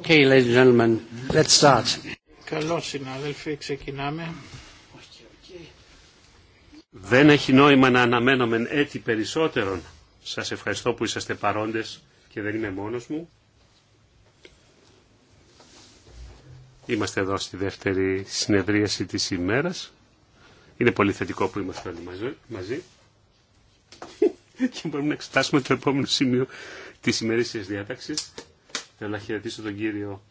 Okay, ladies and gentlemen, let's start. ξεκινάμε. Δεν έχει νόημα να αναμένουμε έτη περισσότερον. Σας ευχαριστώ που είσαστε παρόντες και δεν είμαι μόνος μου. Είμαστε εδώ στη δεύτερη συνεδρίαση της ημέρας. Είναι πολύ θετικό που είμαστε όλοι μαζί. και μπορούμε να εξετάσουμε το επόμενο σημείο της ημερήσιας διάταξης Θέλω να χαιρετήσω τον κύριο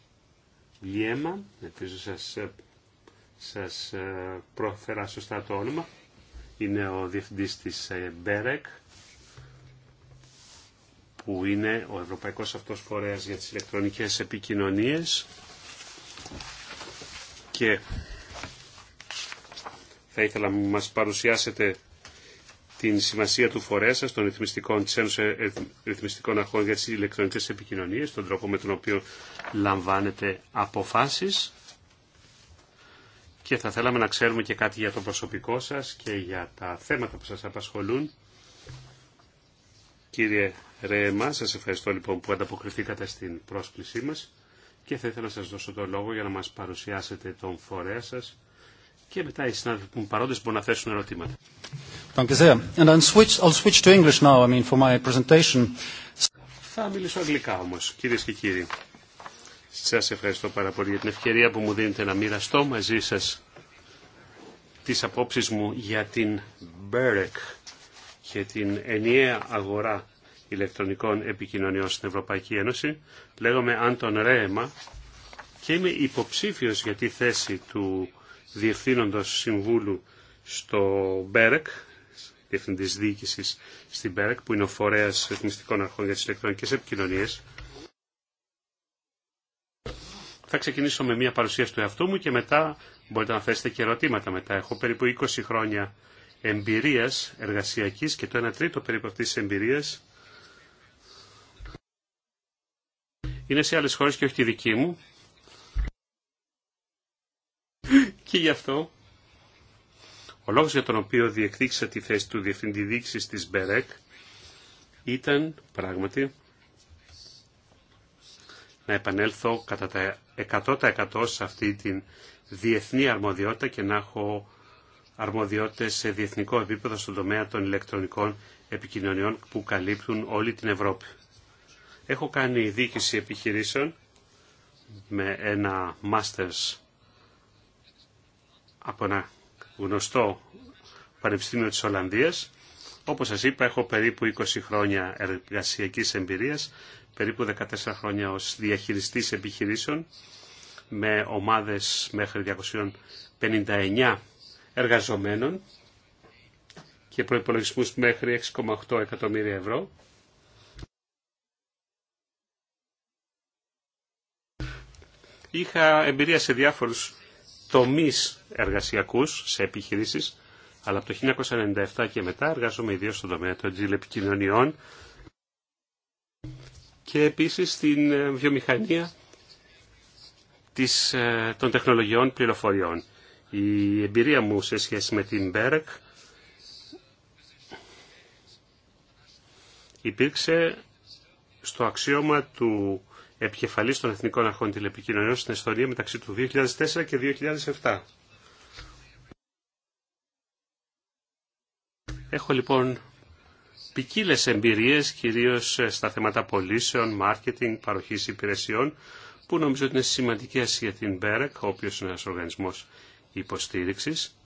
Λιέμα, ελπίζω σας, ε, σας ε, πρόφερα σωστά το όνομα. Είναι ο διευθυντής της ε, Μπέρεκ, που είναι ο Ευρωπαϊκός Αυτός Φορέας για τις ηλεκτρονικές επικοινωνίες και θα ήθελα να μας παρουσιάσετε την σημασία του φορέα των ρυθμιστικών, της Ένωσης Ρυθμιστικών Αρχών για τις ηλεκτρονικές επικοινωνίες, τον τρόπο με τον οποίο λαμβάνετε αποφάσεις και θα θέλαμε να ξέρουμε και κάτι για το προσωπικό σας και για τα θέματα που σας απασχολούν. Κύριε Ρέμα, σας ευχαριστώ λοιπόν που ανταποκριθήκατε στην πρόσκλησή μας και θα ήθελα να σας δώσω το λόγο για να μας παρουσιάσετε τον φορέα σας και μετά οι συνάδελφοι που παρόντες μπορούν να θέσουν ερωτήματα. And switch, I'll switch to English now, I mean, for my presentation. Θα μιλήσω αγγλικά όμως, κυρίες και κύριοι. Σας ευχαριστώ πάρα πολύ για την ευκαιρία που μου δίνετε να μοιραστώ μαζί σας τις απόψεις μου για την BEREC και την ενιαία αγορά ηλεκτρονικών επικοινωνιών στην Ευρωπαϊκή Ένωση. Λέγομαι Άντων Ρέεμα και είμαι υποψήφιος για τη θέση του Διευθύνοντος Συμβούλου στο BEREC Διευθυντή Διοίκηση στην ΠΕΡΕΚ, που είναι ο φορέα ρυθμιστικών αρχών για τι ηλεκτρονικέ επικοινωνίε. Θα ξεκινήσω με μια παρουσίαση του εαυτού μου και μετά μπορείτε να θέσετε και ερωτήματα μετά. Έχω περίπου 20 χρόνια εμπειρία εργασιακή και το 1 τρίτο περίπου αυτή τη εμπειρία είναι σε άλλε χώρε και όχι τη δική μου. Και γι' αυτό ο λόγος για τον οποίο διεκδίκησα τη θέση του Διευθυντή Διοίκησης της ΜΠΕΡΕΚ ήταν πράγματι να επανέλθω κατά τα 100% σε αυτή την διεθνή αρμοδιότητα και να έχω αρμοδιότητες σε διεθνικό επίπεδο στον τομέα των ηλεκτρονικών επικοινωνιών που καλύπτουν όλη την Ευρώπη. Έχω κάνει διοίκηση επιχειρήσεων με ένα μάστερς από ένα γνωστό Πανεπιστήμιο της Ολλανδίας. Όπως σας είπα, έχω περίπου 20 χρόνια εργασιακής εμπειρίας, περίπου 14 χρόνια ως διαχειριστής επιχειρήσεων, με ομάδες μέχρι 259 εργαζομένων και προϋπολογισμούς μέχρι 6,8 εκατομμύρια ευρώ. Είχα εμπειρία σε διάφορους τομείς εργασιακούς σε επιχειρήσεις, αλλά από το 1997 και μετά εργάζομαι ιδίως στον τομέα των τηλεπικοινωνιών και επίσης στην ε, βιομηχανία της, ε, των τεχνολογιών πληροφοριών. Η εμπειρία μου σε σχέση με την Μπέρεκ υπήρξε στο αξίωμα του επικεφαλής των Εθνικών Αρχών Τηλεπικοινωνιών στην ιστορία μεταξύ του 2004 και 2007. Έχω λοιπόν ποικίλε εμπειρίες, κυρίως ε, στα θέματα πωλήσεων, marketing, παροχής υπηρεσιών, που νομίζω ότι είναι σημαντικές για την BEREC, ο οποίος είναι ένας οργανισμός υποστήριξης.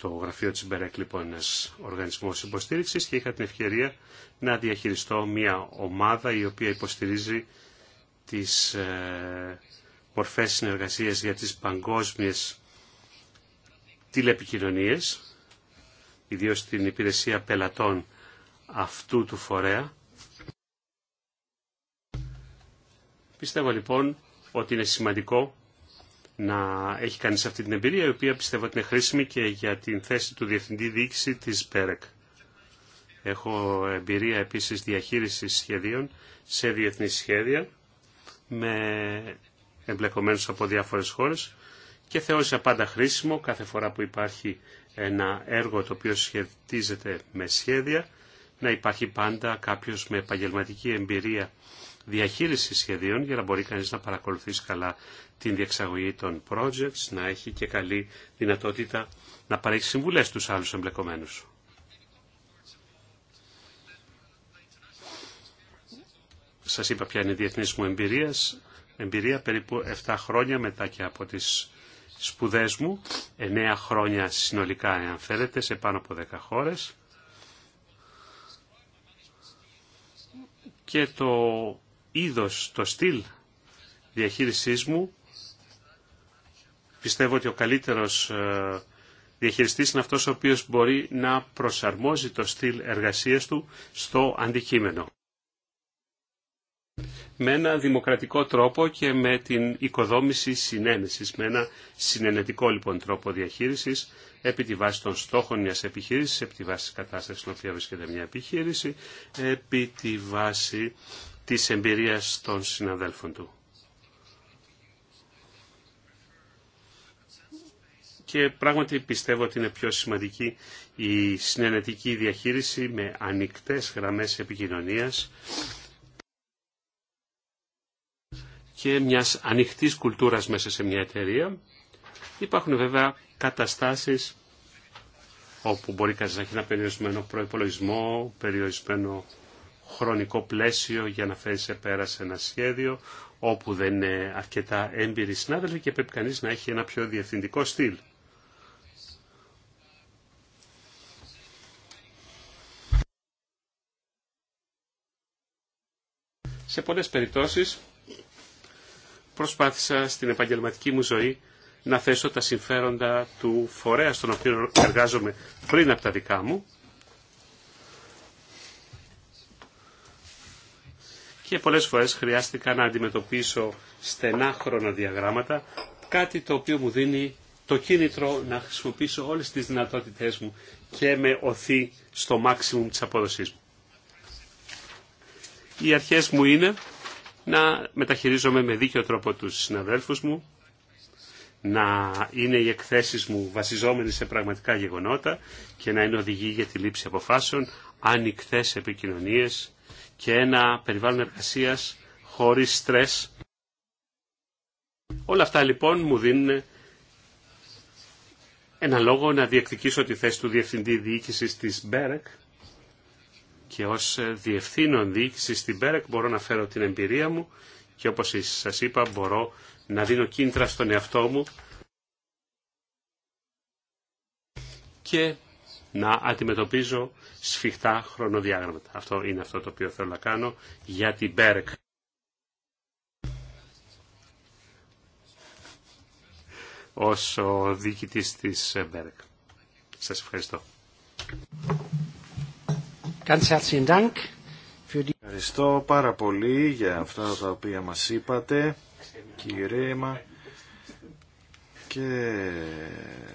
Το γραφείο της BEREC λοιπόν είναι ένας οργανισμός υποστήριξης και είχα την ευκαιρία να διαχειριστώ μια ομάδα η οποία υποστηρίζει τις ε, μορφές συνεργασίας για τις παγκόσμιες τηλεπικοινωνίες, ιδίως την υπηρεσία πελατών αυτού του φορέα. Πιστεύω λοιπόν ότι είναι σημαντικό να έχει κανείς αυτή την εμπειρία, η οποία πιστεύω ότι είναι χρήσιμη και για την θέση του Διευθυντή Διοίκηση της ΠΕΡΕΚ. Έχω εμπειρία επίσης διαχείρισης σχεδίων σε διεθνή σχέδια με εμπλεκομένους από διάφορες χώρες και θεώρησα πάντα χρήσιμο κάθε φορά που υπάρχει ένα έργο το οποίο σχετίζεται με σχέδια να υπάρχει πάντα κάποιος με επαγγελματική εμπειρία διαχείριση σχεδίων για να μπορεί κανείς να παρακολουθήσει καλά την διεξαγωγή των projects, να έχει και καλή δυνατότητα να παρέχει συμβουλές στους άλλους εμπλεκομένους. Σας είπα ποια είναι η διεθνής μου εμπειρία. Περίπου 7 χρόνια μετά και από τις σπουδές μου. 9 χρόνια συνολικά, εάν θέλετε, σε πάνω από 10 χώρες. Και το είδος, το στυλ διαχείρισής μου, πιστεύω ότι ο καλύτερος ε, διαχειριστής είναι αυτός ο οποίος μπορεί να προσαρμόζει το στυλ εργασίας του στο αντικείμενο με ένα δημοκρατικό τρόπο και με την οικοδόμηση συνένεσης, με ένα συνενετικό λοιπόν τρόπο διαχείρισης επί τη βάση των στόχων μιας επιχείρησης, επί τη βάση της κατάστασης στην οποία βρίσκεται μια επιχείρηση, επί τη βάση της εμπειρίας των συναδέλφων του. και πράγματι πιστεύω ότι είναι πιο σημαντική η συνενετική διαχείριση με ανοιχτές γραμμές επικοινωνίας και μιας ανοιχτής κουλτούρας μέσα σε μια εταιρεία. Υπάρχουν βέβαια καταστάσεις όπου μπορεί κανείς να έχει ένα περιορισμένο προϋπολογισμό, περιορισμένο χρονικό πλαίσιο για να φέρει σε πέρα σε ένα σχέδιο, όπου δεν είναι αρκετά έμπειροι συνάδελφοι και πρέπει κανείς να έχει ένα πιο διευθυντικό στυλ. Σε πολλές περιπτώσεις προσπάθησα στην επαγγελματική μου ζωή να θέσω τα συμφέροντα του φορέα στον οποίο εργάζομαι πριν από τα δικά μου και πολλές φορές χρειάστηκα να αντιμετωπίσω στενά χρονοδιαγράμματα, κάτι το οποίο μου δίνει το κίνητρο να χρησιμοποιήσω όλες τις δυνατότητές μου και με οθεί στο μάξιμουμ της απόδοσής μου. Οι αρχές μου είναι να μεταχειρίζομαι με δίκιο τρόπο τους συναδέλφους μου, να είναι οι εκθέσεις μου βασιζόμενοι σε πραγματικά γεγονότα και να είναι οδηγοί για τη λήψη αποφάσεων, ανοιχτές επικοινωνίες και ένα περιβάλλον εργασίας χωρίς στρες. Όλα αυτά λοιπόν μου δίνουν ένα λόγο να διεκδικήσω τη θέση του Διευθυντή Διοίκησης της Μπέρεκ και ως ε, διευθύνων διοίκηση στην ΠΕΡΕΚ μπορώ να φέρω την εμπειρία μου και όπως σας είπα μπορώ να δίνω κίνητρα στον εαυτό μου και να αντιμετωπίζω σφιχτά χρονοδιάγραμματα. Αυτό είναι αυτό το οποίο θέλω να κάνω για την ΠΕΡΕΚ. ως ο διοικητής της ΜΠΕΡΕΚ. Ε, σας ευχαριστώ. Ευχαριστώ πάρα πολύ για αυτά τα οποία μας είπατε, κύριε Και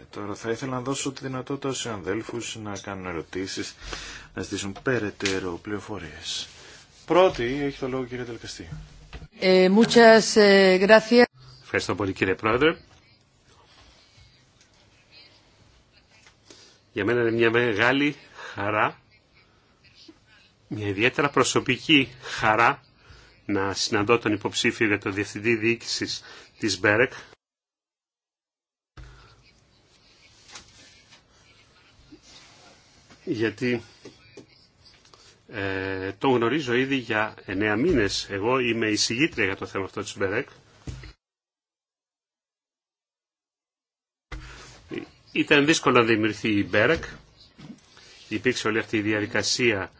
τώρα θα ήθελα να δώσω τη δυνατότητα στους αδέλφους να κάνουν ερωτήσεις, να ζητήσουν περαιτέρω πληροφορίες. Πρώτη έχει το λόγο κύριε Τελκαστή. Ε, muchas, ε, Ευχαριστώ πολύ κύριε Πρόεδρε. Για μένα είναι μια μεγάλη χαρά μια ιδιαίτερα προσωπική χαρά να συναντώ τον υποψήφιο για το Διευθυντή διοίκηση της ΜΠΕΡΕΚ. Γιατί ε, τον γνωρίζω ήδη για εννέα μήνες. Εγώ είμαι εισηγήτρια για το θέμα αυτό της ΜΠΕΡΕΚ. Ήταν δύσκολο να δημιουργηθεί η ΜΠΕΡΕΚ. Υπήρξε όλη αυτή η διαδικασία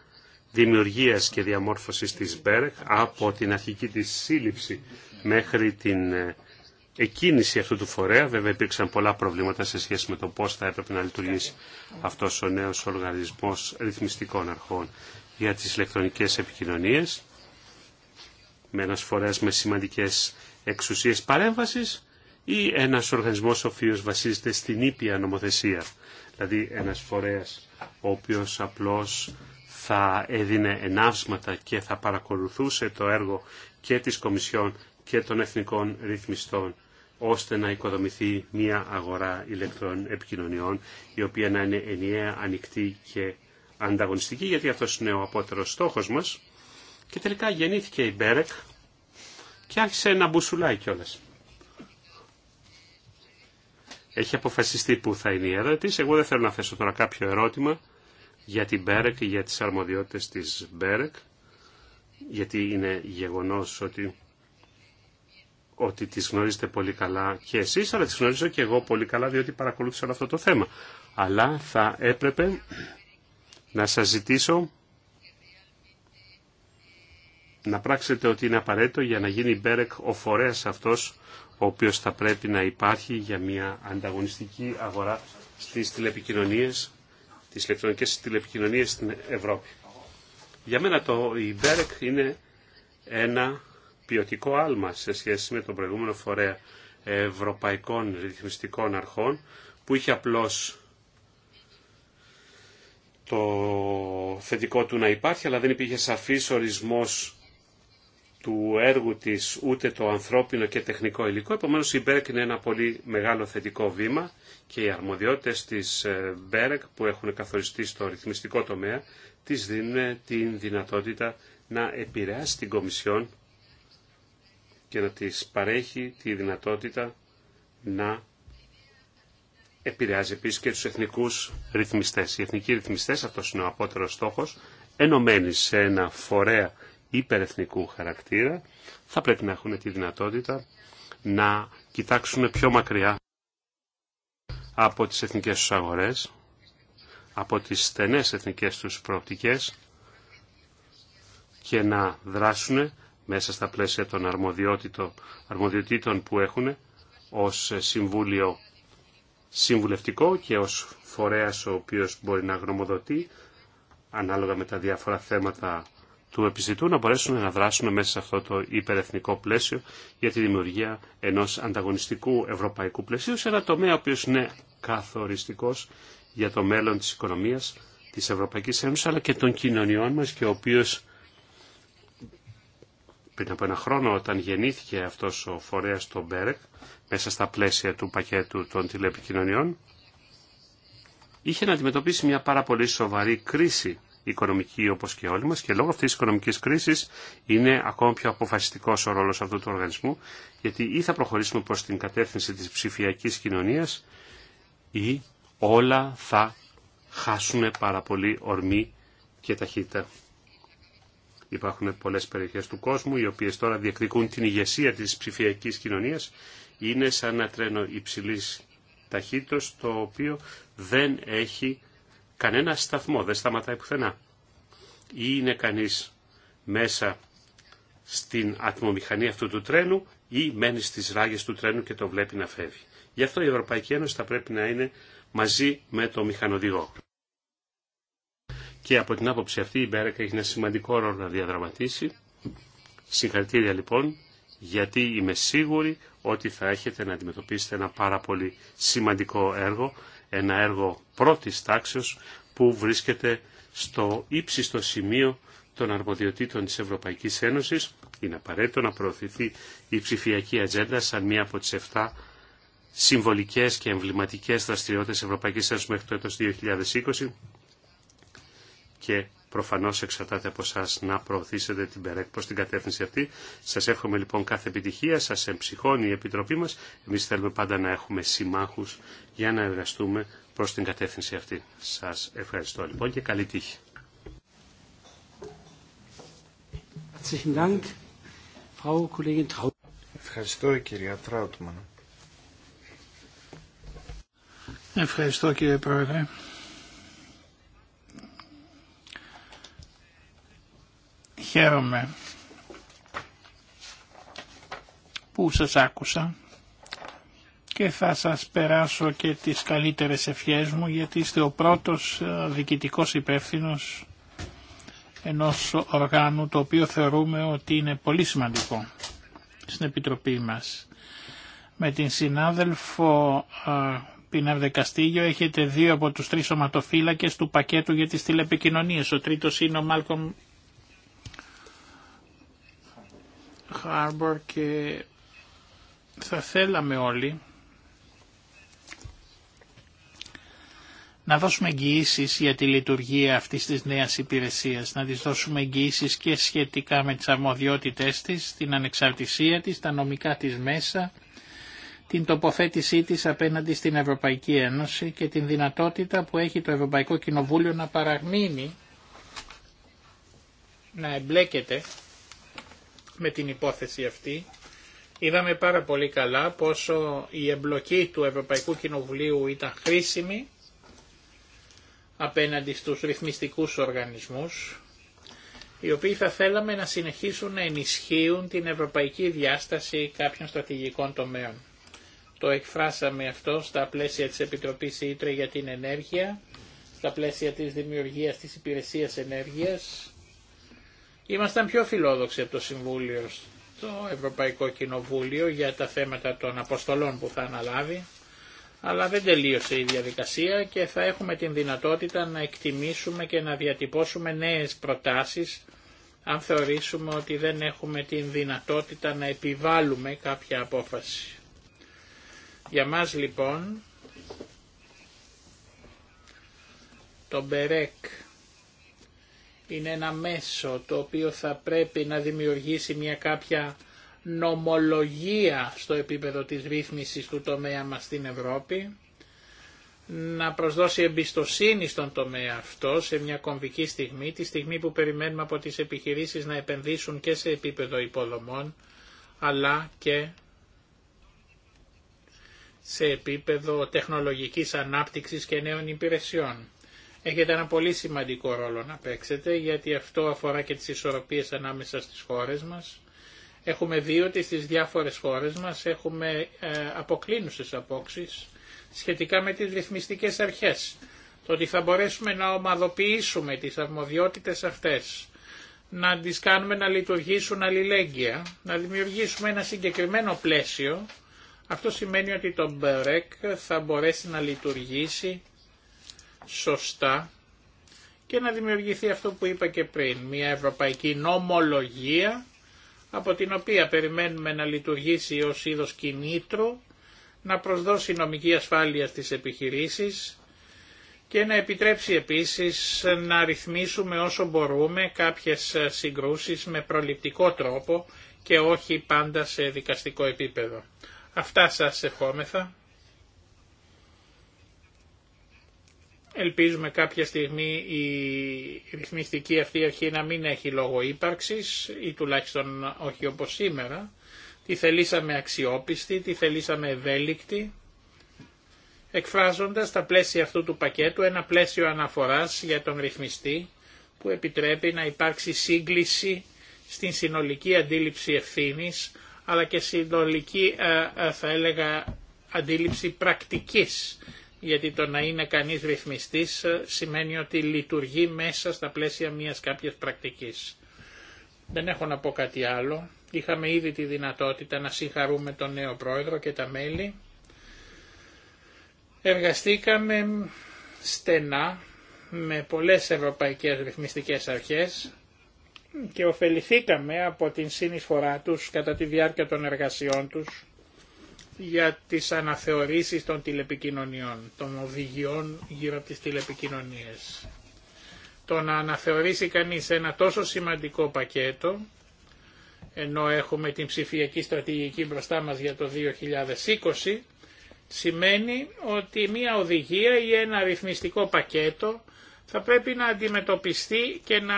δημιουργίας και διαμόρφωσης της Μπέρεκ από την αρχική της σύλληψη μέχρι την ε, εκκίνηση αυτού του φορέα. Βέβαια υπήρξαν πολλά προβλήματα σε σχέση με το πώς θα έπρεπε να λειτουργήσει αυτός ο νέος οργανισμός ρυθμιστικών αρχών για τις ηλεκτρονικές επικοινωνίες με ένας φορέας με σημαντικές εξουσίες παρέμβασης ή ένας οργανισμός ο οποίος βασίζεται στην ήπια νομοθεσία. Δηλαδή ένας φορέας ο οποίος απλώς θα έδινε ενάσματα και θα παρακολουθούσε το έργο και της Κομισιόν και των Εθνικών Ρυθμιστών ώστε να οικοδομηθεί μια αγορά ηλεκτρών επικοινωνιών η οποία να είναι ενιαία, ανοιχτή και ανταγωνιστική γιατί αυτός είναι ο απότερος στόχος μας και τελικά γεννήθηκε η Μπέρεκ και άρχισε να μπουσουλάει κιόλα. Έχει αποφασιστεί που θα είναι η έδρα Εγώ δεν θέλω να θέσω τώρα κάποιο ερώτημα για την ΜΠΕΡΕΚ, για τις αρμοδιότητες της ΜΠΕΡΕΚ, γιατί είναι γεγονός ότι, ότι τις γνωρίζετε πολύ καλά και εσείς, αλλά τις γνωρίζω και εγώ πολύ καλά, διότι παρακολούθησα αυτό το θέμα. Αλλά θα έπρεπε να σας ζητήσω να πράξετε ότι είναι απαραίτητο για να γίνει η Μπέρεκ ο φορέας αυτός ο οποίος θα πρέπει να υπάρχει για μια ανταγωνιστική αγορά στις τηλεπικοινωνίες τις ηλεκτρονικές τηλεπικοινωνίες στην Ευρώπη. Για μένα το ΙΜΠΕΡΕΚ είναι ένα ποιοτικό άλμα σε σχέση με τον προηγούμενο φορέα ευρωπαϊκών ρυθμιστικών αρχών που είχε απλώς το θετικό του να υπάρχει αλλά δεν υπήρχε σαφής ορισμός του έργου της ούτε το ανθρώπινο και τεχνικό υλικό. Επομένως η Μπερκ είναι ένα πολύ μεγάλο θετικό βήμα και οι αρμοδιότητες της ε, Μπέρεκ που έχουν καθοριστεί στο ρυθμιστικό τομέα της δίνουν την δυνατότητα να επηρεάσει την Κομισιόν και να της παρέχει τη δυνατότητα να επηρεάζει επίσης και τους εθνικούς ρυθμιστές. Οι εθνικοί ρυθμιστές, αυτός είναι ο απότερος στόχος, ενωμένοι σε ένα φορέα υπερεθνικού χαρακτήρα θα πρέπει να έχουν τη δυνατότητα να κοιτάξουν πιο μακριά από τις εθνικές τους αγορές, από τις στενές εθνικές τους προοπτικές και να δράσουν μέσα στα πλαίσια των αρμοδιοτήτων που έχουν ως Συμβούλιο Συμβουλευτικό και ως φορέας ο οποίος μπορεί να γνωμοδοτεί ανάλογα με τα διάφορα θέματα του επιζητούν να μπορέσουν να δράσουν μέσα σε αυτό το υπερεθνικό πλαίσιο για τη δημιουργία ενός ανταγωνιστικού ευρωπαϊκού πλαίσιου σε ένα τομέα ο οποίο είναι καθοριστικό για το μέλλον τη οικονομία, τη Ευρωπαϊκή Ένωση, αλλά και των κοινωνιών μα, και ο οποίο, πριν από ένα χρόνο όταν γεννήθηκε αυτός ο φορέας το Μπέρεκ μέσα στα πλαίσια του πακέτου των τηλεπικοινωνιών είχε να αντιμετωπίσει μια πάρα πολύ σοβαρή κρίση οικονομική όπως και όλοι μας και λόγω αυτής της οικονομικής κρίσης είναι ακόμα πιο αποφασιστικός ο ρόλος αυτού του οργανισμού γιατί ή θα προχωρήσουμε προς την κατεύθυνση της ψηφιακής κοινωνίας ή όλα θα χάσουν πάρα πολύ ορμή και ταχύτητα. Υπάρχουν πολλές περιοχές του κόσμου οι οποίες τώρα διεκδικούν την ηγεσία της ψηφιακής κοινωνίας είναι σαν ένα τρένο υψηλής ταχύτητος το οποίο δεν έχει κανένα σταθμό, δεν σταματάει πουθενά. Ή είναι κανείς μέσα στην ατμομηχανή αυτού του τρένου ή μένει στις ράγες του τρένου και το βλέπει να φεύγει. Γι' αυτό η Ευρωπαϊκή Ένωση θα πρέπει να είναι μαζί με το μηχανοδηγό. Και από την άποψη αυτή η Μπέρεκα έχει ένα σημαντικό ρόλο να διαδραματίσει. Συγχαρητήρια λοιπόν, γιατί είμαι σίγουρη ότι θα έχετε να αντιμετωπίσετε ένα πάρα πολύ σημαντικό έργο ένα έργο πρώτης τάξεως που βρίσκεται στο ύψιστο σημείο των αρμοδιοτήτων της Ευρωπαϊκής Ένωσης. Είναι απαραίτητο να προωθηθεί η ψηφιακή ατζέντα σαν μία από τις 7 συμβολικές και εμβληματικές δραστηριότητες Ευρωπαϊκής Ένωσης μέχρι το έτος 2020 και Προφανώς εξαρτάται από σας να προωθήσετε την ΠΕΡΕΚ προς την κατεύθυνση αυτή. Σας εύχομαι λοιπόν κάθε επιτυχία, σας εμψυχώνει η Επιτροπή μας. Εμείς θέλουμε πάντα να έχουμε συμμάχους για να εργαστούμε προς την κατεύθυνση αυτή. Σας ευχαριστώ λοιπόν και καλή τύχη. Ευχαριστώ κυρία Τράουτμαν. Ευχαριστώ κύριε Πρόεδρε. Χαίρομαι που σας άκουσα και θα σας περάσω και τις καλύτερες ευχές μου γιατί είστε ο πρώτος ε, διοικητικός υπεύθυνο ενός οργάνου το οποίο θεωρούμε ότι είναι πολύ σημαντικό στην Επιτροπή μας. Με την συνάδελφο ε, Πινεύδε Καστίγιο έχετε δύο από τους τρεις σωματοφύλακες του πακέτου για τις τηλεπικοινωνίες. Ο τρίτος είναι ο Μάλκομ και θα θέλαμε όλοι να δώσουμε εγγυήσει για τη λειτουργία αυτής της νέας υπηρεσίας, να της δώσουμε εγγυήσει και σχετικά με τις αρμοδιότητές της, την ανεξαρτησία της, τα νομικά της μέσα, την τοποθέτησή της απέναντι στην Ευρωπαϊκή Ένωση και την δυνατότητα που έχει το Ευρωπαϊκό Κοινοβούλιο να παραμείνει, να εμπλέκεται με την υπόθεση αυτή. Είδαμε πάρα πολύ καλά πόσο η εμπλοκή του Ευρωπαϊκού Κοινοβουλίου ήταν χρήσιμη απέναντι στους ρυθμιστικούς οργανισμούς, οι οποίοι θα θέλαμε να συνεχίσουν να ενισχύουν την ευρωπαϊκή διάσταση κάποιων στρατηγικών τομέων. Το εκφράσαμε αυτό στα πλαίσια της Επιτροπής Ήτρε για την Ενέργεια, στα πλαίσια της δημιουργίας της Υπηρεσίας Ενέργειας, Ήμασταν πιο φιλόδοξοι από το Συμβούλιο στο Ευρωπαϊκό Κοινοβούλιο για τα θέματα των αποστολών που θα αναλάβει, αλλά δεν τελείωσε η διαδικασία και θα έχουμε την δυνατότητα να εκτιμήσουμε και να διατυπώσουμε νέες προτάσεις αν θεωρήσουμε ότι δεν έχουμε την δυνατότητα να επιβάλλουμε κάποια απόφαση. Για μας λοιπόν, το Μπερέκ είναι ένα μέσο το οποίο θα πρέπει να δημιουργήσει μια κάποια νομολογία στο επίπεδο της ρύθμισης του τομέα μας στην Ευρώπη, να προσδώσει εμπιστοσύνη στον τομέα αυτό σε μια κομβική στιγμή, τη στιγμή που περιμένουμε από τις επιχειρήσεις να επενδύσουν και σε επίπεδο υποδομών, αλλά και σε επίπεδο τεχνολογικής ανάπτυξης και νέων υπηρεσιών έχετε ένα πολύ σημαντικό ρόλο να παίξετε γιατί αυτό αφορά και τις ισορροπίες ανάμεσα στις χώρες μας. Έχουμε δει ότι στις διάφορες χώρες μας έχουμε ε, αποκλίνουσες απόξεις σχετικά με τις ρυθμιστικές αρχές. Το ότι θα μπορέσουμε να ομαδοποιήσουμε τις αρμοδιότητες αυτές, να τις κάνουμε να λειτουργήσουν αλληλέγγυα, να δημιουργήσουμε ένα συγκεκριμένο πλαίσιο, αυτό σημαίνει ότι το ΜΠΕΡΕΚ θα μπορέσει να λειτουργήσει σωστά και να δημιουργηθεί αυτό που είπα και πριν, μια ευρωπαϊκή νομολογία από την οποία περιμένουμε να λειτουργήσει ως είδος κινήτρου, να προσδώσει νομική ασφάλεια στις επιχειρήσεις και να επιτρέψει επίσης να ρυθμίσουμε όσο μπορούμε κάποιες συγκρούσεις με προληπτικό τρόπο και όχι πάντα σε δικαστικό επίπεδο. Αυτά σας ευχόμεθα. Ελπίζουμε κάποια στιγμή η ρυθμιστική αυτή αρχή να μην έχει λόγο ύπαρξης ή τουλάχιστον όχι όπως σήμερα. Τη θελήσαμε αξιόπιστη, τη θελήσαμε ευέλικτη, εκφράζοντας τα πλαίσια αυτού του πακέτου ένα πλαίσιο αναφοράς για τον ρυθμιστή που επιτρέπει να υπάρξει σύγκληση στην συνολική αντίληψη ευθύνης αλλά και συνολική ε, ε, θα έλεγα αντίληψη πρακτικής γιατί το να είναι κανείς ρυθμιστής ε, σημαίνει ότι λειτουργεί μέσα στα πλαίσια μιας κάποιας πρακτικής. Δεν έχω να πω κάτι άλλο. Είχαμε ήδη τη δυνατότητα να συγχαρούμε τον νέο πρόεδρο και τα μέλη. Εργαστήκαμε στενά με πολλές ευρωπαϊκές ρυθμιστικές αρχές και ωφεληθήκαμε από την συνεισφορά τους κατά τη διάρκεια των εργασιών τους για τις αναθεωρήσεις των τηλεπικοινωνιών, των οδηγιών γύρω από τις τηλεπικοινωνίες. Το να αναθεωρήσει κανείς ένα τόσο σημαντικό πακέτο, ενώ έχουμε την ψηφιακή στρατηγική μπροστά μας για το 2020, σημαίνει ότι μια οδηγία ή ένα αριθμιστικό πακέτο θα πρέπει να αντιμετωπιστεί και να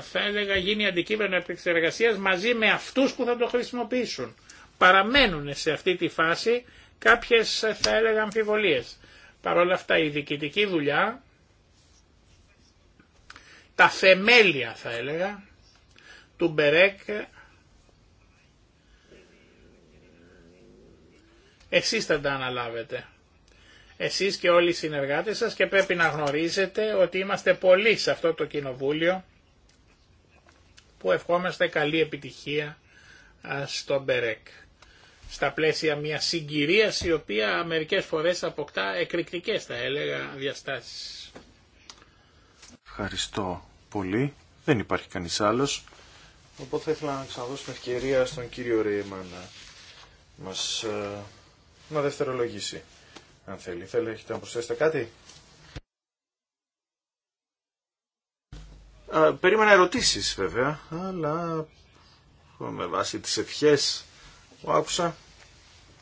θα έλεγα γίνει αντικείμενο επεξεργασίας μαζί με αυτούς που θα το χρησιμοποιήσουν παραμένουν σε αυτή τη φάση κάποιες θα έλεγα αμφιβολίες. Παρ' όλα αυτά η διοικητική δουλειά, τα θεμέλια θα έλεγα, του Μπερέκ, εσείς θα τα αναλάβετε. Εσείς και όλοι οι συνεργάτες σας και πρέπει να γνωρίζετε ότι είμαστε πολλοί σε αυτό το κοινοβούλιο που ευχόμαστε καλή επιτυχία στο Μπερέκ στα πλαίσια μια συγκυρία η οποία μερικές φορές αποκτά εκρηκτικές θα έλεγα διαστάσεις. Ευχαριστώ πολύ. Δεν υπάρχει κανείς άλλος. Οπότε θα ήθελα να ξαναδώσω την ευκαιρία στον κύριο Ρήμα να μας ε, να δευτερολογήσει αν θέλει. Θέλετε να προσθέσετε κάτι. περίμενα ερωτήσεις βέβαια, αλλά με βάση τις ευχές που άκουσα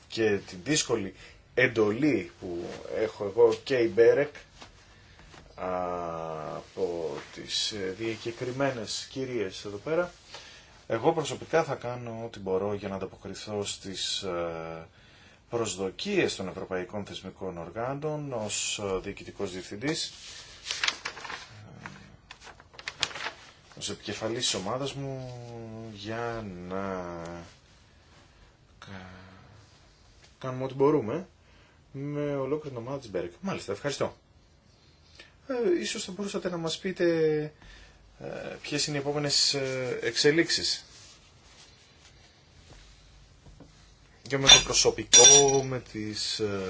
και την δύσκολη εντολή που έχω εγώ και η Μπέρεκ από τις ε, διακεκριμένες κυρίες εδώ πέρα. Εγώ προσωπικά θα κάνω ό,τι μπορώ για να ανταποκριθώ στις ε, προσδοκίες των Ευρωπαϊκών Θεσμικών οργάντων ως ε, Διοικητικός Διευθυντής, ως επικεφαλής της ομάδας μου για να ε, κάνουμε ό,τι μπορούμε με ολόκληρη την ομάδα της Μάλιστα, ευχαριστώ. Ε, ίσως θα μπορούσατε να μας πείτε ε, ποιες είναι οι επόμενες ε, εξελίξεις. Και με το προσωπικό, με τις... Ε,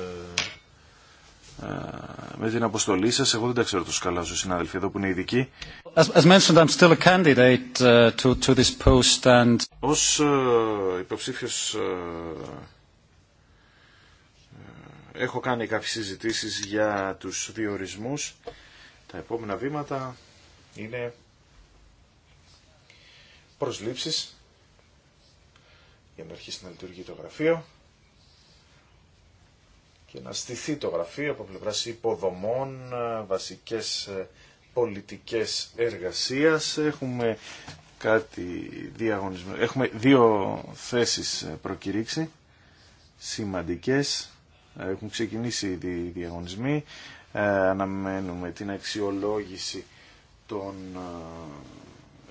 με την αποστολή σας. Εγώ δεν τα ξέρω τόσο καλά σου συνάδελφοι εδώ που είναι ειδικοί. As, mentioned, Ως υποψήφιος έχω κάνει κάποιες συζητήσεις για τους διορισμούς. Τα επόμενα βήματα είναι προσλήψεις για να αρχίσει να λειτουργεί το γραφείο και να στηθεί το γραφείο από πλευρά υποδομών, ε, βασικές ε, πολιτικές εργασίας. Έχουμε κάτι διαγωνισμό. Έχουμε δύο θέσεις ε, προκηρύξει, σημαντικές. Έχουν ξεκινήσει οι διαγωνισμοί. αναμένουμε την αξιολόγηση των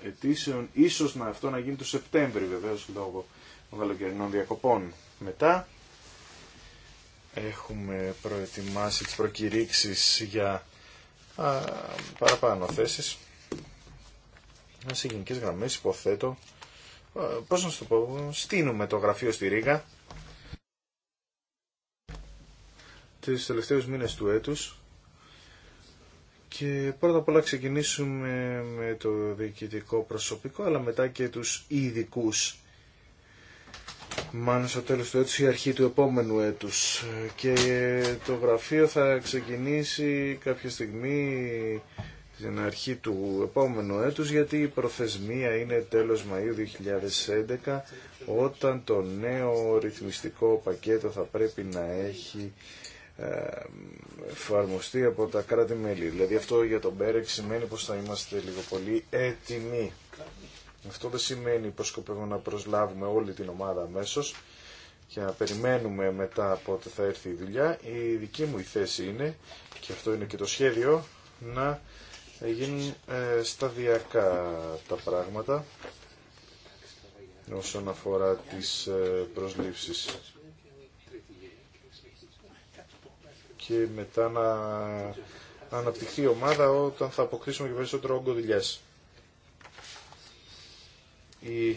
αιτήσεων. Ίσως να, αυτό να γίνει το Σεπτέμβριο, βεβαίως λόγω των καλοκαιρινών διακοπών. Μετά έχουμε προετοιμάσει τις προκηρύξεις για α, παραπάνω θέσεις. Σε γενικέ γραμμέ, υποθέτω, α, πώς να σου το πω, στείνουμε το γραφείο στη Ρήγα τις τελευταίους μήνες του έτους και πρώτα απ' όλα ξεκινήσουμε με το διοικητικό προσωπικό αλλά μετά και τους ειδικού μάλλον στο τέλος του έτους ή αρχή του επόμενου έτους και το γραφείο θα ξεκινήσει κάποια στιγμή στην αρχή του επόμενου έτους γιατί η προθεσμία είναι τέλος Μαΐου 2011 όταν το νέο ρυθμιστικό πακέτο θα πρέπει να έχει ε, εφαρμοστεί από τα κράτη-μέλη. Δηλαδή αυτό για τον Μπέρεξ σημαίνει πως θα είμαστε λίγο πολύ έτοιμοι. Αυτό δεν σημαίνει πως σκοπεύουμε να προσλάβουμε όλη την ομάδα αμέσω και να περιμένουμε μετά πότε θα έρθει η δουλειά. Η δική μου η θέση είναι, και αυτό είναι και το σχέδιο, να γίνουν ε, σταδιακά τα πράγματα όσον αφορά τις ε, προσλήψεις. Και μετά να αναπτυχθεί η ομάδα όταν θα αποκτήσουμε και περισσότερο όγκο δουλειάς οι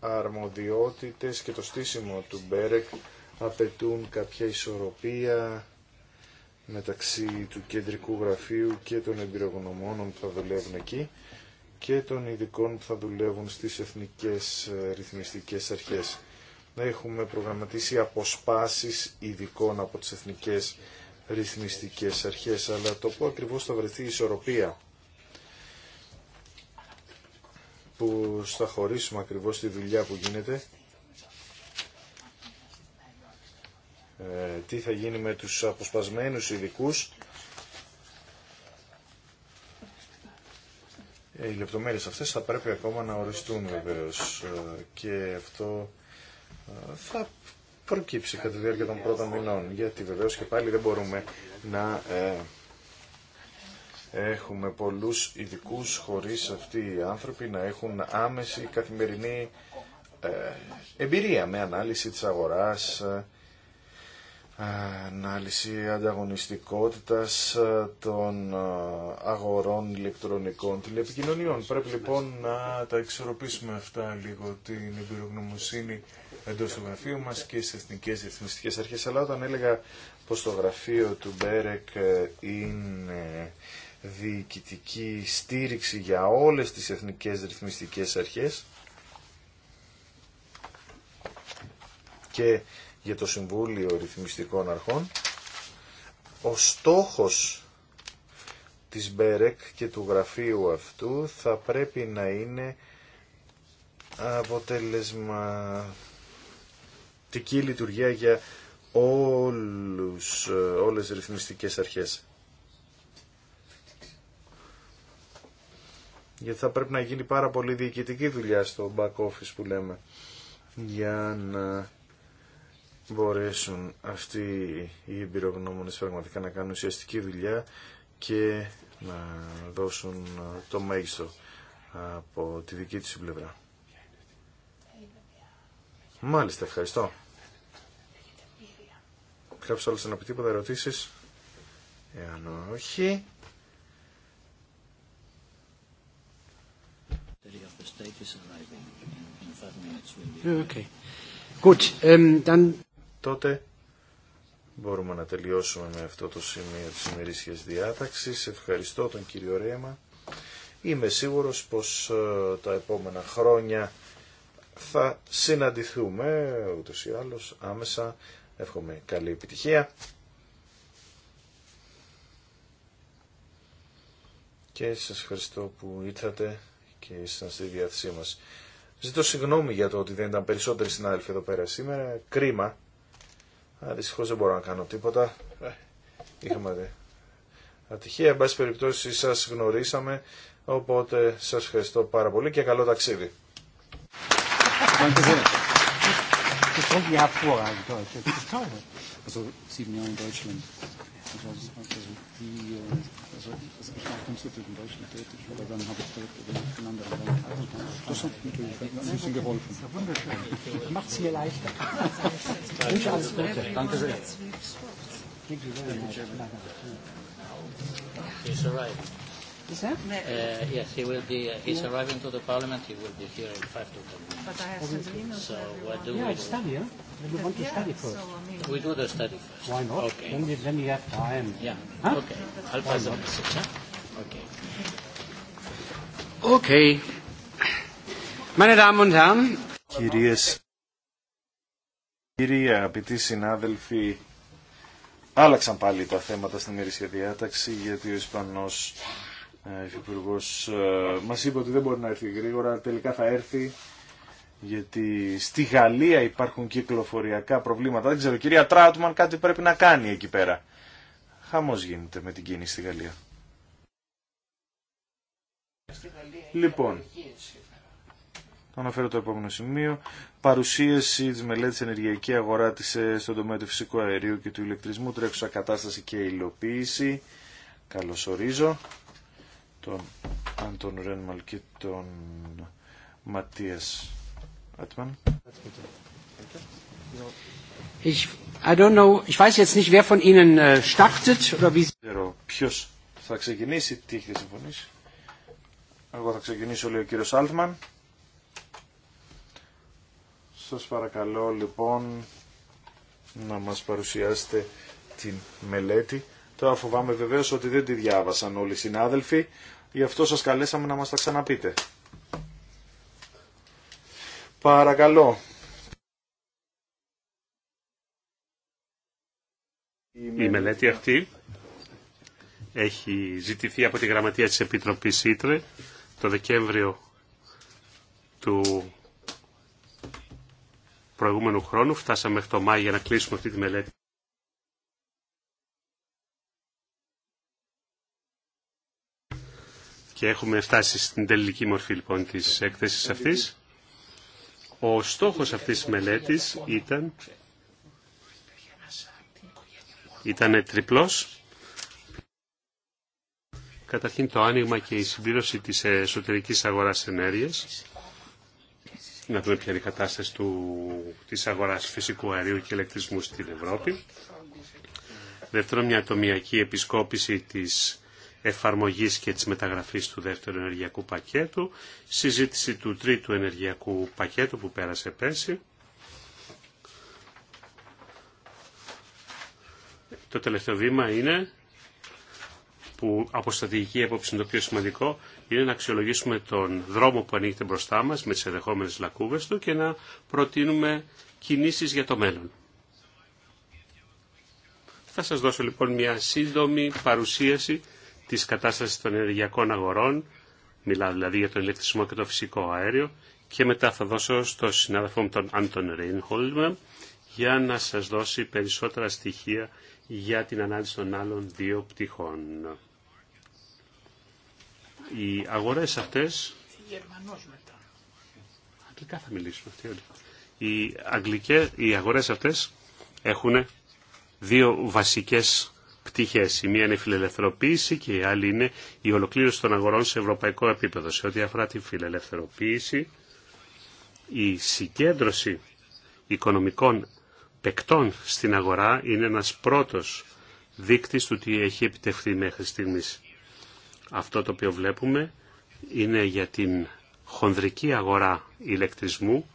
αρμοδιότητες και το στήσιμο του Μπέρεκ απαιτούν κάποια ισορροπία μεταξύ του κεντρικού γραφείου και των εμπειρογνωμόνων που θα δουλεύουν εκεί και των ειδικών που θα δουλεύουν στις εθνικές ε, ρυθμιστικές αρχές. Έχουμε προγραμματίσει αποσπάσεις ειδικών από τις εθνικές ρυθμιστικές αρχές, αλλά το πού ακριβώς θα βρεθεί η ισορροπία που θα χωρίσουμε ακριβώς τη δουλειά που γίνεται. Ε, τι θα γίνει με τους αποσπασμένους ειδικού. Ε, οι λεπτομέρειες αυτές θα πρέπει ακόμα να οριστούν βεβαίως ε, και αυτό ε, θα προκύψει κατά τη διάρκεια των πρώτων μηνών γιατί βεβαίως και πάλι δεν μπορούμε να ε, Έχουμε πολλούς ειδικού χωρίς αυτοί οι άνθρωποι να έχουν άμεση καθημερινή ε, εμπειρία με ανάλυση της αγοράς, ε, ανάλυση ανταγωνιστικότητας ε, των αγορών ηλεκτρονικών τηλεπικοινωνιών. Πρέπει λοιπόν να τα εξορροπήσουμε αυτά λίγο την εμπειρογνωμοσύνη εντός του γραφείου μας και στις εθνικές ρυθμιστικές αρχές. Αλλά όταν έλεγα πως το γραφείο του Μπέρεκ είναι διοικητική στήριξη για όλες τις εθνικές ρυθμιστικές αρχές και για το Συμβούλιο Ρυθμιστικών Αρχών. Ο στόχος της Μπέρεκ και του γραφείου αυτού θα πρέπει να είναι αποτέλεσμα αποτελεσματική λειτουργία για όλους, ε, όλες τις ρυθμιστικές αρχές. γιατί θα πρέπει να γίνει πάρα πολύ διοικητική δουλειά στο back office που λέμε για να μπορέσουν αυτοί οι εμπειρογνώμονες πραγματικά να κάνουν ουσιαστική δουλειά και να δώσουν ε, το μέγιστο από τη δική τους πλευρά. Μάλιστα, ευχαριστώ. Κάποιος άλλος να πει τίποτα ερωτήσεις. Εάν όχι... Τότε μπορούμε να τελειώσουμε με αυτό το σημείο της ημερήσιας διάταξης. Ευχαριστώ τον κύριο Ρέμα. Είμαι σίγουρος πως ε, τα επόμενα χρόνια θα συναντηθούμε ούτως ή άλλως άμεσα. Εύχομαι καλή επιτυχία. Και σας ευχαριστώ που ήρθατε και ήσασταν στη διάθεσή μα. Ζητώ συγγνώμη για το ότι δεν ήταν περισσότεροι συνάδελφοι εδώ πέρα σήμερα. Κρίμα. Δυστυχώ δεν μπορώ να κάνω τίποτα. Ε, είχαμε ατυχία. Εν πάση περιπτώσει σας γνωρίσαμε. Οπότε σας ευχαριστώ πάρα πολύ και καλό ταξίδι. Also in die, also ich war grundsätzlich in Deutschland tätig, aber dann habe ich Das alles Danke sehr. He's Is arriving to the parliament. He will be here in to But I have to we do? study, We do the study first. Why not? Okay. Then we, then we have time. Yeah. Okay. I'll Okay. Okay. Meine Damen und Κυρίες, αγαπητοί συνάδελφοι, άλλαξαν πάλι τα θέματα στην ημερήσια διάταξη γιατί ο Ισπανός ε, Υφυπουργός ε, μας είπε ότι δεν μπορεί να έρθει γρήγορα, τελικά θα έρθει γιατί στη Γαλλία υπάρχουν κυκλοφοριακά προβλήματα. Δεν ξέρω, κυρία Τράουτμαν κάτι πρέπει να κάνει εκεί πέρα. Χαμός γίνεται με την κίνηση στη Γαλλία. Λοιπόν, το αναφέρω το επόμενο σημείο. Παρουσίαση τη μελέτη ενεργειακή αγορά ε, στον τομέα του φυσικού αερίου και του ηλεκτρισμού, τρέχουσα κατάσταση και υλοποίηση. ορίζω τον Αντων Ρένμαλ και τον Ματίας Ατμαν. Ich, I don't know, ich weiß jetzt nicht, wer von Ihnen äh, startet oder wie. Ποιος θα ξεκινήσει, τι έχετε συμφωνήσει. Εγώ θα ξεκινήσω, λέει ο κύριος Άλτμαν. Σας παρακαλώ λοιπόν να μας παρουσιάσετε την μελέτη. Τώρα φοβάμαι βεβαίω ότι δεν τη διάβασαν όλοι οι συνάδελφοι, γι' αυτό σας καλέσαμε να μας τα ξαναπείτε. Παρακαλώ. Η μελέτη αυτή έχει ζητηθεί από τη Γραμματεία της Επιτροπής Ήτρε το Δεκέμβριο του προηγούμενου χρόνου. Φτάσαμε μέχρι το Μάη για να κλείσουμε αυτή τη μελέτη. Και έχουμε φτάσει στην τελική μορφή λοιπόν της έκθεσης αυτής. Ο στόχος αυτής της μελέτης ήταν, ήταν τριπλός. Καταρχήν το άνοιγμα και η συμπλήρωση της εσωτερικής αγοράς ενέργειας να δούμε ποια είναι η κατάσταση του, της αγοράς φυσικού αερίου και ηλεκτρισμού στην Ευρώπη. Δεύτερον, μια ατομιακή επισκόπηση της εφαρμογής και της μεταγραφής του δεύτερου ενεργειακού πακέτου, συζήτηση του τρίτου ενεργειακού πακέτου που πέρασε πέρσι. Το τελευταίο βήμα είναι που από στρατηγική έποψη είναι το πιο σημαντικό, είναι να αξιολογήσουμε τον δρόμο που ανοίγεται μπροστά μας με τις ενδεχόμενες λακκούβες του και να προτείνουμε κινήσεις για το μέλλον. Θα σας δώσω λοιπόν μια σύντομη παρουσίαση της κατάστασης των ενεργειακών αγορών, μιλάω δηλαδή για τον ηλεκτρισμό και το φυσικό αέριο, και μετά θα δώσω στο συνάδελφό μου τον Άντων Ρέινχολμ για να σας δώσει περισσότερα στοιχεία για την ανάλυση των άλλων δύο πτυχών οι αγορές αυτές... Αγγλικά θα μιλήσουμε. Οι, αγγλικές, οι αγορές αυτές έχουν δύο βασικές πτυχές. Η μία είναι η φιλελευθερωποίηση και η άλλη είναι η ολοκλήρωση των αγορών σε ευρωπαϊκό επίπεδο. Σε ό,τι αφορά τη φιλελευθερωποίηση, η συγκέντρωση οικονομικών παικτών στην αγορά είναι ένας πρώτος δείκτης του τι έχει επιτευχθεί μέχρι στιγμής. Αυτό το οποίο βλέπουμε είναι για την χονδρική αγορά ηλεκτρισμού.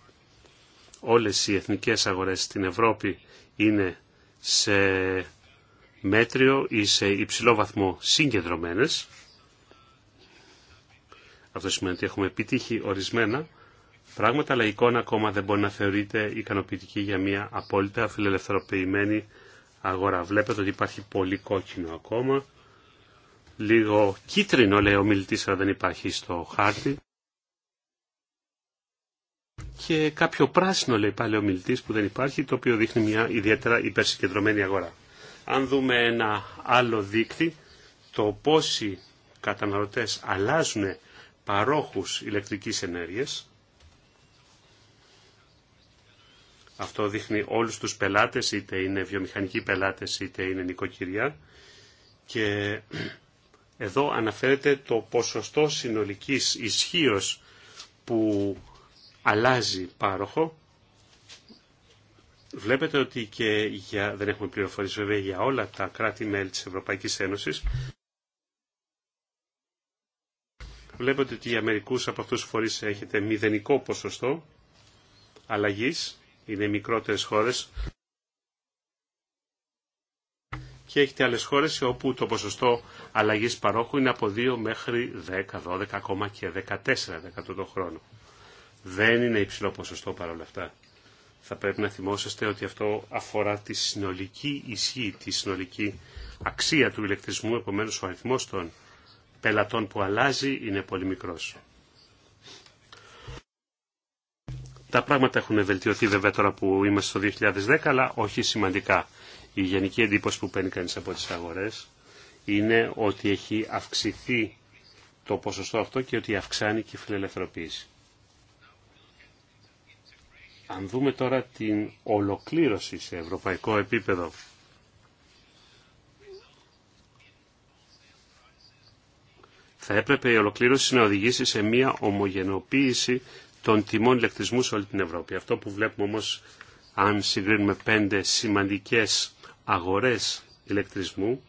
Όλες οι εθνικές αγορές στην Ευρώπη είναι σε μέτριο ή σε υψηλό βαθμό συγκεντρωμένες. Αυτό σημαίνει ότι έχουμε επιτύχει ορισμένα πράγματα, αλλά η εικόνα ακόμα δεν μπορεί να θεωρείται ικανοποιητική για μια απόλυτα φιλελευθερωποιημένη αγορά. Βλέπετε ότι υπάρχει πολύ κόκκινο ακόμα λίγο κίτρινο, λέει ο μιλητής, αλλά δεν υπάρχει στο χάρτη. Και κάποιο πράσινο, λέει πάλι ο μιλητής, που δεν υπάρχει, το οποίο δείχνει μια ιδιαίτερα υπερσυγκεντρωμένη αγορά. Αν δούμε ένα άλλο δείκτη, το πόσοι καταναλωτές αλλάζουν παρόχους ηλεκτρικής ενέργειας, Αυτό δείχνει όλους τους πελάτες, είτε είναι βιομηχανικοί πελάτες, είτε είναι νοικοκυριά. Και εδώ αναφέρεται το ποσοστό συνολικής ισχύω που αλλάζει πάροχο. Βλέπετε ότι και για, δεν έχουμε πληροφορίες βέβαια για όλα τα κράτη-μέλη της Ευρωπαϊκής Ένωσης. Βλέπετε ότι για μερικούς από αυτούς τους φορείς έχετε μηδενικό ποσοστό αλλαγής. Είναι μικρότερες χώρες και έχετε άλλες χώρες όπου το ποσοστό αλλαγής παρόχου είναι από 2 μέχρι 10, 12, ακόμα και 14 το χρόνο. Δεν είναι υψηλό ποσοστό παρόλα αυτά. Θα πρέπει να θυμόσαστε ότι αυτό αφορά τη συνολική ισχύ, τη συνολική αξία του ηλεκτρισμού, επομένως ο αριθμός των πελατών που αλλάζει είναι πολύ μικρός. Τα πράγματα έχουν βελτιωθεί βέβαια τώρα που είμαστε στο 2010, αλλά όχι σημαντικά η γενική εντύπωση που παίρνει κανείς από τις αγορές είναι ότι έχει αυξηθεί το ποσοστό αυτό και ότι αυξάνει και η φιλελευθερωποίηση. Αν δούμε τώρα την ολοκλήρωση σε ευρωπαϊκό επίπεδο θα έπρεπε η ολοκλήρωση να οδηγήσει σε μια ομογενοποίηση των τιμών ηλεκτρισμού σε όλη την Ευρώπη. Αυτό που βλέπουμε όμως αν συγκρίνουμε πέντε σημαντικές αγορές ηλεκτρισμού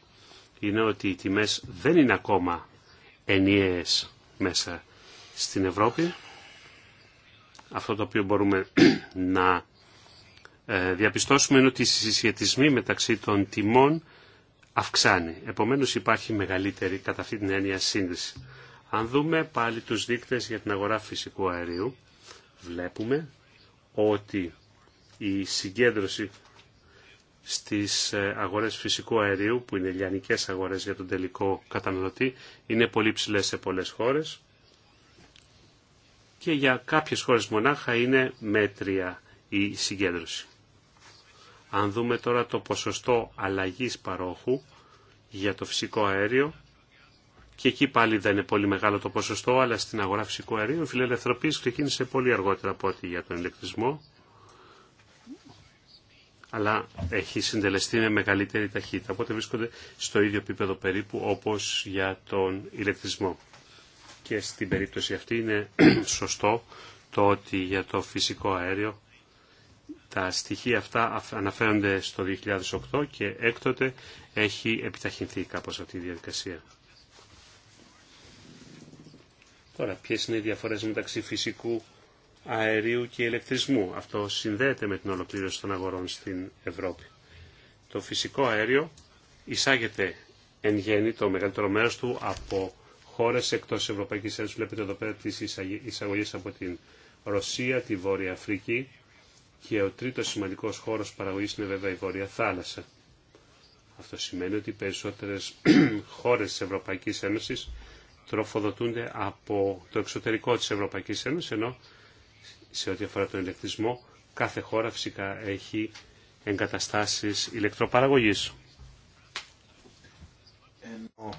είναι ότι οι τιμές δεν είναι ακόμα ενιαίες μέσα στην Ευρώπη. Αυτό το οποίο μπορούμε να ε, διαπιστώσουμε είναι ότι οι συσχετισμοί μεταξύ των τιμών αυξάνει. Επομένως υπάρχει μεγαλύτερη κατά αυτή την έννοια σύνδεση. Αν δούμε πάλι τους δείκτες για την αγορά φυσικού αερίου, βλέπουμε ότι η συγκέντρωση στις ε, αγορές φυσικού αερίου, που είναι λιανικές αγορές για τον τελικό καταναλωτή, είναι πολύ ψηλές σε πολλές χώρες και για κάποιες χώρες μονάχα είναι μέτρια η συγκέντρωση. Αν δούμε τώρα το ποσοστό αλλαγής παρόχου για το φυσικό αέριο, και εκεί πάλι δεν είναι πολύ μεγάλο το ποσοστό, αλλά στην αγορά φυσικού αερίου η φιλελευθερωπής ξεκίνησε πολύ αργότερα από ό,τι για τον ηλεκτρισμό αλλά έχει συντελεστεί με μεγαλύτερη ταχύτητα. Οπότε βρίσκονται στο ίδιο επίπεδο περίπου όπως για τον ηλεκτρισμό. Και στην περίπτωση αυτή είναι σωστό το ότι για το φυσικό αέριο τα στοιχεία αυτά αναφέρονται στο 2008 και έκτοτε έχει επιταχυνθεί κάπως αυτή η διαδικασία. Τώρα, ποιες είναι οι διαφορέ μεταξύ φυσικού αερίου και ηλεκτρισμού. Αυτό συνδέεται με την ολοκλήρωση των αγορών στην Ευρώπη. Το φυσικό αέριο εισάγεται εν γέννη το μεγαλύτερο μέρος του από χώρες εκτός Ευρωπαϊκής Ένωσης. Βλέπετε εδώ πέρα τις εισαγωγές από την Ρωσία, τη Βόρεια Αφρική και ο τρίτος σημαντικός χώρος παραγωγής είναι βέβαια η Βόρεια Θάλασσα. Αυτό σημαίνει ότι οι περισσότερες χώρες της Ευρωπαϊκής Ένωσης τροφοδοτούνται από το εξωτερικό της Ευρωπαϊκής Ένωσης, ενώ σε ό,τι αφορά τον ηλεκτρισμό. Κάθε χώρα φυσικά έχει εγκαταστάσεις ηλεκτροπαραγωγής. Ενώ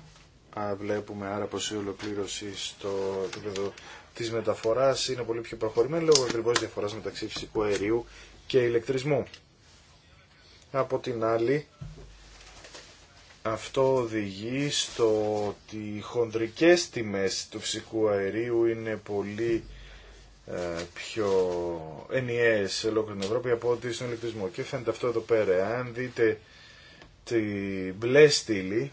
α, βλέπουμε άρα πως η ολοκλήρωση στο επίπεδο της μεταφοράς είναι πολύ πιο προχωρημένη λόγω ακριβώ διαφοράς μεταξύ φυσικού αερίου και ηλεκτρισμού. Από την άλλη, αυτό οδηγεί στο ότι οι χοντρικές τιμές του φυσικού αερίου είναι πολύ ε, πιο ενιαίε σε ολόκληρη την Ευρώπη από ό,τι στον ηλεκτρισμό. Και φαίνεται αυτό εδώ πέρα. Αν δείτε τη μπλε στήλη,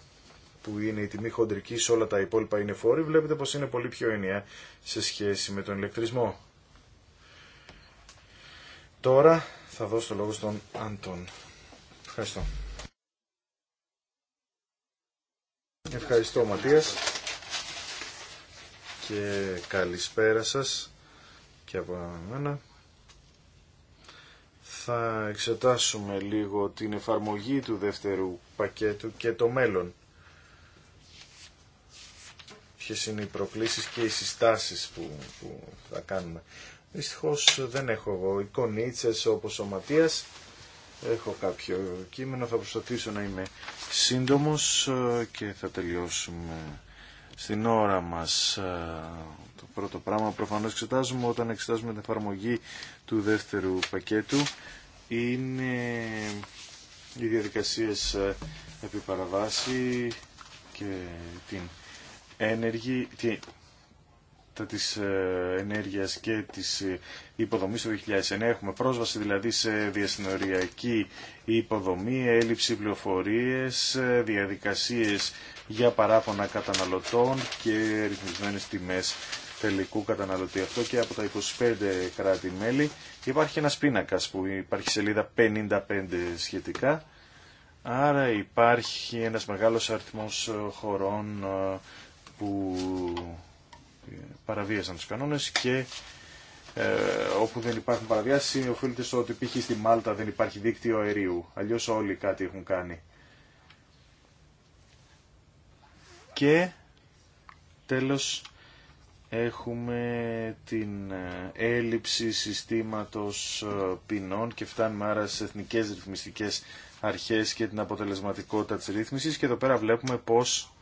που είναι η τιμή χοντρική σε όλα τα υπόλοιπα είναι φόροι, βλέπετε πως είναι πολύ πιο ενιαία σε σχέση με τον ηλεκτρισμό. Τώρα θα δώσω το λόγο στον Αντών. Ευχαριστώ. Ευχαριστώ Ματίας και καλησπέρα σας και από εμένα. Θα εξετάσουμε λίγο την εφαρμογή του δεύτερου πακέτου και το μέλλον. Ποιε είναι οι προκλήσεις και οι συστάσεις που, θα κάνουμε. Δυστυχώ δεν έχω εγώ εικονίτσες όπως ο Ματίας. Έχω κάποιο κείμενο, θα προσπαθήσω να είμαι σύντομος ε, και θα τελειώσουμε στην ώρα μας. Ε, το πρώτο πράγμα προφανώς εξετάζουμε όταν εξετάζουμε την εφαρμογή του δεύτερου πακέτου είναι οι διαδικασίες ε, επί και την ένεργη, τα της ε, ενέργειας και της υποδομή στο 2009. Έχουμε πρόσβαση δηλαδή σε διασυνοριακή υποδομή, έλλειψη πληροφορίες, διαδικασίες για παράπονα καταναλωτών και ρυθμισμένες τιμές τελικού καταναλωτή. Αυτό και από τα 25 κράτη-μέλη υπάρχει ένας πίνακας που υπάρχει σελίδα 55 σχετικά. Άρα υπάρχει ένας μεγάλος αριθμός χωρών ε, που παραβίασαν τους κανόνες και ε, όπου δεν υπάρχουν παραβιάσεις οφείλεται στο ότι π.χ. στη Μάλτα δεν υπάρχει δίκτυο αερίου. Αλλιώς όλοι κάτι έχουν κάνει. Και τέλος έχουμε την ε, έλλειψη συστήματος ε, ποινών και φτάνουμε άρα στι εθνικές ρυθμιστικές αρχές και την αποτελεσματικότητα της ρύθμισης και εδώ πέρα βλέπουμε πως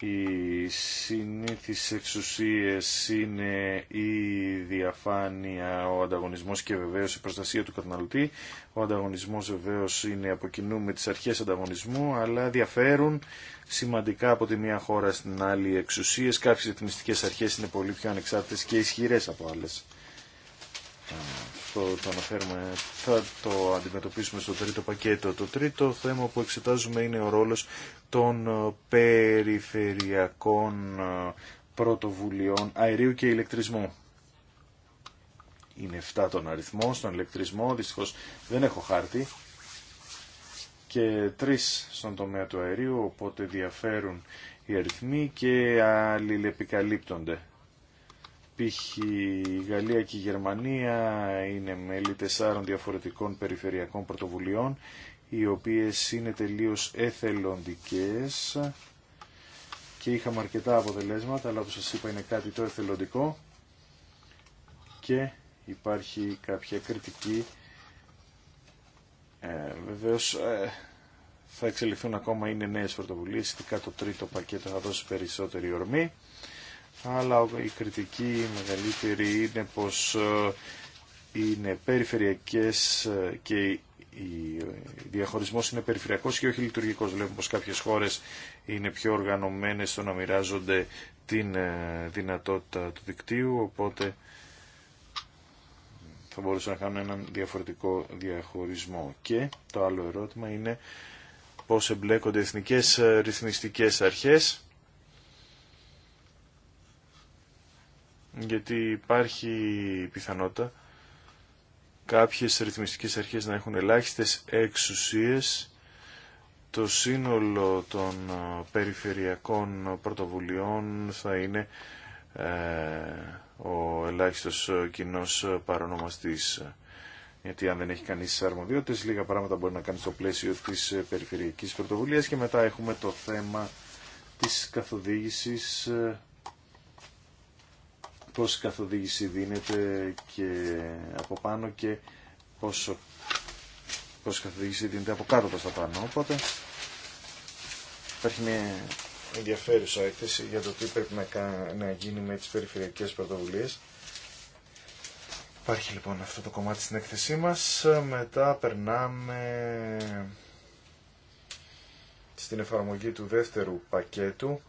οι συνήθεις εξουσίες είναι η διαφάνεια, ο ανταγωνισμός και βεβαίως η προστασία του καταναλωτή. Ο ανταγωνισμός βεβαίως είναι από κοινού με τις αρχές ανταγωνισμού, αλλά διαφέρουν σημαντικά από τη μία χώρα στην άλλη εξουσίες. Κάποιες εθνιστικές αρχές είναι πολύ πιο ανεξάρτητες και ισχυρές από άλλες το αναφέρουμε, θα το αντιμετωπίσουμε στο τρίτο πακέτο. Το τρίτο θέμα που εξετάζουμε είναι ο ρόλος των ε, περιφερειακών ε, πρωτοβουλειών αερίου και ηλεκτρισμού. Είναι 7 τον αριθμό, στον ηλεκτρισμό, δυστυχώς δεν έχω χάρτη και 3 στον τομέα του αερίου, οπότε διαφέρουν οι αριθμοί και αλληλεπικαλύπτονται π.χ. η Γαλλία και η Γερμανία είναι μέλη τεσσάρων διαφορετικών περιφερειακών πρωτοβουλειών οι οποίες είναι τελείως εθελοντικές και είχαμε αρκετά αποτελέσματα αλλά όπως σας είπα είναι κάτι το εθελοντικό και υπάρχει κάποια κριτική ε, βεβαίως ε, θα εξελιχθούν ακόμα είναι νέες πρωτοβουλίες ειδικά το τρίτο πακέτο θα δώσει περισσότερη ορμή αλλά η κριτική μεγαλύτερη είναι πως ε, είναι περιφερειακές ε, και ο διαχωρισμός είναι περιφερειακός και όχι λειτουργικός. Βλέπουμε πως κάποιες χώρες είναι πιο οργανωμένες στο να μοιράζονται την ε, δυνατότητα του δικτύου, οπότε θα μπορούσαν να κάνουν έναν διαφορετικό διαχωρισμό. Και το άλλο ερώτημα είναι πώς εμπλέκονται εθνικές ρυθμιστικές αρχές γιατί υπάρχει πιθανότητα κάποιες ρυθμιστικές αρχές να έχουν ελάχιστες εξουσίες το σύνολο των ε, περιφερειακών πρωτοβουλειών θα είναι ε, ο ελάχιστος ε, κοινό παρονομαστής. Γιατί αν δεν έχει κανείς αρμοδιότητες, λίγα πράγματα μπορεί να κάνει στο πλαίσιο της περιφερειακής πρωτοβουλίας και μετά έχουμε το θέμα της καθοδήγησης η καθοδήγηση δίνεται και από πάνω και πόσο, η καθοδήγηση δίνεται από κάτω προς τα πάνω. Οπότε υπάρχει μια ενδιαφέρουσα έκθεση για το τι πρέπει να, να γίνει με τις περιφερειακές πρωτοβουλίες. Υπάρχει λοιπόν αυτό το κομμάτι στην έκθεσή μας. Μετά περνάμε στην εφαρμογή του δεύτερου πακέτου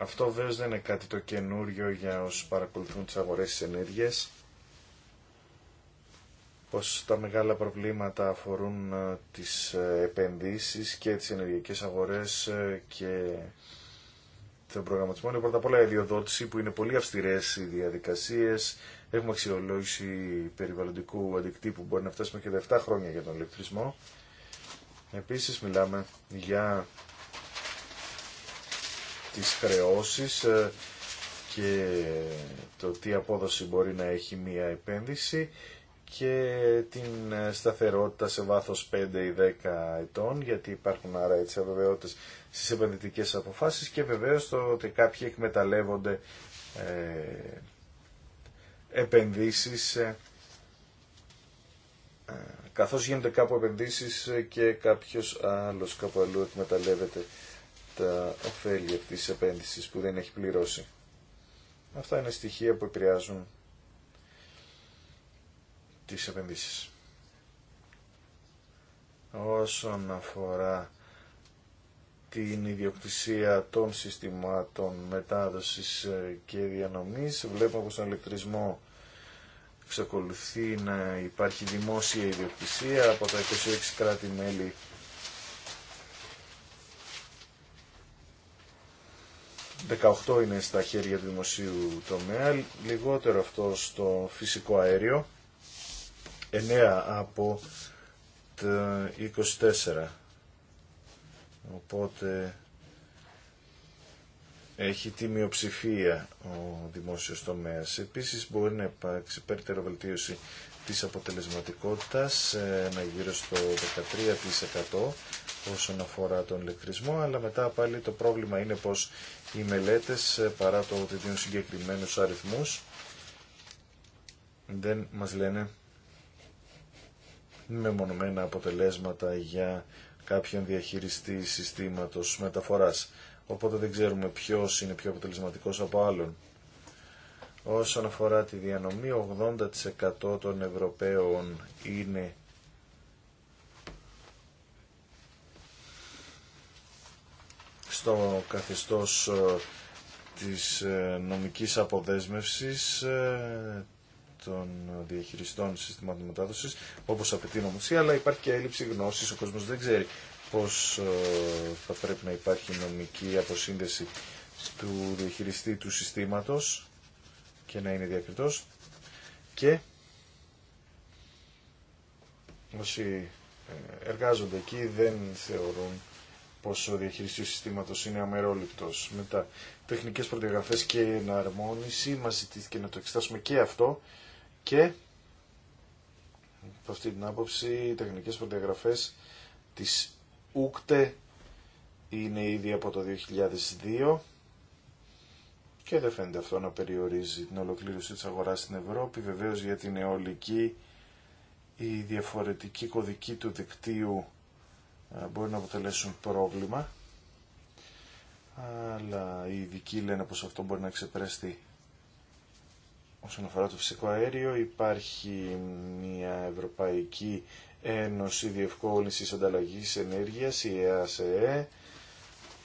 αυτό βέβαια δεν είναι κάτι το καινούριο για όσους παρακολουθούν τις αγορές της ενέργειας, πως τα μεγάλα προβλήματα αφορούν ε, τις ε, επενδύσεις και τις ενεργειακές αγορές ε, και τον προγραμματισμό. Είναι πρώτα απ' όλα η αδειοδότηση που είναι πολύ αυστηρές οι διαδικασίες. Έχουμε αξιολόγηση περιβαλλοντικού αντικτύπου που μπορεί να φτάσει μέχρι 7 χρόνια για τον ηλεκτρισμό. Επίσης μιλάμε για τις χρεώσεις ε, και το τι απόδοση μπορεί να έχει μία επένδυση και την ε, σταθερότητα σε βάθος 5 ή 10 ετών γιατί υπάρχουν άρα έτσι αβεβαιότητες στις επενδυτικές αποφάσεις και βεβαίως το ότι κάποιοι εκμεταλλεύονται ε, επενδύσεις ε, καθώς γίνονται κάπου επενδύσεις και κάποιος άλλος κάπου αλλού εκμεταλλεύεται τα ωφέλη αυτή της επένδυσης που δεν έχει πληρώσει. Αυτά είναι στοιχεία που επηρεάζουν τις επενδύσεις. Όσον αφορά την ιδιοκτησία των συστημάτων μετάδοσης ε, και διανομής, βλέπουμε πως στον ηλεκτρισμό εξακολουθεί να υπάρχει δημόσια ιδιοκτησία από τα 26 κράτη-μέλη 18 είναι στα χέρια του δημοσίου τομέα, λιγότερο αυτό στο φυσικό αέριο, 9 από τα 24. Οπότε έχει τη μειοψηφία ο δημόσιος τομέας. Επίσης μπορεί να υπάρξει περαιτέρω βελτίωση της αποτελεσματικότητας, να γύρω στο 13% όσον αφορά τον ηλεκτρισμό, αλλά μετά πάλι το πρόβλημα είναι πως οι μελέτες, ε, παρά το ότι δίνουν συγκεκριμένους αριθμούς, δεν μας λένε μεμονωμένα αποτελέσματα για κάποιον διαχειριστή συστήματος μεταφοράς. Οπότε δεν ξέρουμε ποιος είναι πιο αποτελεσματικός από άλλον. Όσον αφορά τη διανομή, 80% των Ευρωπαίων είναι στο καθεστώς ε, της ε, νομικής αποδέσμευσης ε, των διαχειριστών συστημάτων μετάδοσης, όπως απαιτεί νομοσία, αλλά υπάρχει και έλλειψη γνώσης, ο κόσμος δεν ξέρει πώς θα πρέπει να υπάρχει νομική αποσύνδεση του διαχειριστή του συστήματος και να είναι διακριτός και όσοι εργάζονται εκεί δεν θεωρούν πως ο διαχειριστή του συστήματος είναι αμερόληπτος. τα τεχνικές προδιαγραφές και εναρμόνιση, μας ζητήθηκε να το εξετάσουμε και αυτό και από αυτή την άποψη οι τεχνικές προδιαγραφές της ΟΚΤΕ είναι ήδη από το 2002 και δεν φαίνεται αυτό να περιορίζει την ολοκλήρωση της αγοράς στην Ευρώπη. Βεβαίως για την αιωλική η διαφορετική κωδική του δικτύου ε, μπορεί να αποτελέσουν πρόβλημα, αλλά οι ειδικοί λένε πως αυτό μπορεί να ξεπεραστεί. Όσον αφορά το φυσικό αέριο υπάρχει μια Ευρωπαϊκή Ένωση Διευκόλυνσης Ανταλλαγής Ενέργειας, η ΕΑΣΕΕ,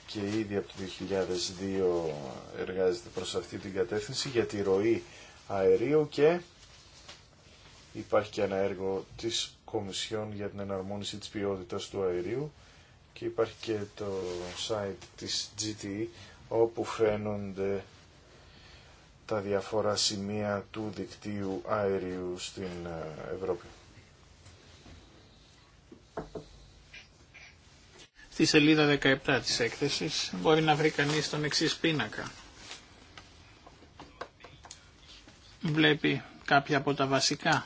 και ήδη από το 2002 εργάζεται προς αυτή την κατεύθυνση για τη ροή αερίου και υπάρχει και ένα έργο της Κομισιόν για την εναρμόνιση της ποιότητας του αερίου και υπάρχει και το site της GTE όπου φαίνονται τα διαφορά σημεία του δικτύου αερίου στην ε, Ευρώπη. Στη σελίδα 17 της έκθεσης μπορεί να βρει κανείς τον εξής πίνακα. Βλέπει κάποια από τα βασικά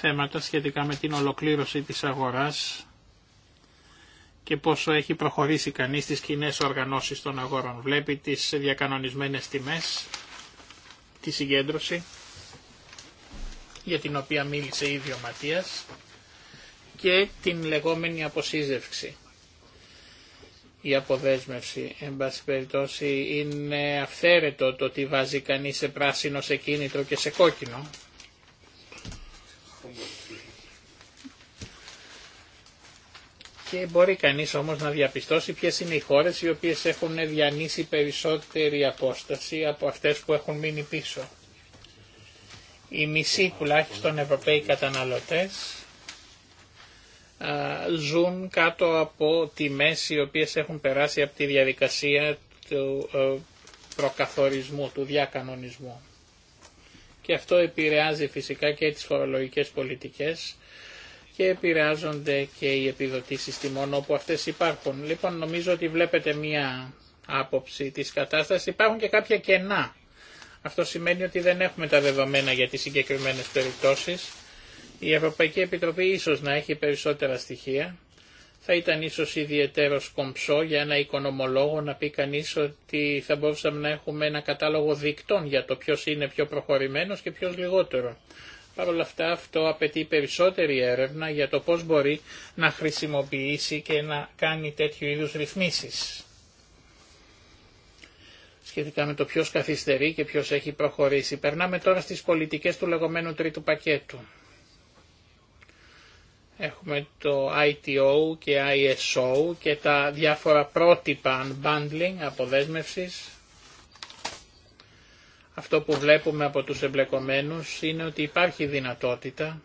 θέματα σχετικά με την ολοκλήρωση της αγοράς και πόσο έχει προχωρήσει κανείς στις κοινέ οργανώσεις των αγορών. Βλέπει τις διακανονισμένες τιμές, τη συγκέντρωση, για την οποία μίλησε ήδη ο Ματίας, και την λεγόμενη αποσύζευξη. Η αποδέσμευση, εν πάση περιπτώσει, είναι αυθαίρετο το ότι βάζει κανείς σε πράσινο, σε κίνητρο και σε κόκκινο. Και μπορεί κανείς όμως να διαπιστώσει ποιες είναι οι χώρες οι οποίες έχουν διανύσει περισσότερη απόσταση από αυτές που έχουν μείνει πίσω. Οι μισοί τουλάχιστον Ευρωπαίοι καταναλωτές ζουν κάτω από τιμές οι οποίες έχουν περάσει από τη διαδικασία του ε, προκαθορισμού, του διακανονισμού και αυτό επηρεάζει φυσικά και τις φορολογικές πολιτικές και επηρεάζονται και οι επιδοτήσεις τιμών όπου αυτές υπάρχουν. Λοιπόν νομίζω ότι βλέπετε μία άποψη της κατάστασης. Υπάρχουν και κάποια κενά. Αυτό σημαίνει ότι δεν έχουμε τα δεδομένα για τις συγκεκριμένες περιπτώσεις. Η Ευρωπαϊκή Επιτροπή ίσως να έχει περισσότερα στοιχεία θα ήταν ίσως ιδιαίτερο κομψό για ένα οικονομολόγο να πει κανείς ότι θα μπορούσαμε να έχουμε ένα κατάλογο δικτών για το ποιος είναι πιο προχωρημένος και ποιος λιγότερο. Παρ' όλα αυτά αυτό απαιτεί περισσότερη έρευνα για το πώς μπορεί να χρησιμοποιήσει και να κάνει τέτοιου είδους ρυθμίσεις. Σχετικά με το ποιος καθυστερεί και ποιος έχει προχωρήσει. Περνάμε τώρα στις πολιτικές του λεγόμενου τρίτου πακέτου. Έχουμε το ITO και ISO και τα διάφορα πρότυπα unbundling, αποδέσμευσης. Αυτό που βλέπουμε από τους εμπλεκομένους είναι ότι υπάρχει δυνατότητα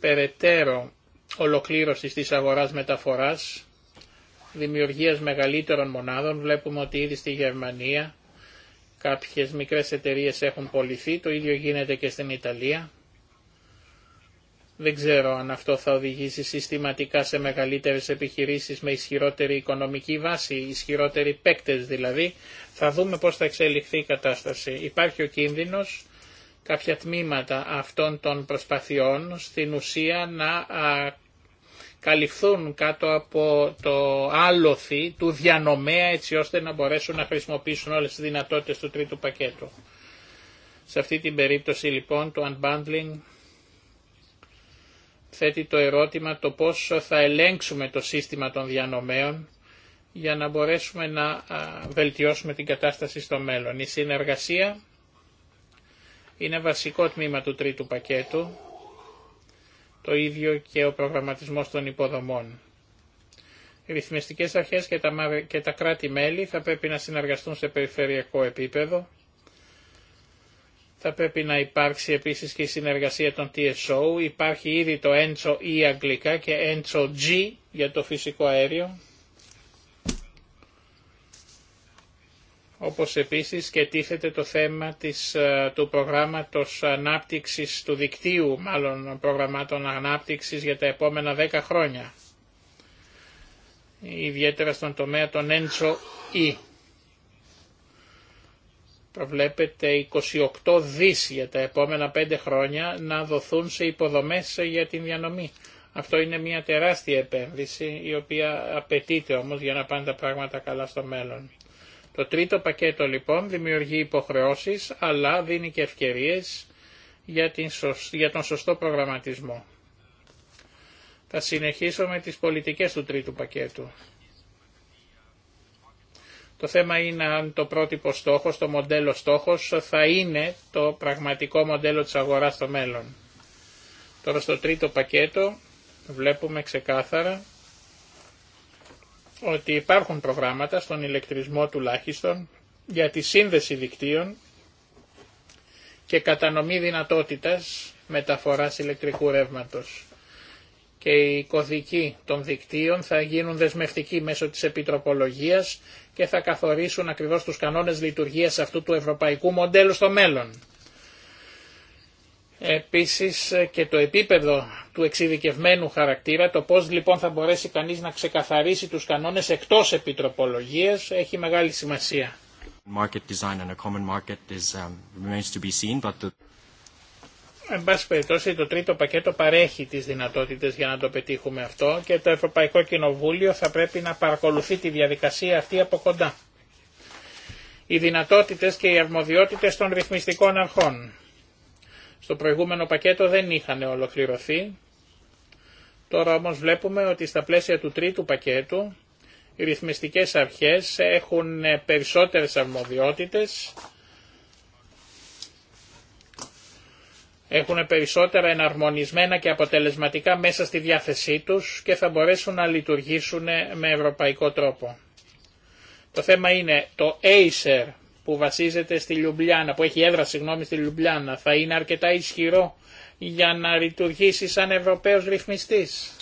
περαιτέρω ολοκλήρωσης της αγοράς μεταφοράς, δημιουργίας μεγαλύτερων μονάδων. Βλέπουμε ότι ήδη στη Γερμανία κάποιες μικρές εταιρείες έχουν πολιθεί, το ίδιο γίνεται και στην Ιταλία. Δεν ξέρω αν αυτό θα οδηγήσει συστηματικά σε μεγαλύτερες επιχειρήσεις με ισχυρότερη οικονομική βάση, ισχυρότεροι παίκτες δηλαδή. Θα δούμε πώς θα εξελιχθεί η κατάσταση. Υπάρχει ο κίνδυνος κάποια τμήματα αυτών των προσπαθειών στην ουσία να καλυφθούν κάτω από το άλοθη του διανομέα έτσι ώστε να μπορέσουν να χρησιμοποιήσουν όλες τις δυνατότητες του τρίτου πακέτου. Σε αυτή την περίπτωση λοιπόν το unbundling θέτει το ερώτημα το πόσο θα ελέγξουμε το σύστημα των διανομέων για να μπορέσουμε να βελτιώσουμε την κατάσταση στο μέλλον. Η συνεργασία είναι βασικό τμήμα του τρίτου πακέτου, το ίδιο και ο προγραμματισμός των υποδομών. Οι ρυθμιστικές αρχές και και τα κράτη-μέλη θα πρέπει να συνεργαστούν σε περιφερειακό επίπεδο θα πρέπει να υπάρξει επίσης και η συνεργασία των TSO. Υπάρχει ήδη το ENSO E αγγλικά και ENSO G για το φυσικό αέριο. Όπως επίσης και τίθεται το θέμα της, ε, του προγράμματος ανάπτυξης, του δικτύου μάλλον προγραμμάτων ανάπτυξης για τα επόμενα 10 χρόνια. Ιδιαίτερα στον τομέα των ENSO E βλέπετε 28 δις για τα επόμενα 5 χρόνια να δοθούν σε υποδομές για την διανομή. Αυτό είναι μια τεράστια επένδυση η οποία απαιτείται όμως για να πάνε τα πράγματα καλά στο μέλλον. Το τρίτο πακέτο λοιπόν δημιουργεί υποχρεώσεις αλλά δίνει και ευκαιρίες για, την για τον σωστό προγραμματισμό. Θα συνεχίσω με τις πολιτικές του τρίτου πακέτου. Το θέμα είναι αν το πρότυπο στόχος, το μοντέλο στόχος θα είναι το πραγματικό μοντέλο της αγοράς στο μέλλον. Τώρα στο τρίτο πακέτο βλέπουμε ξεκάθαρα ότι υπάρχουν προγράμματα στον ηλεκτρισμό τουλάχιστον για τη σύνδεση δικτύων και κατανομή δυνατότητας μεταφοράς ηλεκτρικού ρεύματος. Και οι κωδικοί των δικτύων θα γίνουν δεσμευτικοί μέσω της επιτροπολογίας και θα καθορίσουν ακριβώς τους κανόνες λειτουργίας αυτού του ευρωπαϊκού μοντέλου στο μέλλον. Επίσης και το επίπεδο του εξειδικευμένου χαρακτήρα, το πώς λοιπόν θα μπορέσει κανείς να ξεκαθαρίσει τους κανόνες εκτός επιτροπολογίας έχει μεγάλη σημασία. Εν πάση περιπτώσει το τρίτο πακέτο παρέχει τις δυνατότητες για να το πετύχουμε αυτό και το Ευρωπαϊκό Κοινοβούλιο θα πρέπει να παρακολουθεί τη διαδικασία αυτή από κοντά. Οι δυνατότητες και οι αρμοδιότητες των ρυθμιστικών αρχών. Στο προηγούμενο πακέτο δεν είχαν ολοκληρωθεί. Τώρα όμως βλέπουμε ότι στα πλαίσια του τρίτου πακέτου οι ρυθμιστικές αρχές έχουν περισσότερες αρμοδιότητες έχουν περισσότερα εναρμονισμένα και αποτελεσματικά μέσα στη διάθεσή τους και θα μπορέσουν να λειτουργήσουν με ευρωπαϊκό τρόπο. Το θέμα είναι το Acer που βασίζεται στη Λιουμπλιάνα, που έχει έδρα συγγνώμη στη Λιουμπλιάνα, θα είναι αρκετά ισχυρό για να λειτουργήσει σαν Ευρωπαίος ρυθμιστής.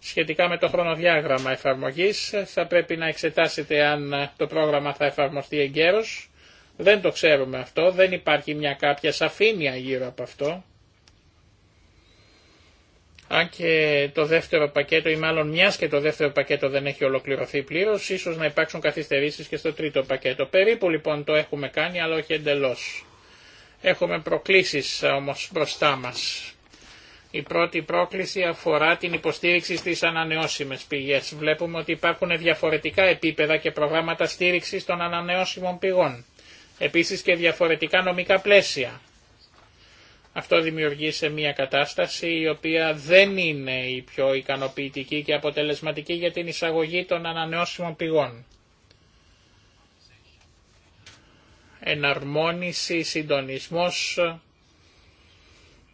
Σχετικά με το χρονοδιάγραμμα εφαρμογής θα πρέπει να εξετάσετε αν το πρόγραμμα θα εφαρμοστεί εγκαίρως δεν το ξέρουμε αυτό, δεν υπάρχει μια κάποια σαφήνεια γύρω από αυτό. Αν και το δεύτερο πακέτο ή μάλλον μια και το δεύτερο πακέτο δεν έχει ολοκληρωθεί πλήρω, ίσω να υπάρξουν καθυστερήσει και στο τρίτο πακέτο. Περίπου λοιπόν το έχουμε κάνει αλλά όχι εντελώ. Έχουμε προκλήσει όμω μπροστά μα. Η πρώτη πρόκληση αφορά την υποστήριξη στι ανανεώσιμε πηγέ. Βλέπουμε ότι υπάρχουν διαφορετικά επίπεδα και προγράμματα στήριξη των ανανεώσιμων πηγών. Επίσης και διαφορετικά νομικά πλαίσια. Αυτό δημιουργεί σε μια κατάσταση η οποία δεν είναι η πιο ικανοποιητική και αποτελεσματική για την εισαγωγή των ανανεώσιμων πηγών. Εναρμόνιση, συντονισμός,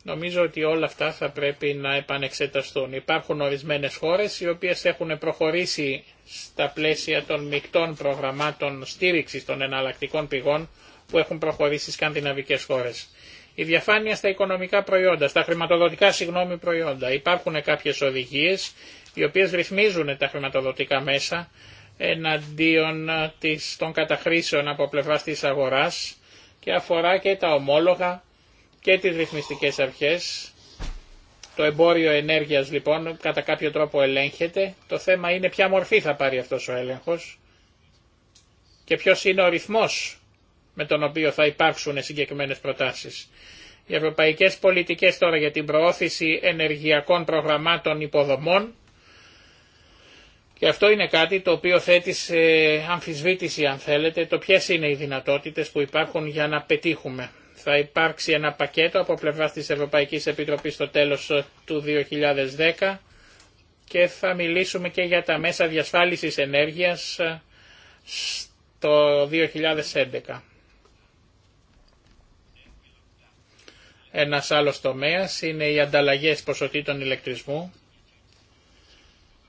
νομίζω ότι όλα αυτά θα πρέπει να επανεξεταστούν. Υπάρχουν ορισμένες χώρες οι οποίες έχουν προχωρήσει στα πλαίσια των μεικτών προγραμμάτων στήριξης των εναλλακτικών πηγών που έχουν προχωρήσει σκανδιναβικές χώρες. Η διαφάνεια στα οικονομικά προϊόντα, στα χρηματοδοτικά συγγνώμη προϊόντα. Υπάρχουν κάποιες οδηγίες οι οποίες ρυθμίζουν τα χρηματοδοτικά μέσα εναντίον της, των καταχρήσεων από πλευράς της αγοράς και αφορά και τα ομόλογα και τις ρυθμιστικές αρχές το εμπόριο ενέργειας λοιπόν κατά κάποιο τρόπο ελέγχεται. Το θέμα είναι ποια μορφή θα πάρει αυτός ο έλεγχος και ποιο είναι ο ρυθμός με τον οποίο θα υπάρξουν συγκεκριμένε προτάσεις. Οι Ευρωπαϊκέ πολιτικές τώρα για την προώθηση ενεργειακών προγραμμάτων υποδομών και αυτό είναι κάτι το οποίο θέτει σε αμφισβήτηση αν θέλετε το ποιε είναι οι δυνατότητε που υπάρχουν για να πετύχουμε θα υπάρξει ένα πακέτο από πλευράς της Ευρωπαϊκής Επιτροπής στο τέλος ε, του 2010 και θα μιλήσουμε και για τα μέσα διασφάλισης ενέργειας ε, στο 2011. Ένας άλλος τομέας είναι οι ανταλλαγές ποσοτήτων ηλεκτρισμού.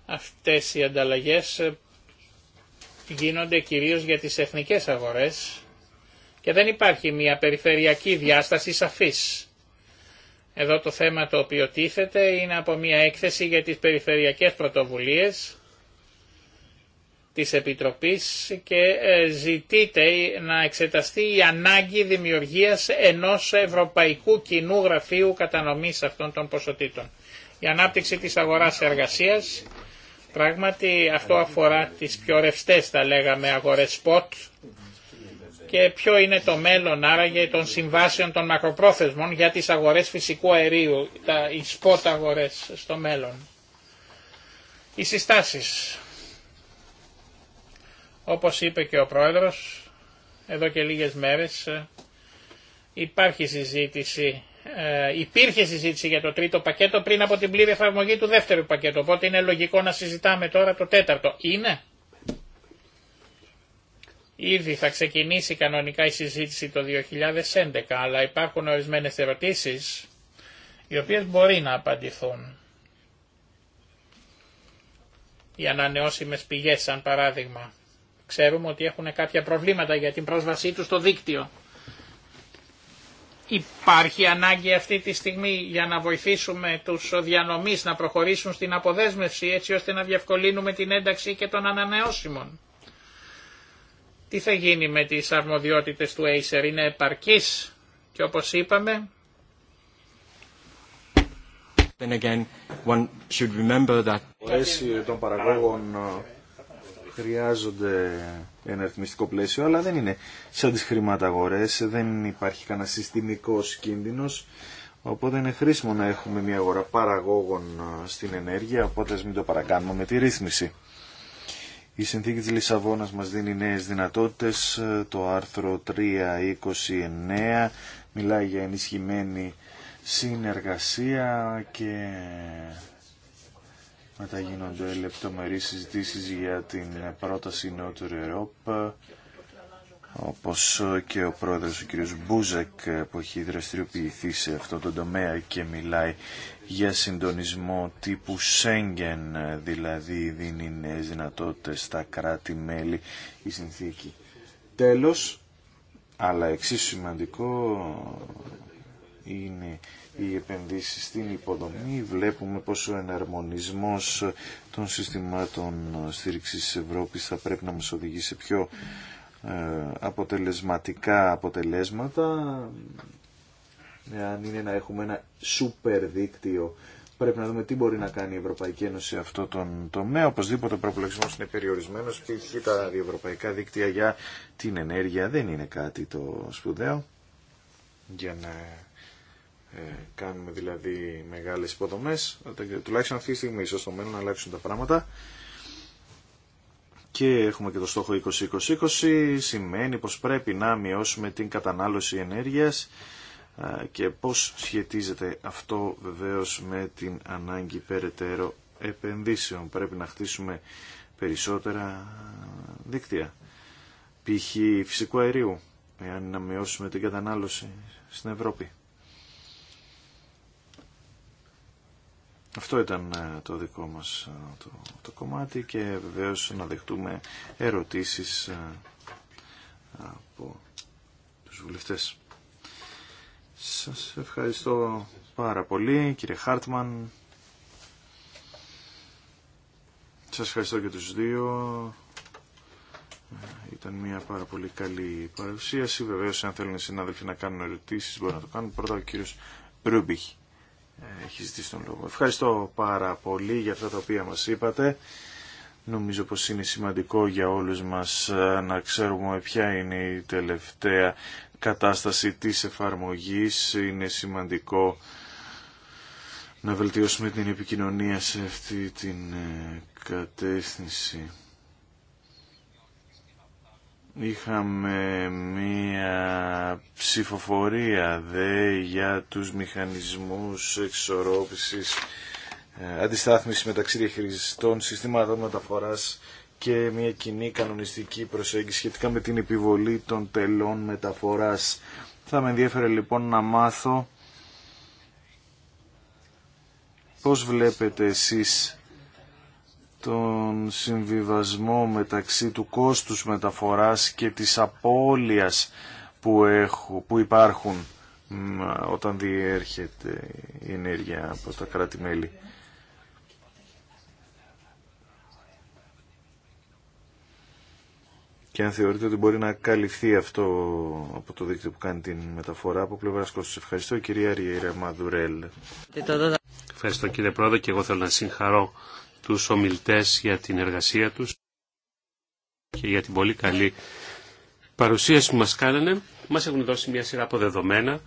Αυτές οι ανταλλαγές ε, γίνονται κυρίως για τις εθνικές αγορές και δεν υπάρχει μια περιφερειακή διάσταση σαφής. Εδώ το θέμα το οποίο τίθεται είναι από μια έκθεση για τις περιφερειακές πρωτοβουλίες της Επιτροπής και ε, ζητείται να εξεταστεί η ανάγκη δημιουργίας ενός ευρωπαϊκού κοινού γραφείου κατανομής αυτών των ποσοτήτων. Η ανάπτυξη της αγοράς εργασίας, πράγματι αυτό αφορά τις πιο ρευστές θα λέγαμε αγορές και ποιο είναι το μέλλον άραγε των συμβάσεων των μακροπρόθεσμων για τις αγορές φυσικού αερίου, τα σπότα αγορές στο μέλλον. Οι συστάσεις. Όπως είπε και ο Πρόεδρος, εδώ και λίγες μέρες ε, υπάρχει συζήτηση, ε, υπήρχε συζήτηση για το τρίτο πακέτο πριν από την πλήρη εφαρμογή του δεύτερου πακέτου, οπότε είναι λογικό να συζητάμε τώρα το τέταρτο. Είναι Ήδη θα ξεκινήσει κανονικά η συζήτηση το 2011, αλλά υπάρχουν ορισμένες ερωτήσεις οι οποίες μπορεί να απαντηθούν. Οι ανανεώσιμες πηγές, σαν παράδειγμα. Ξέρουμε ότι έχουν κάποια προβλήματα για την πρόσβασή τους στο δίκτυο. Υπάρχει ανάγκη αυτή τη στιγμή για να βοηθήσουμε τους διανομείς να προχωρήσουν στην αποδέσμευση έτσι ώστε να διευκολύνουμε την ένταξη και των ανανεώσιμων. Τι θα γίνει με τις αρμοδιότητες του Acer, είναι επαρκής και όπως είπαμε... Then again, one should remember that... των παραγόγων ε, χρειάζονται ένα αριθμιστικό πλαίσιο, αλλά δεν είναι σαν τις χρηματαγορές, δεν υπάρχει κανένα συστημικός κίνδυνος, οπότε είναι χρήσιμο να έχουμε μια αγορά παραγόγων ε, στην ενέργεια, οπότε μην το παρακάνουμε με τη ρύθμιση. Η συνθήκη της Λισαβόνας μας δίνει νέες δυνατότητες. Το άρθρο 3.29 μιλάει για ενισχυμένη συνεργασία και μετά γίνονται λεπτομερείς συζητήσεις για την πρόταση Νότου Ευρώπη όπως και ο πρόεδρος ο κ. Μπούζεκ που έχει δραστηριοποιηθεί σε αυτό το τομέα και μιλάει για συντονισμό τύπου Σέγγεν, δηλαδή δίνει νέε δυνατότητε, στα κράτη-μέλη η συνθήκη. Τέλος, αλλά εξίσου σημαντικό είναι οι επενδύσεις στην υποδομή. Βλέπουμε πως ο εναρμονισμός των συστημάτων στήριξης της Ευρώπης θα πρέπει να μας οδηγήσει σε πιο ε, αποτελεσματικά αποτελέσματα αν είναι να έχουμε ένα σούπερ δίκτυο. Πρέπει να δούμε τι μπορεί να κάνει η Ευρωπαϊκή Ένωση σε αυτό το τομέα. Οπωσδήποτε ο προπολογισμό είναι περιορισμένο και τα ευρωπαϊκά δίκτυα για την ενέργεια δεν είναι κάτι το σπουδαίο. Για να ε, κάνουμε δηλαδή μεγάλες υποδομές, τουλάχιστον αυτή τη στιγμή ίσως στο μέλλον να αλλάξουν τα πράγματα. Και έχουμε και το στόχο 2020-2020, σημαίνει πως πρέπει να μειώσουμε την κατανάλωση ενέργειας και πώς σχετίζεται αυτό βεβαίως με την ανάγκη περαιτέρω επενδύσεων. Πρέπει να χτίσουμε περισσότερα δίκτυα, π.χ. φυσικού αερίου, εάν να μειώσουμε την κατανάλωση στην Ευρώπη. Αυτό ήταν ε, το δικό μας ε, το, το κομμάτι και βεβαίως να δεχτούμε ερωτήσεις ε, από τους βουλευτές. Σας ευχαριστώ πάρα πολύ κύριε Χάρτμαν. Σας ευχαριστώ και τους δύο. Ήταν μια πάρα πολύ καλή παρουσίαση. Βεβαίω, αν θέλουν οι συνάδελφοι να κάνουν ερωτήσει, μπορεί να το κάνουν. Πρώτα ο κύριο Ρούμπιχ ε, έχει ζητήσει τον λόγο. Ευχαριστώ πάρα πολύ για αυτά τα οποία μας είπατε. Νομίζω πως είναι σημαντικό για όλους μας ε, να ξέρουμε ποια είναι η τελευταία κατάσταση της εφαρμογής. Είναι σημαντικό να βελτιώσουμε την επικοινωνία σε αυτή την ε, κατεύθυνση. Είχαμε μία ψηφοφορία δε για τους μηχανισμούς εξορρόπησης ε, αντιστάθμιση μεταξύ διαχειριστών συστημάτων μεταφοράς και μια κοινή κανονιστική προσέγγιση σχετικά με την επιβολή των τελών μεταφοράς. Θα με ενδιαφέρε λοιπόν να μάθω πώς βλέπετε εσείς τον συμβιβασμό μεταξύ του κόστους μεταφοράς και της απώλειας που, έχω, που υπάρχουν όταν διέρχεται η ενέργεια από τα κράτη-μέλη. και αν θεωρείτε ότι μπορεί να καλυφθεί αυτό από το δίκτυο που κάνει την μεταφορά από πλευρά κόστου. Ευχαριστώ, κυρία Ριέρα Μαδουρέλ. Ευχαριστώ, κύριε Πρόεδρε, και εγώ θέλω να συγχαρώ του ομιλητέ για την εργασία του και για την πολύ καλή παρουσίαση που μα κάνανε. Μα έχουν δώσει μια σειρά από δεδομένα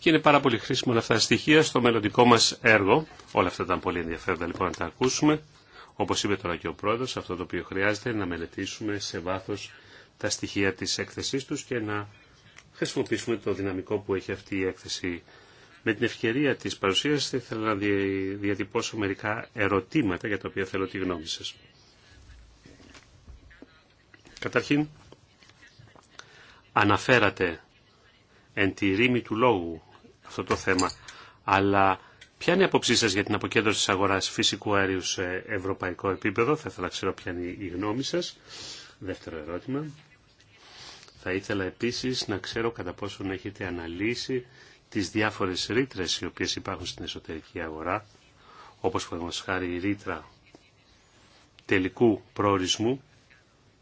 και είναι πάρα πολύ χρήσιμα όλα αυτά τα στοιχεία στο μελλοντικό μας έργο. Όλα αυτά ήταν πολύ ενδιαφέροντα λοιπόν να τα ακούσουμε. Όπως είπε τώρα και ο πρόεδρος, αυτό το οποίο χρειάζεται είναι να μελετήσουμε σε βάθος τα στοιχεία της έκθεσής τους και να χρησιμοποιήσουμε το δυναμικό που έχει αυτή η έκθεση. Με την ευκαιρία της παρουσίας θα ήθελα να διατυπώσω μερικά ερωτήματα για τα οποία θέλω τη γνώμη σας. Καταρχήν, αναφέρατε εν τη ρήμη του λόγου αυτό το θέμα, αλλά Ποια είναι η απόψή σα για την αποκέντρωση τη αγορά φυσικού αερίου σε ευρωπαϊκό επίπεδο. Θα ήθελα να ξέρω ποια είναι η γνώμη σα. Δεύτερο ερώτημα. Θα ήθελα επίσης να ξέρω κατά πόσον έχετε αναλύσει τι διάφορες ρήτρε οι οποίες υπάρχουν στην εσωτερική αγορά, όπως παραδείγματο χάρη η ρήτρα τελικού προορισμού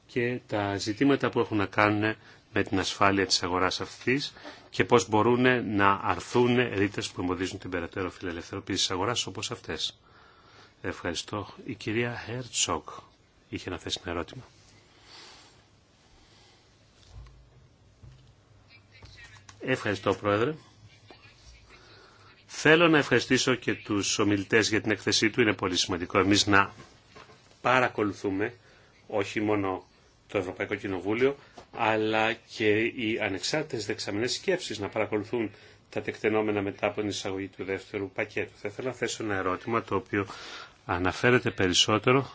και τα ζητήματα που έχουν να κάνουν με την ασφάλεια της αγοράς αυτής και πώς μπορούν να αρθούν ρήτες που εμποδίζουν την περαιτέρω φιλελευθερωπή της αγοράς όπως αυτές. Ευχαριστώ. Η κυρία Χέρτσοκ είχε να θέσει ένα ερώτημα. Ευχαριστώ Πρόεδρε. Θέλω να ευχαριστήσω και τους ομιλητές για την εκθεσή του. Είναι πολύ σημαντικό εμείς να παρακολουθούμε όχι μόνο το Ευρωπαϊκό Κοινοβούλιο, αλλά και οι ανεξάρτητες δεξαμενές σκέψεις να παρακολουθούν τα τεκτενόμενα μετά από την εισαγωγή του δεύτερου πακέτου. Θα ήθελα να θέσω ένα ερώτημα το οποίο αναφέρεται περισσότερο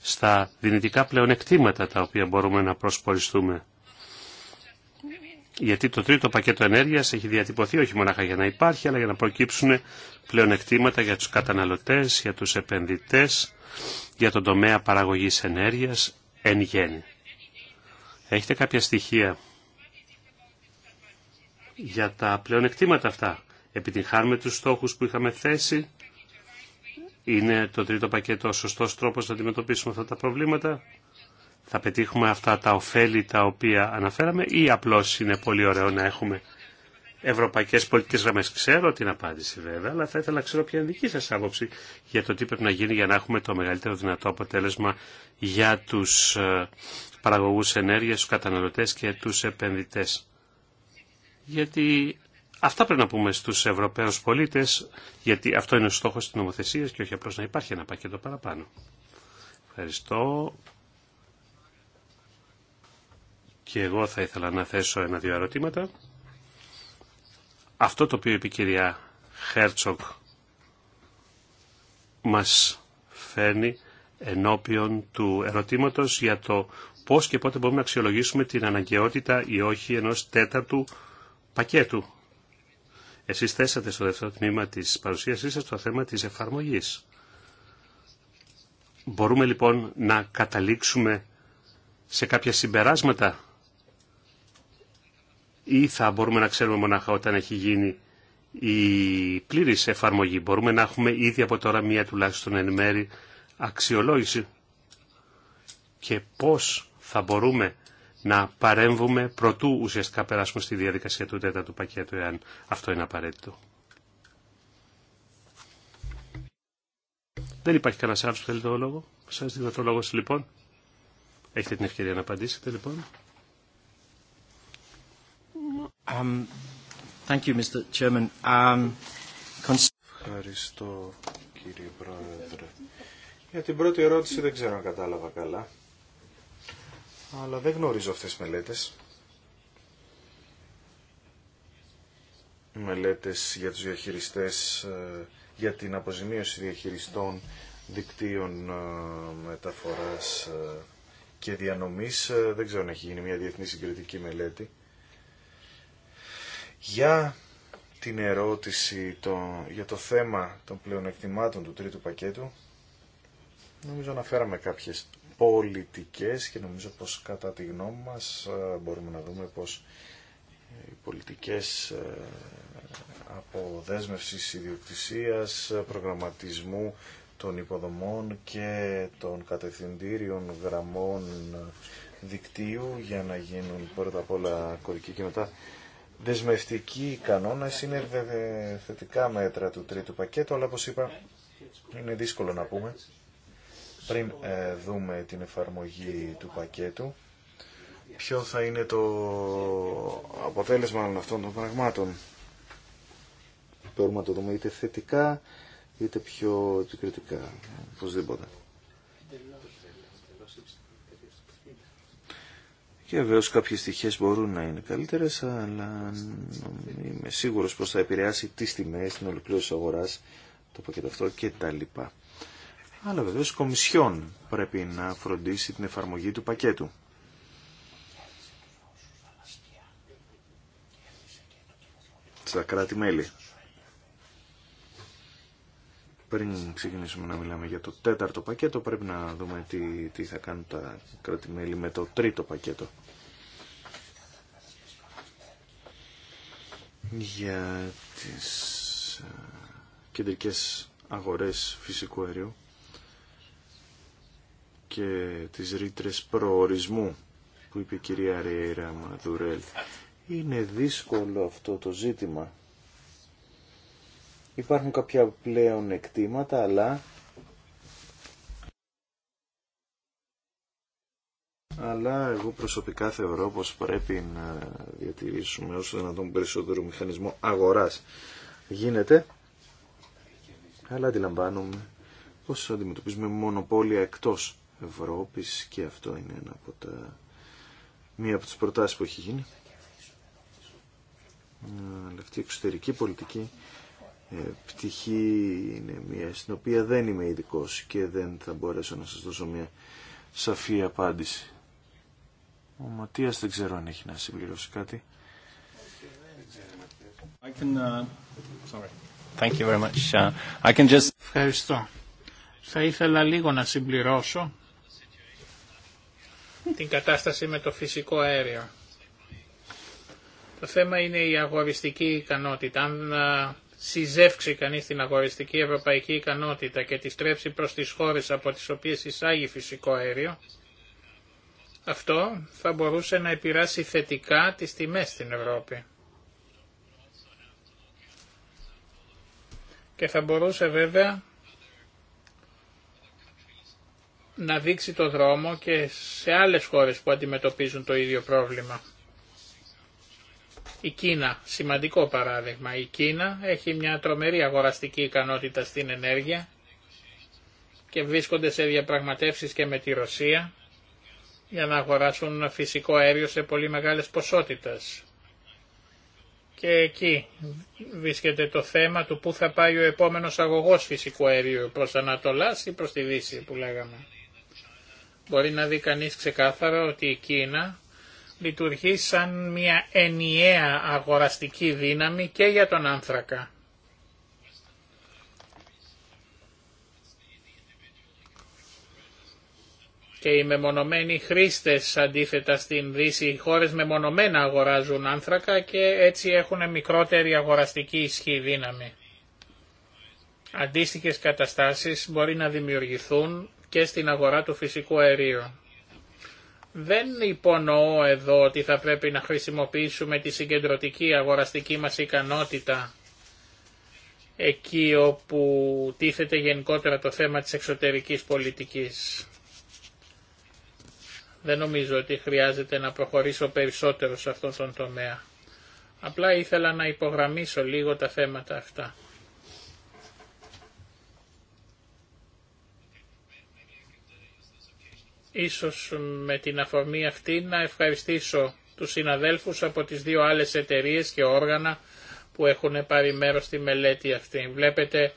στα δυνητικά πλεονεκτήματα τα οποία μπορούμε να προσποριστούμε. Γιατί το τρίτο πακέτο ενέργειας έχει διατυπωθεί όχι μόνο για να υπάρχει, αλλά για να προκύψουν πλεονεκτήματα για τους καταναλωτές, για τους επενδυτές, για τον τομέα παραγωγής ενέργειας εν γέννη. Έχετε κάποια στοιχεία για τα πλεονεκτήματα αυτά. Επιτυγχάνουμε τους στόχους που είχαμε θέσει. Είναι το τρίτο πακέτο ο σωστός τρόπος να αντιμετωπίσουμε αυτά τα προβλήματα. Θα πετύχουμε αυτά τα ωφέλη τα οποία αναφέραμε ή απλώς είναι πολύ ωραίο να έχουμε ευρωπαϊκές πολιτικές γραμμές. Ξέρω την απάντηση βέβαια, αλλά θα ήθελα να ξέρω ποια είναι δική σας άποψη για το τι πρέπει να γίνει για να έχουμε το μεγαλύτερο δυνατό αποτέλεσμα για τους ε, παραγωγούς ενέργειας, τους καταναλωτές και τους επενδυτές. Γιατί αυτά πρέπει να πούμε στους Ευρωπαίους πολίτες, γιατί αυτό είναι ο στόχος της νομοθεσίας και όχι απλώς να υπάρχει ένα πακέτο παραπάνω. Ευχαριστώ. Και εγώ θα ήθελα να θέσω ένα-δύο ερωτήματα. Αυτό το οποίο είπε η κυρία Χέρτσοκ μας φέρνει ενώπιον του ερωτήματος για το πώς και πότε μπορούμε να αξιολογήσουμε την αναγκαιότητα ή όχι ενός τέταρτου πακέτου. Εσείς θέσατε στο δεύτερο τμήμα της παρουσίασής σας το θέμα της εφαρμογής. Μπορούμε λοιπόν να καταλήξουμε σε κάποια συμπεράσματα ή θα μπορούμε να ξέρουμε μονάχα όταν έχει γίνει η πλήρης εφαρμογή. Μπορούμε να έχουμε ήδη από τώρα μία τουλάχιστον εν μέρη αξιολόγηση και πώς θα μπορούμε να παρέμβουμε προτού ουσιαστικά περάσουμε στη διαδικασία του τέταρτου πακέτου, εάν αυτό είναι απαραίτητο. Δεν υπάρχει κανένα άλλο που θέλει το λόγο. Σα δίνω το λόγο λοιπόν. Έχετε την ευκαιρία να απαντήσετε λοιπόν. Um, um, Ευχαριστώ κύριε Πρόεδρε. Για την πρώτη ερώτηση δεν ξέρω αν κατάλαβα καλά αλλά δεν γνωρίζω αυτές τις μελέτες. Μελέτες για τους διαχειριστές, ε, για την αποζημίωση διαχειριστών δικτύων ε, μεταφοράς ε, και διανομής. Δεν ξέρω αν έχει γίνει μια διεθνή συγκριτική μελέτη. Για την ερώτηση το, για το θέμα των πλεονεκτημάτων του τρίτου πακέτου, νομίζω αναφέραμε κάποιες πολιτικές και νομίζω πως κατά τη γνώμη μας ε, μπορούμε να δούμε πως οι πολιτικές ε, αποδέσμευσης ιδιοκτησίας, ε, προγραμματισμού των υποδομών και των κατευθυντήριων γραμμών δικτύου για να γίνουν πρώτα απ' όλα κορικοί και μετά δεσμευτικοί κανόνες είναι θετικά μέτρα του τρίτου πακέτου αλλά όπως είπα είναι δύσκολο να πούμε πριν ε, δούμε την εφαρμογή του πακέτου ποιο θα είναι το αποτέλεσμα αυτών των πραγμάτων. Μπορούμε να το δούμε είτε θετικά είτε πιο επικριτικά, οπωσδήποτε. Και βεβαίω κάποιες στοιχές μπορούν να είναι καλύτερες, αλλά είμαι σίγουρος πως θα επηρεάσει τις τιμές, την ολοκλήρωση αγοράς, το πακέτο αυτό και τα λοιπά αλλά βεβαίως Κομισιόν πρέπει να φροντίσει την εφαρμογή του πακέτου. Στα κράτη-μέλη. Πριν ξεκινήσουμε να μιλάμε για το τέταρτο πακέτο, πρέπει να δούμε τι, τι θα κάνουν τα κράτη-μέλη με το τρίτο πακέτο. Για τις ε, κεντρικές αγορές φυσικού αερίου και τις ρήτρε προορισμού που είπε η κυρία Ρέιρα Μαδουρέλ. Είναι δύσκολο αυτό το ζήτημα. Υπάρχουν κάποια πλέον εκτήματα, αλλά... Αλλά εγώ προσωπικά θεωρώ πως πρέπει να διατηρήσουμε όσο δυνατόν περισσότερο μηχανισμό αγοράς γίνεται, αλλά αντιλαμβάνομαι πως αντιμετωπίζουμε μονοπόλια εκτός Ευρώπης και αυτό είναι ένα από τα... μία από τις προτάσεις που έχει γίνει. Αλλά αυτή η εξωτερική πολιτική ε, πτυχή είναι μία στην οποία δεν είμαι ειδικό και δεν θα μπορέσω να σας δώσω μία σαφή απάντηση. Ο Ματίας δεν ξέρω αν έχει να συμπληρώσει κάτι. Ευχαριστώ. Θα ήθελα λίγο να συμπληρώσω την κατάσταση με το φυσικό αέριο. Το θέμα είναι η αγοριστική ικανότητα. Αν συζεύξει κανείς την αγοριστική ευρωπαϊκή ικανότητα και τη στρέψει προς τις χώρες από τις οποίες εισάγει φυσικό αέριο, αυτό θα μπορούσε να επηράσει θετικά τις τιμές στην Ευρώπη. Και θα μπορούσε βέβαια να δείξει το δρόμο και σε άλλες χώρες που αντιμετωπίζουν το ίδιο πρόβλημα. Η Κίνα, σημαντικό παράδειγμα. Η Κίνα έχει μια τρομερή αγοραστική ικανότητα στην ενέργεια και βρίσκονται σε διαπραγματεύσεις και με τη Ρωσία για να αγοράσουν φυσικό αέριο σε πολύ μεγάλες ποσότητες. Και εκεί βρίσκεται το θέμα του πού θα πάει ο επόμενος αγωγός φυσικού αέριου προς Ανατολάς ή προς τη Δύση που λέγαμε. Μπορεί να δει κανείς ξεκάθαρα ότι η Κίνα λειτουργεί σαν μια ενιαία αγοραστική δύναμη και για τον άνθρακα. Και οι μεμονωμένοι χρήστες αντίθετα στην Δύση, οι χώρες μεμονωμένα αγοράζουν άνθρακα και έτσι έχουν μικρότερη αγοραστική ισχύ δύναμη. Αντίστοιχες καταστάσεις μπορεί να δημιουργηθούν και στην αγορά του φυσικού αερίου. Δεν υπονοώ εδώ ότι θα πρέπει να χρησιμοποιήσουμε τη συγκεντρωτική αγοραστική μας ικανότητα εκεί όπου τίθεται γενικότερα το θέμα της εξωτερικής πολιτικής. Δεν νομίζω ότι χρειάζεται να προχωρήσω περισσότερο σε αυτόν τον τομέα. Απλά ήθελα να υπογραμμίσω λίγο τα θέματα αυτά. Ίσως με την αφορμή αυτή να ευχαριστήσω τους συναδέλφους από τις δύο άλλες εταιρείες και όργανα που έχουν πάρει μέρος στη μελέτη αυτή. Βλέπετε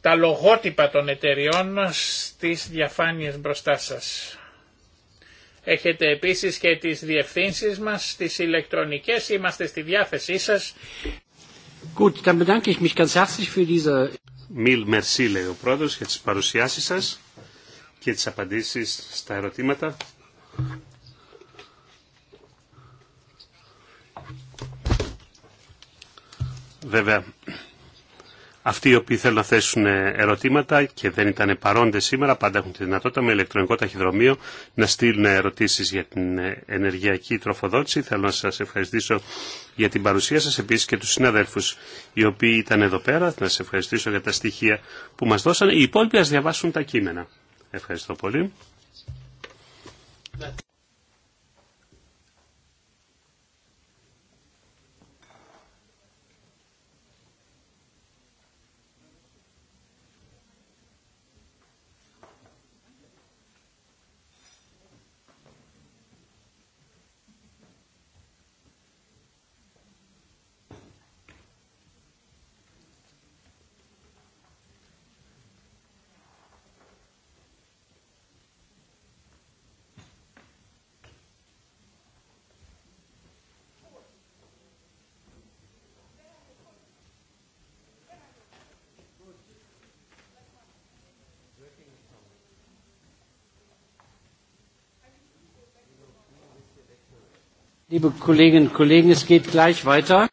τα λογότυπα των εταιριών στις διαφάνειες μπροστά σας. Έχετε επίσης και τις διευθύνσεις μας, τις ηλεκτρονικές, είμαστε στη διάθεσή σας. Gut, dann bedanke ich mich ganz herzlich für diese... merci, λέει ο πρόεδρος, για τις παρουσιάσεις σας και τις απαντήσεις στα ερωτήματα. Βέβαια, αυτοί οι οποίοι θέλουν να θέσουν ερωτήματα και δεν ήταν παρόντες σήμερα, πάντα έχουν τη δυνατότητα με ηλεκτρονικό ταχυδρομείο να στείλουν ερωτήσεις για την ενεργειακή τροφοδότηση. Θέλω να σας ευχαριστήσω για την παρουσία σας, επίσης και τους συναδέλφους οι οποίοι ήταν εδώ πέρα. Να σας ευχαριστήσω για τα στοιχεία που μας δώσανε. Οι υπόλοιποι ας διαβάσουν τα κείμενα. Ευχαριστώ πολύ.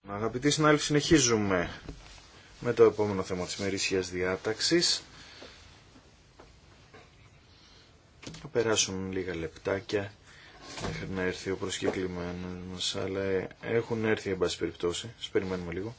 Αγαπητοί συνάδελφοι, συνεχίζουμε με το επόμενο θέμα της μερίσιας διάταξης. Θα περάσουν λίγα λεπτάκια μέχρι να έρθει ο προσκεκλημένος μας, αλλά έχουν έρθει εν πάση περιπτώσει. Σας περιμένουμε λίγο.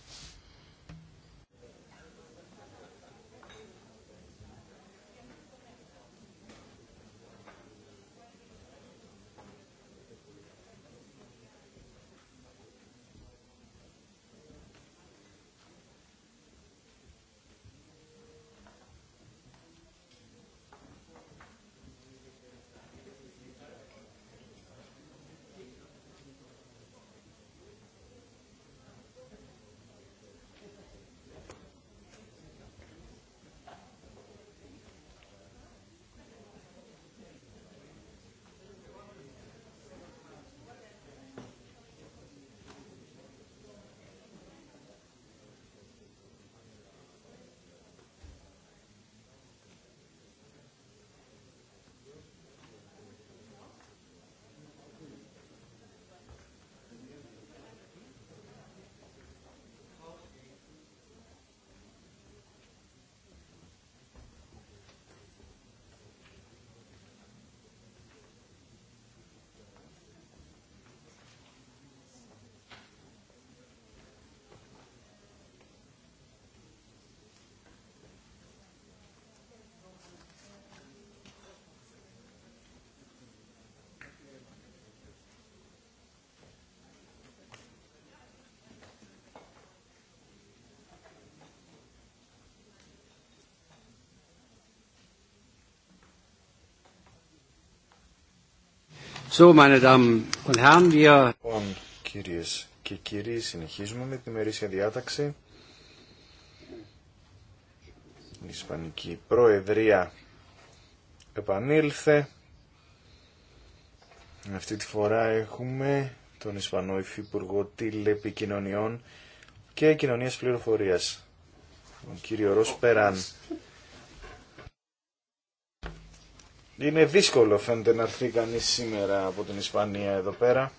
So, meine Damen Λοιπόν, κύριε και κύριοι, συνεχίζουμε με την ημερήσια διάταξη. Η Ισπανική Προεδρία επανήλθε. Αυτή τη φορά έχουμε τον Ισπανό Υφυπουργό Τηλεπικοινωνιών και Κοινωνίας Πληροφορίας, τον κύριο Ρος Περάν. Είναι δύσκολο φαίνεται να έρθει κανείς σήμερα από την Ισπανία εδώ πέρα.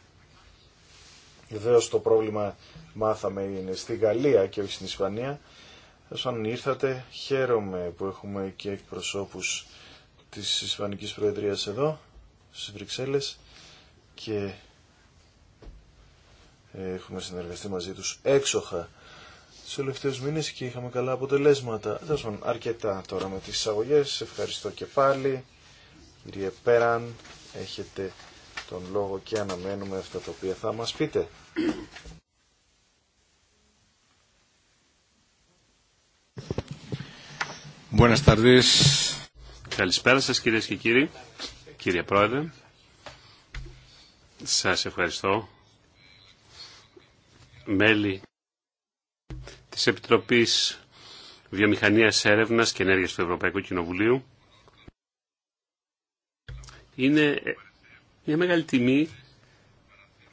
Βεβαίω το πρόβλημα μάθαμε είναι στη Γαλλία και όχι στην Ισπανία. Όσον ήρθατε χαίρομαι που έχουμε και εκπροσώπους της Ισπανικής Προεδρίας εδώ, στις Βρυξέλλες και ε, έχουμε συνεργαστεί μαζί τους έξοχα τους τελευταίους μήνες και είχαμε καλά αποτελέσματα. Δώσαν αρκετά τώρα με τις εισαγωγές. Ευχαριστώ και πάλι. Κύριε Πέραν, έχετε τον λόγο και αναμένουμε αυτά τα οποία θα μας πείτε. Καλησπέρα σας κυρίες και κύριοι, κύριε Πρόεδρε. Σας ευχαριστώ. Μέλη της Επιτροπής Βιομηχανίας Έρευνας και Ενέργειας του Ευρωπαϊκού Κοινοβουλίου. Είναι μια μεγάλη τιμή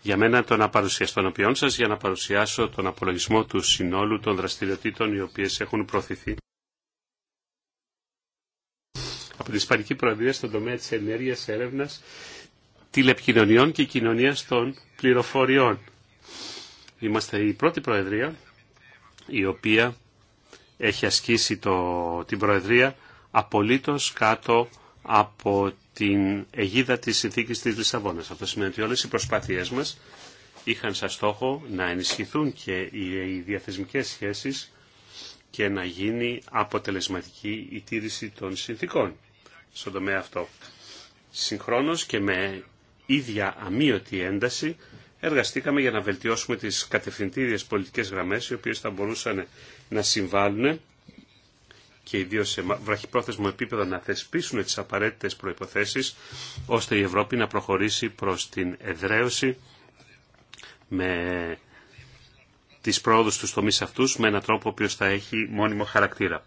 για μένα το να τον οποίον σας για να παρουσιάσω τον απολογισμό του συνόλου των δραστηριοτήτων οι οποίες έχουν προωθηθεί από την Ισπανική Προεδρία στον τομέα της ενέργειας έρευνας τηλεπικοινωνιών και κοινωνίας των πληροφοριών. Είμαστε η πρώτη Προεδρία η οποία έχει ασκήσει το, την Προεδρία απολύτως κάτω από την αιγίδα της συνθήκης της Λισαβόνας. Αυτό σημαίνει ότι όλες οι προσπάθειές μας είχαν σαν στόχο να ενισχυθούν και οι διαθεσμικές σχέσεις και να γίνει αποτελεσματική η τήρηση των συνθήκων στον τομέα αυτό. Συγχρόνως και με ίδια αμύωτη ένταση εργαστήκαμε για να βελτιώσουμε τις κατευθυντήριες πολιτικές γραμμές οι οποίες θα μπορούσαν να συμβάλλουν και ιδίω σε βραχυπρόθεσμο επίπεδο να θεσπίσουν τι απαραίτητε προποθέσει ώστε η Ευρώπη να προχωρήσει προ την εδραίωση με τι πρόοδου του τομεί αυτούς με έναν τρόπο ο οποίο θα έχει μόνιμο χαρακτήρα.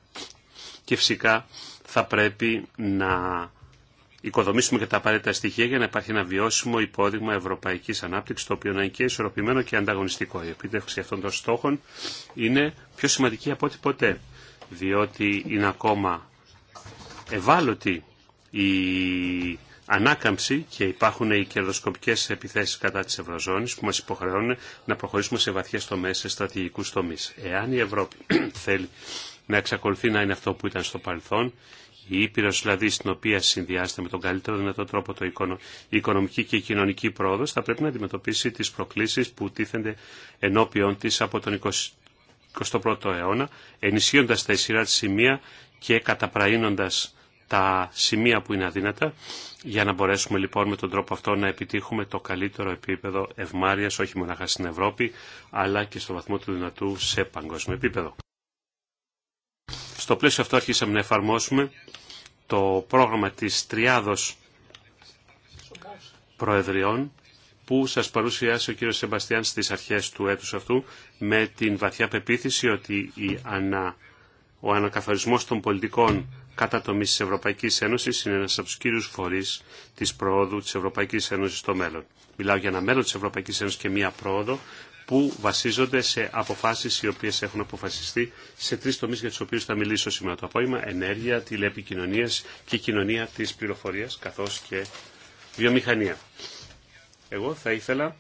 Και φυσικά θα πρέπει να οικοδομήσουμε και τα απαραίτητα στοιχεία για να υπάρχει ένα βιώσιμο υπόδειγμα ευρωπαϊκή ανάπτυξη, το οποίο να είναι και ισορροπημένο και ανταγωνιστικό. Η επίτευξη αυτών των στόχων είναι πιο σημαντική από ό,τι ποτέ διότι είναι ακόμα ευάλωτη η ανάκαμψη και υπάρχουν οι κερδοσκοπικές επιθέσεις κατά της Ευρωζώνης που μας υποχρεώνουν να προχωρήσουμε σε βαθιές τομές, σε στρατηγικούς τομείς. Εάν η Ευρώπη θέλει να εξακολουθεί να είναι αυτό που ήταν στο παρελθόν, η Ήπειρος δηλαδή στην οποία συνδυάζεται με τον καλύτερο δυνατό τρόπο το οικονο... η οικονομική και η κοινωνική πρόοδος θα πρέπει να αντιμετωπίσει τις προκλήσεις που τίθενται ενώπιον της από τον 21ο αιώνα, ενισχύοντας τα ισχυρά της σημεία και καταπραίνοντας τα σημεία που είναι αδύνατα, για να μπορέσουμε λοιπόν με τον τρόπο αυτό να επιτύχουμε το καλύτερο επίπεδο ευμάρειας, όχι μόνο στην Ευρώπη, αλλά και στο βαθμό του δυνατού σε παγκόσμιο επίπεδο. Στο πλαίσιο αυτό αρχίσαμε να εφαρμόσουμε το πρόγραμμα της Τριάδος Προεδριών που σας παρουσιάσει ο κύριος Σεμπαστιάν στις αρχές του έτους αυτού με την βαθιά πεποίθηση ότι η ανα... ο ανακαθορισμός των πολιτικών κατά τομή της Ευρωπαϊκής Ένωσης είναι ένας από τους κύριους φορείς της προόδου της Ευρωπαϊκής Ένωσης στο μέλλον. Μιλάω για ένα μέλλον της Ευρωπαϊκής Ένωσης και μία πρόοδο που βασίζονται σε αποφάσεις οι οποίες έχουν αποφασιστεί σε τρεις τομείς για τους οποίους θα μιλήσω σήμερα το απόγευμα. Ενέργεια, τηλεπικοινωνίες και κοινωνία της πληροφορίας καθώς και βιομηχανία. Εγώ θα ήθελα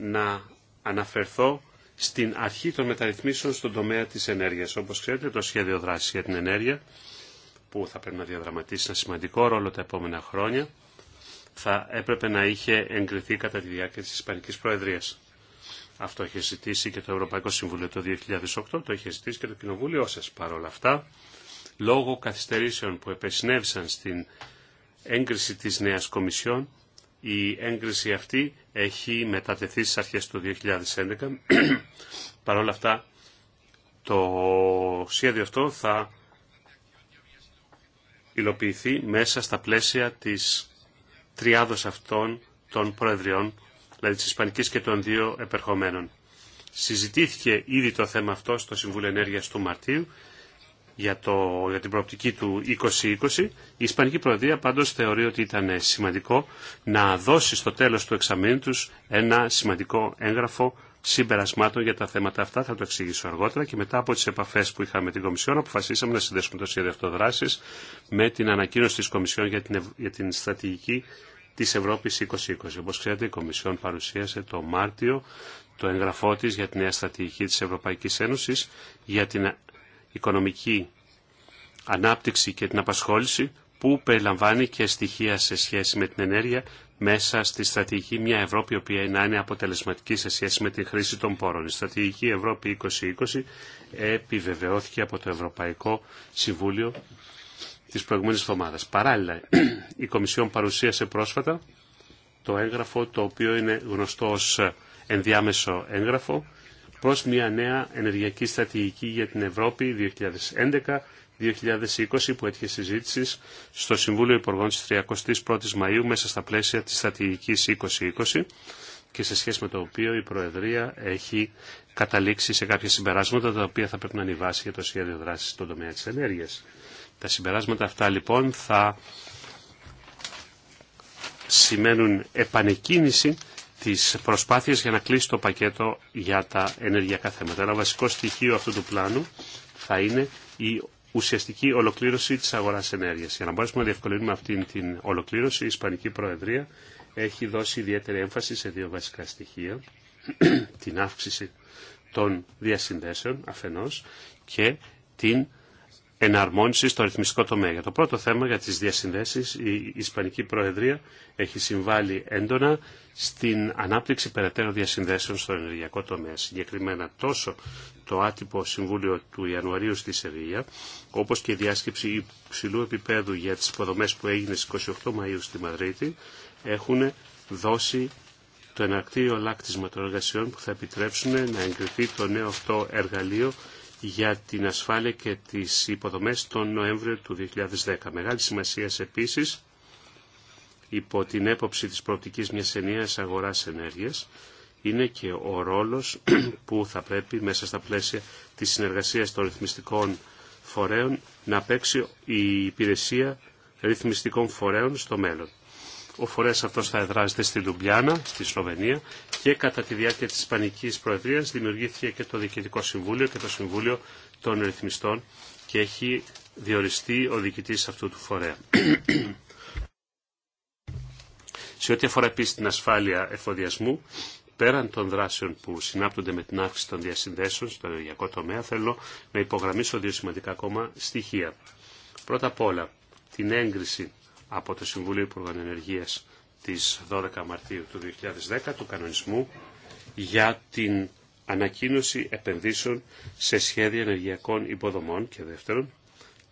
να αναφερθώ στην αρχή των μεταρρυθμίσεων στον τομέα της ενέργειας. Όπως ξέρετε, το σχέδιο δράσης για την ενέργεια, που θα πρέπει να διαδραματίσει ένα σημαντικό ρόλο τα επόμενα χρόνια, θα έπρεπε να είχε εγκριθεί κατά τη διάρκεια της Ισπανικής Προεδρίας. Αυτό είχε ζητήσει και το Ευρωπαϊκό Συμβούλιο το 2008, το είχε ζητήσει και το Κοινοβούλιο σας όλα αυτά. Λόγω καθυστερήσεων που επεσυνέβησαν στην έγκριση της νέας Κομισιόν, η έγκριση αυτή έχει μετατεθεί στις αρχές του 2011. Παρ' όλα αυτά, το σχέδιο αυτό θα υλοποιηθεί μέσα στα πλαίσια της τριάδος αυτών των προεδριών, δηλαδή της Ισπανικής και των δύο επερχομένων. Συζητήθηκε ήδη το θέμα αυτό στο Συμβούλιο Ενέργειας του Μαρτίου για, το, για την προοπτική του 2020. Η Ισπανική Προεδρία πάντως θεωρεί ότι ήταν σημαντικό να δώσει στο τέλος του εξαμήνου τους ένα σημαντικό έγγραφο συμπερασμάτων για τα θέματα αυτά. Θα το εξηγήσω αργότερα και μετά από τις επαφές που είχαμε με την Κομισιόν αποφασίσαμε να συνδέσουμε το σχέδιο αυτοδράσης με την ανακοίνωση της Κομισιόν για την, για την στρατηγική της Ευρώπης 2020. Όπως ξέρετε η Κομισιόν παρουσίασε το Μάρτιο το εγγραφό τη για την νέα στρατηγική της Ευρωπαϊκής Ένωσης για την οικονομική ανάπτυξη και την απασχόληση που περιλαμβάνει και στοιχεία σε σχέση με την ενέργεια μέσα στη στρατηγική μια Ευρώπη η οποία να είναι αποτελεσματική σε σχέση με την χρήση των πόρων. Η στρατηγική Ευρώπη 2020 επιβεβαιώθηκε από το Ευρωπαϊκό Συμβούλιο της προηγούμενης εβδομάδας. Παράλληλα, η Κομισιόν παρουσίασε πρόσφατα το έγγραφο το οποίο είναι γνωστό ως ενδιάμεσο έγγραφο προς μια νέα ενεργειακή στρατηγική για την Ευρώπη 2011-2020 που έτυχε συζήτηση στο Συμβούλιο Υπουργών της 31ης Μαΐου μέσα στα πλαίσια της στρατηγικής 2020 και σε σχέση με το οποίο η Προεδρία έχει καταλήξει σε κάποια συμπεράσματα τα οποία θα πρέπει να ανιβάσει για το σχέδιο δράσης στον τομέα της ενέργειας. Τα συμπεράσματα αυτά λοιπόν θα σημαίνουν επανεκκίνηση τις προσπάθειες για να κλείσει το πακέτο για τα ενεργειακά θέματα. Ένα βασικό στοιχείο αυτού του πλάνου θα είναι η ουσιαστική ολοκλήρωση της αγοράς ενέργειας. Για να μπορέσουμε να διευκολύνουμε αυτή την ολοκλήρωση, η Ισπανική Προεδρία έχει δώσει ιδιαίτερη έμφαση σε δύο βασικά στοιχεία. την αύξηση των διασυνδέσεων αφενός και την εναρμόνιση στο ρυθμιστικό τομέα. Για το πρώτο θέμα, για τις διασυνδέσεις, η Ισπανική Προεδρία έχει συμβάλει έντονα στην ανάπτυξη περαιτέρω διασυνδέσεων στο ενεργειακό τομέα. Συγκεκριμένα τόσο το άτυπο Συμβούλιο του Ιανουαρίου στη Σεβilla, όπως και η διάσκεψη υψηλού επίπεδου για τις υποδομές που έγινε στις 28 Μαΐου στη Μαδρίτη, έχουν δώσει το εναρκτήριο λάκτισμα των εργασιών που θα επιτρέψουν να εγκριθεί το νέο αυτό εργαλείο για την ασφάλεια και τις υποδομές τον Νοέμβριο του 2010. Μεγάλη σημασία επίσης υπό την έποψη της προοπτικής μιας ενιαίας αγοράς ενέργειας είναι και ο ρόλος που θα πρέπει μέσα στα πλαίσια της συνεργασίας των ρυθμιστικών φορέων να παίξει η υπηρεσία ρυθμιστικών φορέων στο μέλλον. Ο φορέας αυτό θα εδράζεται στη Λουμπλιάνα, στη Σλοβενία και κατά τη διάρκεια τη Ισπανική Προεδρία δημιουργήθηκε και το Διοικητικό Συμβούλιο και το Συμβούλιο των Ρυθμιστών και έχει διοριστεί ο διοικητή αυτού του φορέα. Σε ό,τι αφορά επίση την ασφάλεια εφοδιασμού, πέραν των δράσεων που συνάπτονται με την αύξηση των διασυνδέσεων στο ενεργειακό τομέα, θέλω να υπογραμμίσω δύο σημαντικά ακόμα στοιχεία. Πρώτα απ' όλα, την έγκριση από το Συμβούλιο Υπουργών Ενεργείας της 12 Μαρτίου του 2010 του κανονισμού για την ανακοίνωση επενδύσεων σε σχέδια ενεργειακών υποδομών και δεύτερον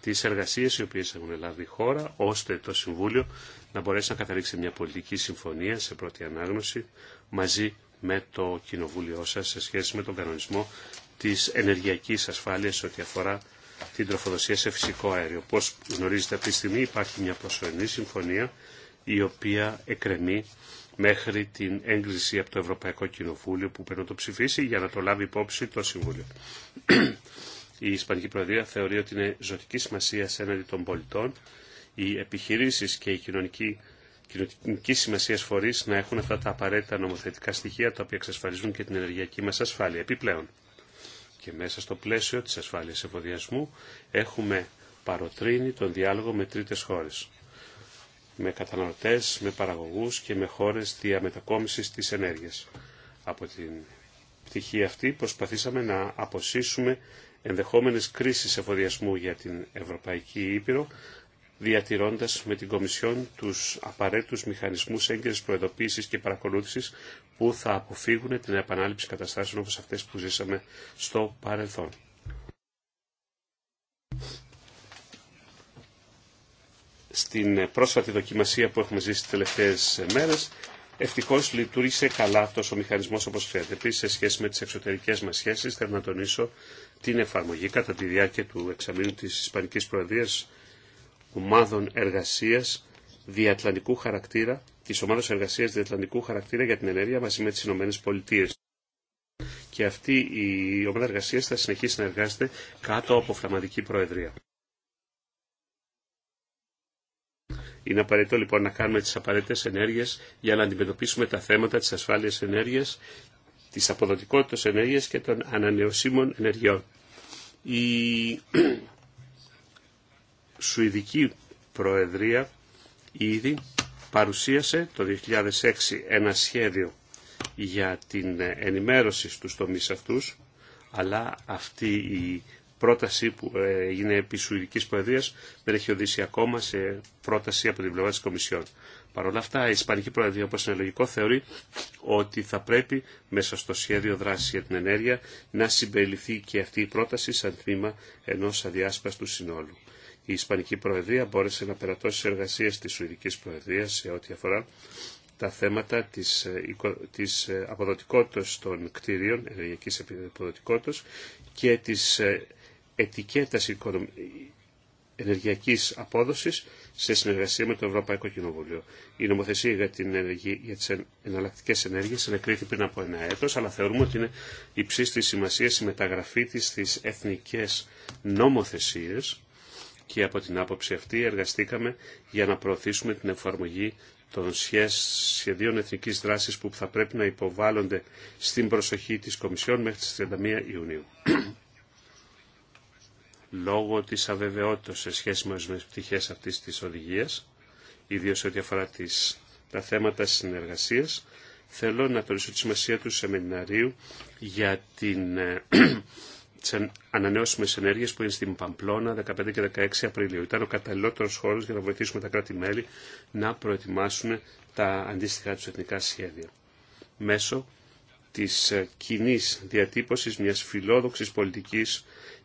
τις εργασίες οι οποίες έχουν λάβει η χώρα ώστε το Συμβούλιο να μπορέσει να καταλήξει μια πολιτική συμφωνία σε πρώτη ανάγνωση μαζί με το Κοινοβούλιο σας σε σχέση με τον κανονισμό της ενεργειακής ασφάλειας ό,τι αφορά την τροφοδοσία σε φυσικό αέριο. Όπως γνωρίζετε αυτή τη στιγμή υπάρχει μια προσωρινή συμφωνία η οποία εκκρεμεί μέχρι την έγκριση από το Ευρωπαϊκό Κοινοβούλιο που πρέπει να το ψηφίσει για να το λάβει υπόψη το Συμβούλιο. Η Ισπανική Προεδρία θεωρεί ότι είναι ζωτική σημασία έναντι των πολιτών οι επιχειρήσεις και η κοινωνική κοινωνική σημασία φορεί να έχουν αυτά τα απαραίτητα νομοθετικά στοιχεία τα οποία εξασφαλίζουν και την ενεργειακή μα ασφάλεια. Επιπλέον, και μέσα στο πλαίσιο της ασφάλειας εφοδιασμού έχουμε παροτρύνει τον διάλογο με τρίτες χώρες. Με καταναλωτές, με παραγωγούς και με χώρες διαμετακόμισης της ενέργειας. Από την πτυχή αυτή προσπαθήσαμε να αποσύσουμε ενδεχόμενες κρίσεις εφοδιασμού για την Ευρωπαϊκή Ήπειρο διατηρώντας με την Κομισιόν τους απαραίτητους μηχανισμούς έγκαιρης προεδοποίησης και παρακολούθησης που θα αποφύγουν την επανάληψη καταστάσεων όπως αυτές που ζήσαμε στο παρελθόν. Στην πρόσφατη δοκιμασία που έχουμε ζήσει τις τελευταίες μέρες, Ευτυχώ λειτουργήσε καλά αυτό ο μηχανισμό όπω ξέρετε. Επίση, σε σχέση με τι εξωτερικέ μα σχέσει, θέλω να τονίσω την εφαρμογή κατά τη διάρκεια του εξαμήνου τη Ισπανική Προεδρία ομάδων εργασίας διατλαντικού χαρακτήρα, τη ομάδα εργασίας διατλαντικού χαρακτήρα για την ενέργεια μαζί με τι Ηνωμένε Πολιτείες. Και αυτή η ομάδα εργασία θα συνεχίσει να εργάζεται κάτω από φλαμαντική προεδρία. Είναι απαραίτητο λοιπόν να κάνουμε τι απαραίτητε ενέργειες για να αντιμετωπίσουμε τα θέματα τη ασφάλεια ενέργεια, τη αποδοτικότητα ενέργεια και των ανανεωσίμων ενεργειών. Η Σουηδική Προεδρία ήδη παρουσίασε το 2006 ένα σχέδιο για την ενημέρωση στους τομείς αυτούς, αλλά αυτή η πρόταση που ε, έγινε επί Σουηδικής Προεδρίας δεν έχει οδήσει ακόμα σε πρόταση από την πλευρά της Κομισιόν. Παρ' όλα αυτά, η Ισπανική Προεδρία, όπως είναι λογικό, θεωρεί ότι θα πρέπει μέσα στο σχέδιο δράσης για την ενέργεια να συμπεριληφθεί και αυτή η πρόταση σαν τμήμα ενός αδιάσπαστου συνόλου η Ισπανική Προεδρία μπόρεσε να περατώσει εργασίες της Σουηδικής Προεδρίας σε ό,τι αφορά τα θέματα της, ε, της ε, αποδοτικότητας των κτίριων, ενεργειακής αποδοτικότητας και της ε, ετικέτας ενεργειακής απόδοσης σε συνεργασία με το Ευρωπαϊκό Κοινοβούλιο. Η νομοθεσία για, την ενεργή, για τις εναλλακτικές ενέργειες πριν από ένα έτος, αλλά θεωρούμε ότι είναι υψίστης σημασία η μεταγραφή της στις εθνικές νομοθεσίες και από την άποψη αυτή εργαστήκαμε για να προωθήσουμε την εφαρμογή των σχεδίων εθνικής δράσης που θα πρέπει να υποβάλλονται στην προσοχή της Κομισιόν μέχρι τις 31 Ιουνίου. Λόγω της αβεβαιότητας σε σχέση με τις πτυχές αυτής της οδηγίας, ιδίως ό,τι αφορά τις, τα θέματα συνεργασίας, θέλω να τονίσω τη σημασία του σεμιναρίου για την ε, τι ανανεώσιμε ενέργειε που είναι στην Παμπλώνα 15 και 16 Απριλίου. Ήταν ο καταλληλότερο χώρο για να βοηθήσουμε τα κράτη-μέλη να προετοιμάσουν τα αντίστοιχα του εθνικά σχέδια. Μέσω τη ε, κοινή διατύπωση μια φιλόδοξη πολιτική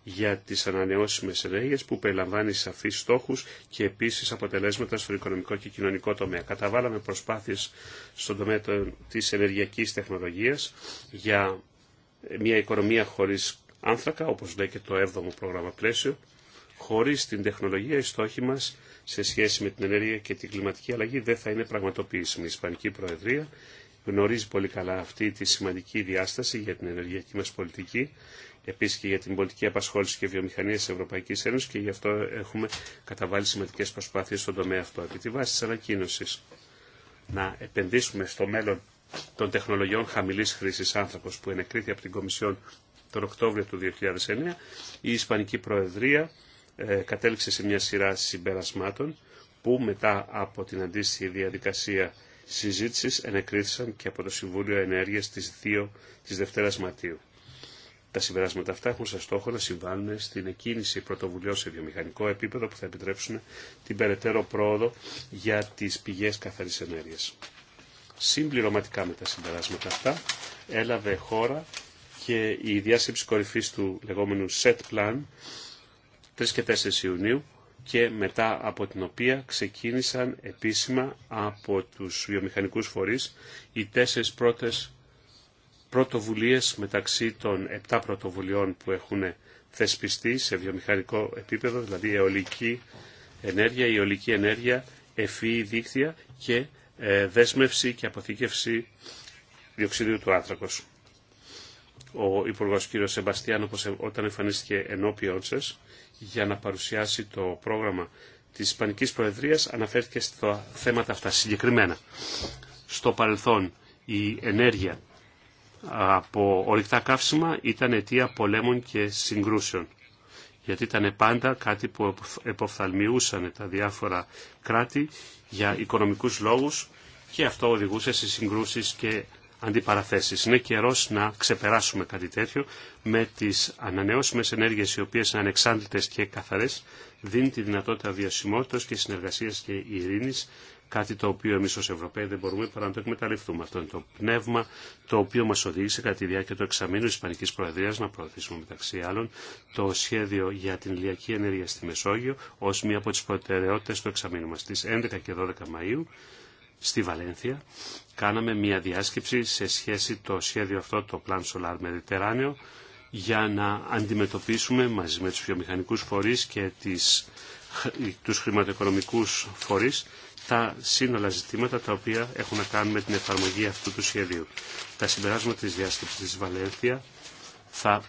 για τι ανανεώσιμε ενέργειε που περιλαμβάνει σαφεί στόχου και επίση αποτελέσματα στο οικονομικό και κοινωνικό τομέα. Καταβάλαμε προσπάθειε στον τομέα τη ενεργειακή τεχνολογία για μια οικονομία χωρίς άνθρακα, όπως λέει και το 7ο πρόγραμμα πλαίσιο, χωρίς την τεχνολογία οι στόχοι μας σε σχέση με την ενέργεια και την κλιματική αλλαγή δεν θα είναι πραγματοποιήσιμη. Η Ισπανική Προεδρία γνωρίζει πολύ καλά αυτή τη σημαντική διάσταση για την ενεργειακή μας πολιτική, επίσης και για την πολιτική απασχόληση και βιομηχανία της Ευρωπαϊκής Ένωσης και γι' αυτό έχουμε καταβάλει σημαντικές προσπάθειες στον τομέα αυτό. Επί τη βάση να επενδύσουμε στο μέλλον των τεχνολογιών χαμηλής χρήση άνθρακος που ενεκρίθη από την Κομισιόν τον Οκτώβριο του 2009, η Ισπανική Προεδρία ε, κατέληξε σε μια σειρά συμπερασμάτων που μετά από την αντίστοιχη διαδικασία συζήτησης ενεκρίθησαν και από το Συμβούλιο Ενέργειας της 2 της Δευτέρας Ματίου. Τα συμπεράσματα αυτά έχουν σε στόχο να συμβάλλουν στην εκκίνηση πρωτοβουλειών σε βιομηχανικό επίπεδο που θα επιτρέψουν την περαιτέρω πρόοδο για τις πηγές καθαρής ενέργειας. Συμπληρωματικά με τα συμπεράσματα αυτά έλαβε χώρα και η διάσκεψη κορυφής του λεγόμενου SET Plan 3 και 4 Ιουνίου και μετά από την οποία ξεκίνησαν επίσημα από τους βιομηχανικούς φορείς οι τέσσερις πρώτες πρωτοβουλίες μεταξύ των επτά πρωτοβουλειών που έχουν θεσπιστεί σε βιομηχανικό επίπεδο, δηλαδή αιωλική ενέργεια, αιωλική ενέργεια, εφή δίκτυα και ε, δέσμευση και αποθήκευση διοξιδίου του άνθρακος ο Υπουργό κ. Σεμπαστιάν ε, όταν εμφανίστηκε ενώπιον σα για να παρουσιάσει το πρόγραμμα της Ισπανικής Προεδρίας αναφέρθηκε στα θέματα αυτά συγκεκριμένα. Στο παρελθόν η ενέργεια από ορυκτά καύσιμα ήταν αιτία πολέμων και συγκρούσεων. Γιατί ήταν πάντα κάτι που εποφθαλμιούσαν τα διάφορα κράτη για οικονομικούς λόγους και αυτό οδηγούσε σε συγκρούσεις και αντιπαραθέσεις. Είναι καιρό να ξεπεράσουμε κάτι τέτοιο με τις ανανεώσιμες ενέργειες οι οποίες είναι ανεξάντλητες και καθαρές δίνει τη δυνατότητα βιωσιμότητας και συνεργασίας και ειρήνης κάτι το οποίο εμείς ως Ευρωπαίοι δεν μπορούμε παρά να το εκμεταλλευτούμε. Αυτό είναι το πνεύμα το οποίο μας οδήγησε κατά τη διάρκεια του εξαμήνου της Ισπανικής Προεδρίας να προωθήσουμε μεταξύ άλλων το σχέδιο για την ηλιακή ενέργεια στη Μεσόγειο ως μία από τις προτεραιότητες του εξαμήνου μας. Στις 11 και 12 Μαΐου στη Βαλένθια κάναμε μια διάσκεψη σε σχέση το σχέδιο αυτό, το Plan Solar Mediterráneo, για να αντιμετωπίσουμε μαζί με τους βιομηχανικούς φορείς και τις, τους χρηματοοικονομικούς φορείς τα σύνολα ζητήματα τα οποία έχουν να κάνουν με την εφαρμογή αυτού του σχεδίου. Τα συμπεράσματα της διάσκεψης της Βαλένθια θα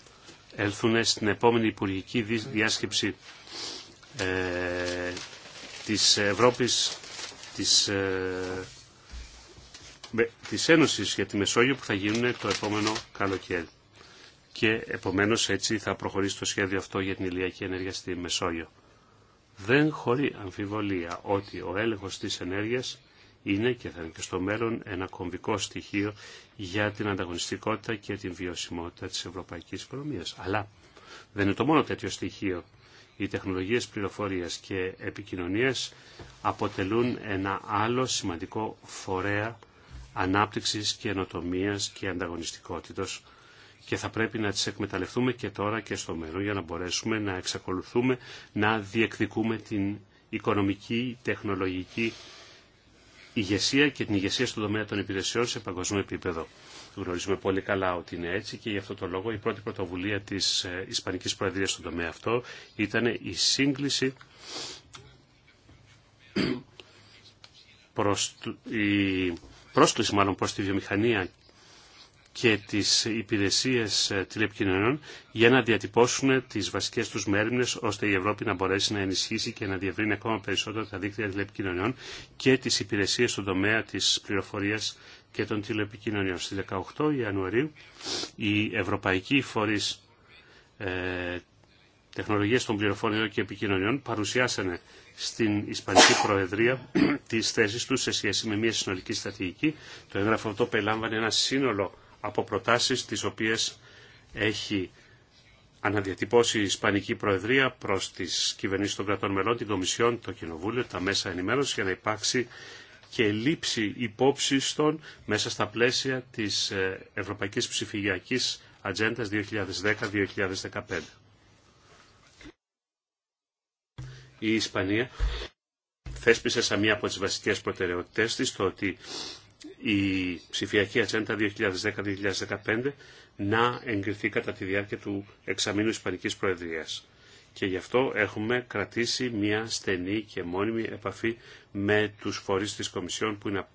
έλθουν στην επόμενη Υπουργική Διάσκεψη ε, της Ευρώπης της, ε, της Ένωσης για τη Μεσόγειο που θα γίνουν το επόμενο καλοκαίρι. Και επομένως έτσι θα προχωρήσει το σχέδιο αυτό για την ηλιακή ενέργεια στη Μεσόγειο. Δεν χωρεί αμφιβολία ότι ο έλεγχος της ενέργειας είναι και θα είναι και στο μέλλον ένα κομβικό στοιχείο για την ανταγωνιστικότητα και την βιωσιμότητα της ευρωπαϊκής οικονομίας. Αλλά δεν είναι το μόνο τέτοιο στοιχείο οι τεχνολογίες πληροφορίας και επικοινωνίας αποτελούν ένα άλλο σημαντικό φορέα ανάπτυξης και ενοτομίας και ανταγωνιστικότητος και θα πρέπει να τις εκμεταλλευτούμε και τώρα και στο μέλλον για να μπορέσουμε να εξακολουθούμε να διεκδικούμε την οικονομική, τεχνολογική ηγεσία και την ηγεσία στον τομέα των υπηρεσιών σε παγκοσμίο επίπεδο. Γνωρίζουμε πολύ καλά ότι είναι έτσι και γι' αυτό το λόγο η πρώτη πρωτοβουλία της ε, Ισπανικής Προεδρίας στον τομέα αυτό ήταν η σύγκληση προς, η πρόσκληση μάλλον προς τη βιομηχανία και τις υπηρεσίες ε, τηλεπικοινωνιών για να διατυπώσουν τις βασικές τους μέρημνες ώστε η Ευρώπη να μπορέσει να ενισχύσει και να διευρύνει ακόμα περισσότερο τα δίκτυα τηλεπικοινωνιών και τις υπηρεσίες στον τομέα της πληροφορίας και των τηλεπικοινωνιών. Στις 18 Ιανουαρίου οι ευρωπαϊκοί φορείς ε, τεχνολογίες των Πληροφόρων και επικοινωνιών παρουσιάσανε στην Ισπανική Προεδρία τις θέσεις τους σε σχέση με μια συνολική στρατηγική. Το έγγραφο αυτό περιλάμβανε ένα σύνολο από προτάσεις τις οποίες έχει αναδιατυπώσει η Ισπανική Προεδρία προς τις κυβερνήσεις των κρατών μελών, την Κομισιόν, το Κοινοβούλιο, τα μέσα ενημέρωση για να υπάρξει και λήψη υπόψη των μέσα στα πλαίσια της ε, Ευρωπαϊκής Ψηφιακής Ατζέντας 2010-2015. Η Ισπανία θέσπισε σαν μία από τις βασικές προτεραιότητές της το ότι η ψηφιακή ατζέντα 2010-2015 να εγκριθεί κατά τη διάρκεια του εξαμήνου Ισπανικής Προεδρίας και γι' αυτό έχουμε κρατήσει μια στενή και μόνιμη επαφή με τους φορείς της Κομισιόν που είναι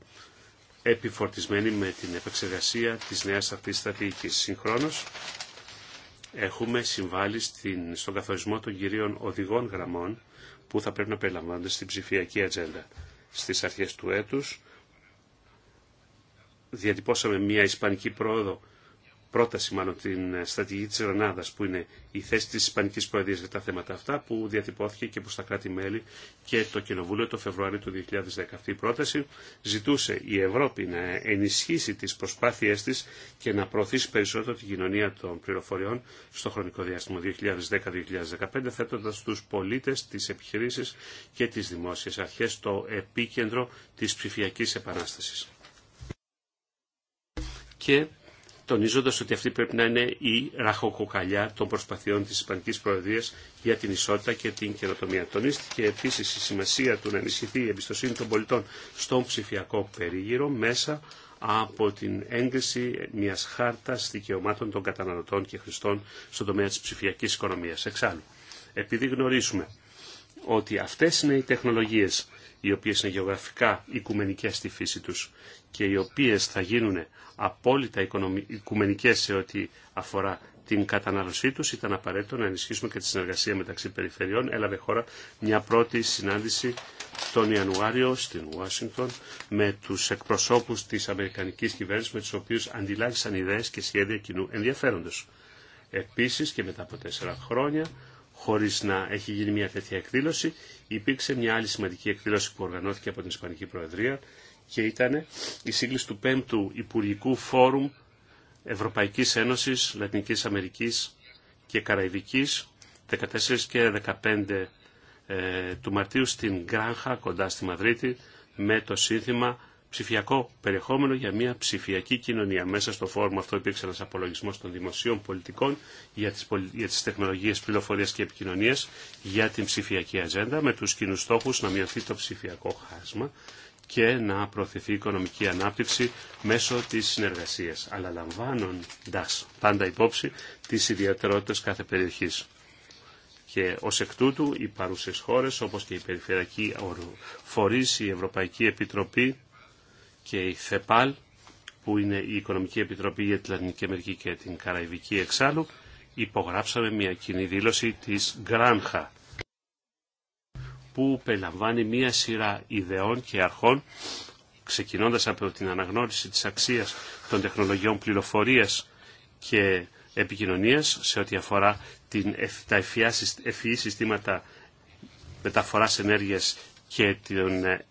επιφορτισμένοι με την επεξεργασία της νέας αυτής στρατηγικής. Συγχρόνως έχουμε συμβάλει στην, στον καθορισμό των κυρίων οδηγών γραμμών που θα πρέπει να περιλαμβάνονται στην ψηφιακή ατζέντα. Στις αρχές του έτους διατυπώσαμε μια ισπανική πρόοδο πρόταση μάλλον την ε, στρατηγική της Γρανάδας που είναι η θέση της Ισπανικής Προεδρίας για τα θέματα αυτά που διατυπώθηκε και προς τα κράτη-μέλη και το Κοινοβούλιο το Φεβρουάριο του 2010. Αυτή η πρόταση ζητούσε η Ευρώπη να ενισχύσει τις προσπάθειές της και να προωθήσει περισσότερο την κοινωνία των πληροφοριών στο χρονικό διάστημα 2010-2015 θέτοντας τους πολίτες, τις επιχειρήσεις και τις δημόσιες αρχές στο επίκεντρο της ψηφιακής επανάστασης. Και Τονίζοντα ότι αυτή πρέπει να είναι η ραχοκοκαλιά των προσπαθειών της Ισπανική Προεδρίας για την ισότητα και την καινοτομία. Τονίστηκε επίση η σημασία του να ενισχυθεί η εμπιστοσύνη των πολιτών στον ψηφιακό περίγυρο μέσα από την έγκριση μιας χάρτας δικαιωμάτων των καταναλωτών και χρηστών στον τομέα της ψηφιακής οικονομίας. Εξάλλου, επειδή γνωρίζουμε ότι αυτές είναι οι τεχνολογίες οι οποίες είναι γεωγραφικά οικουμενικές στη φύση τους και οι οποίες θα γίνουν απόλυτα οικουμενικές σε ό,τι αφορά την κατανάλωσή τους, ήταν απαραίτητο να ενισχύσουμε και τη συνεργασία μεταξύ περιφερειών. Έλαβε χώρα μια πρώτη συνάντηση τον Ιανουάριο στην Ουάσιγκτον με τους εκπροσώπους της Αμερικανικής κυβέρνησης με τους οποίους αντιλάχισαν ιδέες και σχέδια κοινού ενδιαφέροντος. Επίσης και μετά από τέσσερα χρόνια, χωρίς να έχει γίνει μια τέτοια εκδήλωση, υπήρξε μια άλλη σημαντική εκδήλωση που οργανώθηκε από την Ισπανική Προεδρία και ήταν η σύγκληση του 5ου Υπουργικού Φόρουμ Ευρωπαϊκής Ένωσης Λατινικής Αμερικής και Καραϊβικής 14 και 15 ε, του Μαρτίου στην Γκράνχα κοντά στη Μαδρίτη με το σύνθημα ψηφιακό περιεχόμενο για μια ψηφιακή κοινωνία. Μέσα στο φόρμα αυτό υπήρξε ένα απολογισμό των δημοσίων πολιτικών για τι πολι... τεχνολογίε και επικοινωνία για την ψηφιακή ατζέντα με του κοινου στόχου, να μειωθεί το ψηφιακό χάσμα και να προωθηθεί η οικονομική ανάπτυξη μέσω τη συνεργασία. αλλά λαμβάνοντα πάντα υπόψη τι ιδιαιτερότητε κάθε περιοχή. Και ω εκ τούτου οι παρούσε χώρε, όπω και η Περιφερειακή Φορή, η Ευρωπαϊκή Επιτροπή και η ΘΕΠΑΛ που είναι η Οικονομική Επιτροπή για την Λατινική Αμερική και την Καραϊβική εξάλλου υπογράψαμε μια κοινή δήλωση της Γκράνχα που περιλαμβάνει μια σειρά ιδεών και αρχών ξεκινώντας από την αναγνώριση της αξίας των τεχνολογιών πληροφορίας και επικοινωνίας σε ό,τι αφορά την, τα ευφυή συστήματα μεταφοράς ενέργειας και των ε,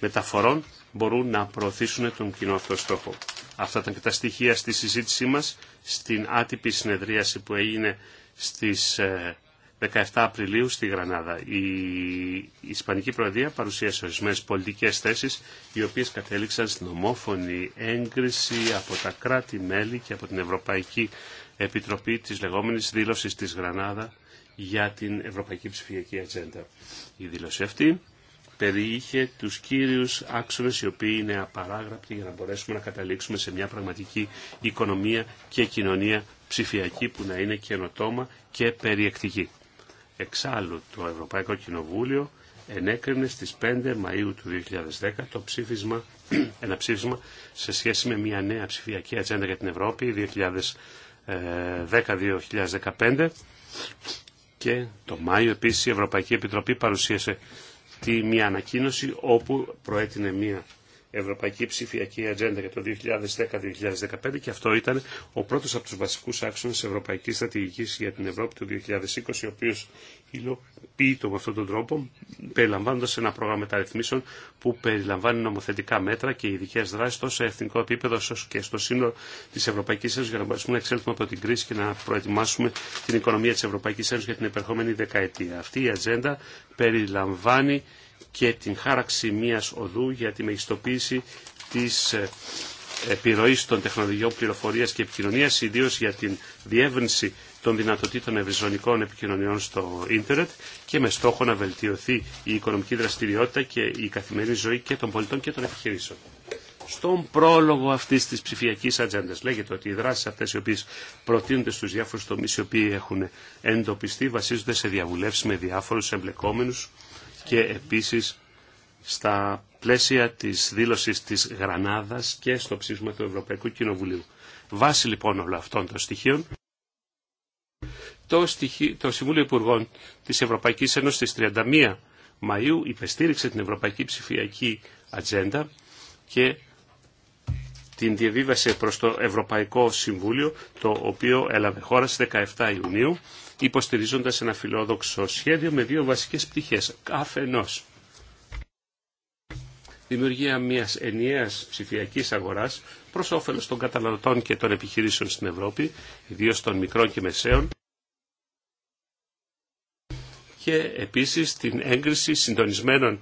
μεταφορών μπορούν να προωθήσουν τον κοινό αυτό στόχο. Αυτά ήταν και τα στοιχεία στη συζήτησή μας στην άτυπη συνεδρίαση που έγινε στις 17 ε, Απριλίου στη Γρανάδα. Η Ισπανική Προεδρία παρουσίασε ορισμένε πολιτικές θέσεις οι οποίες κατέληξαν στην ομόφωνη έγκριση από τα κράτη-μέλη και από την Ευρωπαϊκή Επιτροπή της λεγόμενης δήλωση της Γρανάδα για την Ευρωπαϊκή Ψηφιακή Ατζέντα. Η δήλωση αυτή περιείχε τους κύριους άξονες οι οποίοι είναι απαράγραπτοι για να μπορέσουμε να καταλήξουμε σε μια πραγματική οικονομία και κοινωνία ψηφιακή που να είναι καινοτόμα και περιεκτική. Εξάλλου, το Ευρωπαϊκό Κοινοβούλιο ενέκρινε στις 5 Μαΐου του 2010 το ψήφισμα, ένα ψήφισμα σε σχέση με μια νέα ψηφιακή ατζέντα για την Ευρώπη 2010-2015 και το Μάιο επίσης η Ευρωπαϊκή Επιτροπή παρουσίασε τη, μια ανακοίνωση όπου προέτεινε μια Ευρωπαϊκή Ψηφιακή Ατζέντα για το 2010-2015 και αυτό ήταν ο πρώτος από τους βασικούς άξονες Ευρωπαϊκής Στρατηγικής για την Ευρώπη του 2020, ο οποίος υλοποιείται με αυτόν τον τρόπο, περιλαμβάνοντας ένα πρόγραμμα μεταρρυθμίσεων που περιλαμβάνει νομοθετικά μέτρα και ειδικέ δράσεις τόσο σε εθνικό επίπεδο όσο και στο σύνολο της Ευρωπαϊκής Ένωσης για να μπορέσουμε να εξέλθουμε από την κρίση και να προετοιμάσουμε την οικονομία της Ευρωπαϊκής Ένωσης για την επερχόμενη δεκαετία. Αυτή η ατζέντα περιλαμβάνει και την χάραξη μιας οδού για τη μεγιστοποίηση της ε, επιρροής των τεχνολογιών πληροφορίας και επικοινωνίας, ιδίως για την διεύρυνση των δυνατοτήτων ευρυζωνικών επικοινωνιών στο ίντερνετ και με στόχο να βελτιωθεί η οικονομική δραστηριότητα και η καθημερινή ζωή και των πολιτών και των επιχειρήσεων. Στον πρόλογο αυτή τη ψηφιακή ατζέντα λέγεται ότι οι δράσει αυτέ οι οποίε προτείνονται στου διάφορου τομεί οι οποίοι έχουν εντοπιστεί βασίζονται σε διαβουλεύσει με διάφορου εμπλεκόμενου και επίσης στα πλαίσια της δήλωσης της Γρανάδας και στο ψήφισμα του Ευρωπαϊκού Κοινοβουλίου. Βάσει λοιπόν όλων αυτών των στοιχείων, το, το Συμβούλιο Υπουργών της Ευρωπαϊκής Ένωσης στις 31 Μαΐου υπεστήριξε την Ευρωπαϊκή Ψηφιακή Ατζέντα και την διαβίβασε προς το Ευρωπαϊκό Συμβούλιο, το οποίο έλαβε χώρα στις 17 Ιουνίου υποστηρίζοντας ένα φιλόδοξο σχέδιο με δύο βασικές πτυχές. Αφενός, δημιουργία μιας ενιαίας ψηφιακής αγοράς προς όφελος των καταναλωτών και των επιχειρήσεων στην Ευρώπη, ιδίω των μικρών και μεσαίων, και επίσης την έγκριση συντονισμένων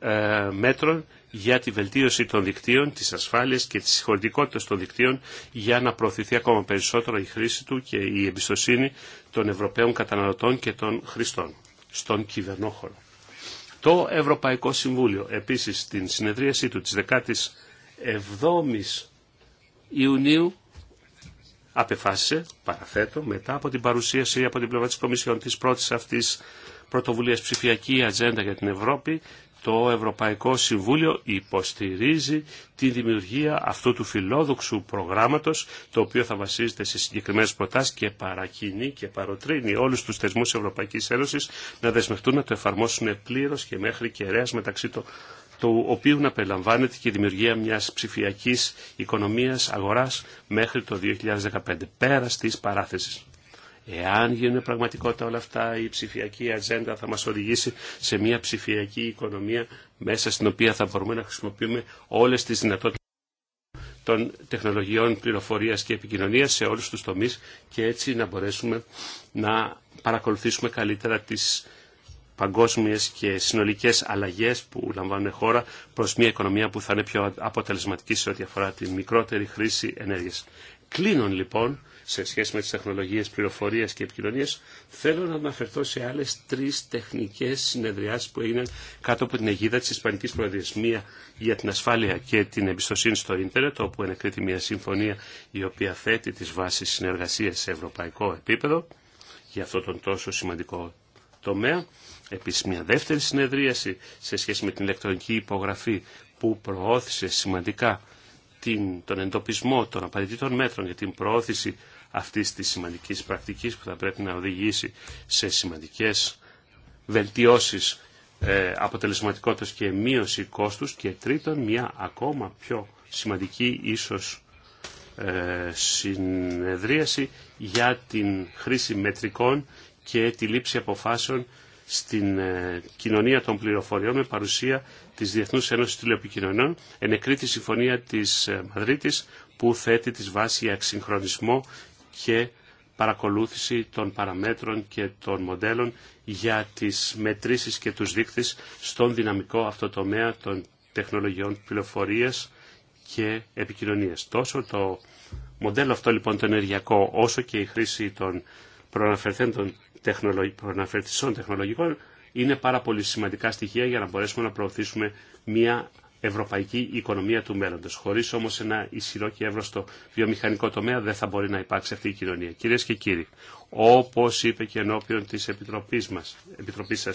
ε, μέτρων για τη βελτίωση των δικτύων, της ασφάλειας και της συγχωρητικότητας των δικτύων για να προωθηθεί ακόμα περισσότερο η χρήση του και η εμπιστοσύνη των Ευρωπαίων καταναλωτών και των χρηστών στον κυβερνόχωρο. Το Ευρωπαϊκό Συμβούλιο επίσης στην συνεδρίασή του της 17ης Ιουνίου απεφάσισε, παραθέτω, μετά από την παρουσίαση από την πλευρά της Κομισιόν της πρώτης αυτής πρωτοβουλίας ψηφιακή ατζέντα για την Ευρώπη το Ευρωπαϊκό Συμβούλιο υποστηρίζει τη δημιουργία αυτού του φιλόδοξου προγράμματος, το οποίο θα βασίζεται σε συγκεκριμένες προτάσεις και παρακινεί και παροτρύνει όλους τους θεσμούς της Ευρωπαϊκής Ένωσης να δεσμευτούν να το εφαρμόσουν πλήρως και μέχρι κεραίας μεταξύ των του οποίου να περιλαμβάνεται και η δημιουργία μιας ψηφιακής οικονομίας αγοράς μέχρι το 2015, πέρα της παράθεσης. Εάν γίνουν πραγματικότητα όλα αυτά, η ψηφιακή ατζέντα θα μας οδηγήσει σε μια ψηφιακή οικονομία μέσα στην οποία θα μπορούμε να χρησιμοποιούμε όλες τις δυνατότητες των τεχνολογιών πληροφορίας και επικοινωνίας σε όλους τους τομείς και έτσι να μπορέσουμε να παρακολουθήσουμε καλύτερα τις παγκόσμιες και συνολικές αλλαγές που λαμβάνουν χώρα προς μια οικονομία που θα είναι πιο αποτελεσματική σε ό,τι αφορά τη μικρότερη χρήση ενέργειας. Κλείνουν λοιπόν σε σχέση με τις τεχνολογίες πληροφορίας και επικοινωνίας, θέλω να αναφερθώ σε άλλες τρεις τεχνικές συνεδριάσεις που έγιναν κάτω από την αιγίδα της Ισπανικής Προεδρίας. Μία για την ασφάλεια και την εμπιστοσύνη στο ίντερνετ, όπου ενεκρίτη μια συμφωνία η οποία θέτει τις βάσεις συνεργασίας σε ευρωπαϊκό επίπεδο για αυτόν τον τόσο σημαντικό τομέα. Επίσης μια δεύτερη συνεδρίαση σε σχέση με την ηλεκτρονική υπογραφή που προώθησε σημαντικά τον εντοπισμό των απαραίτητων μέτρων για την προώθηση αυτής της σημαντικής πρακτικής που θα πρέπει να οδηγήσει σε σημαντικές βελτιώσεις ε, αποτελεσματικότητας και μείωση κόστους και τρίτον μια ακόμα πιο σημαντική ίσως ε, συνεδρίαση για την χρήση μετρικών και τη λήψη αποφάσεων στην ε, κοινωνία των πληροφοριών με παρουσία της Διεθνούς Ένωσης Τηλεοπικοινωνιών ενεκρή τη συμφωνία της ε, Μαδρίτης που θέτει τις βάσεις για εξυγχρονισμό και παρακολούθηση των παραμέτρων και των μοντέλων για τις μετρήσεις και τους δείκτες στον δυναμικό αυτοτομέα των τεχνολογιών πληροφορίας και επικοινωνίας. Τόσο το μοντέλο αυτό λοιπόν το ενεργειακό όσο και η χρήση των προαναφερθέντων τεχνολογικών είναι πάρα πολύ σημαντικά στοιχεία για να μπορέσουμε να προωθήσουμε μια ευρωπαϊκή οικονομία του μέλλοντο. Χωρί όμω ένα ισχυρό και εύρωστο βιομηχανικό τομέα δεν θα μπορεί να υπάρξει αυτή η κοινωνία. Κυρίε και κύριοι, όπω είπε και ενώπιον τη Επιτροπή σα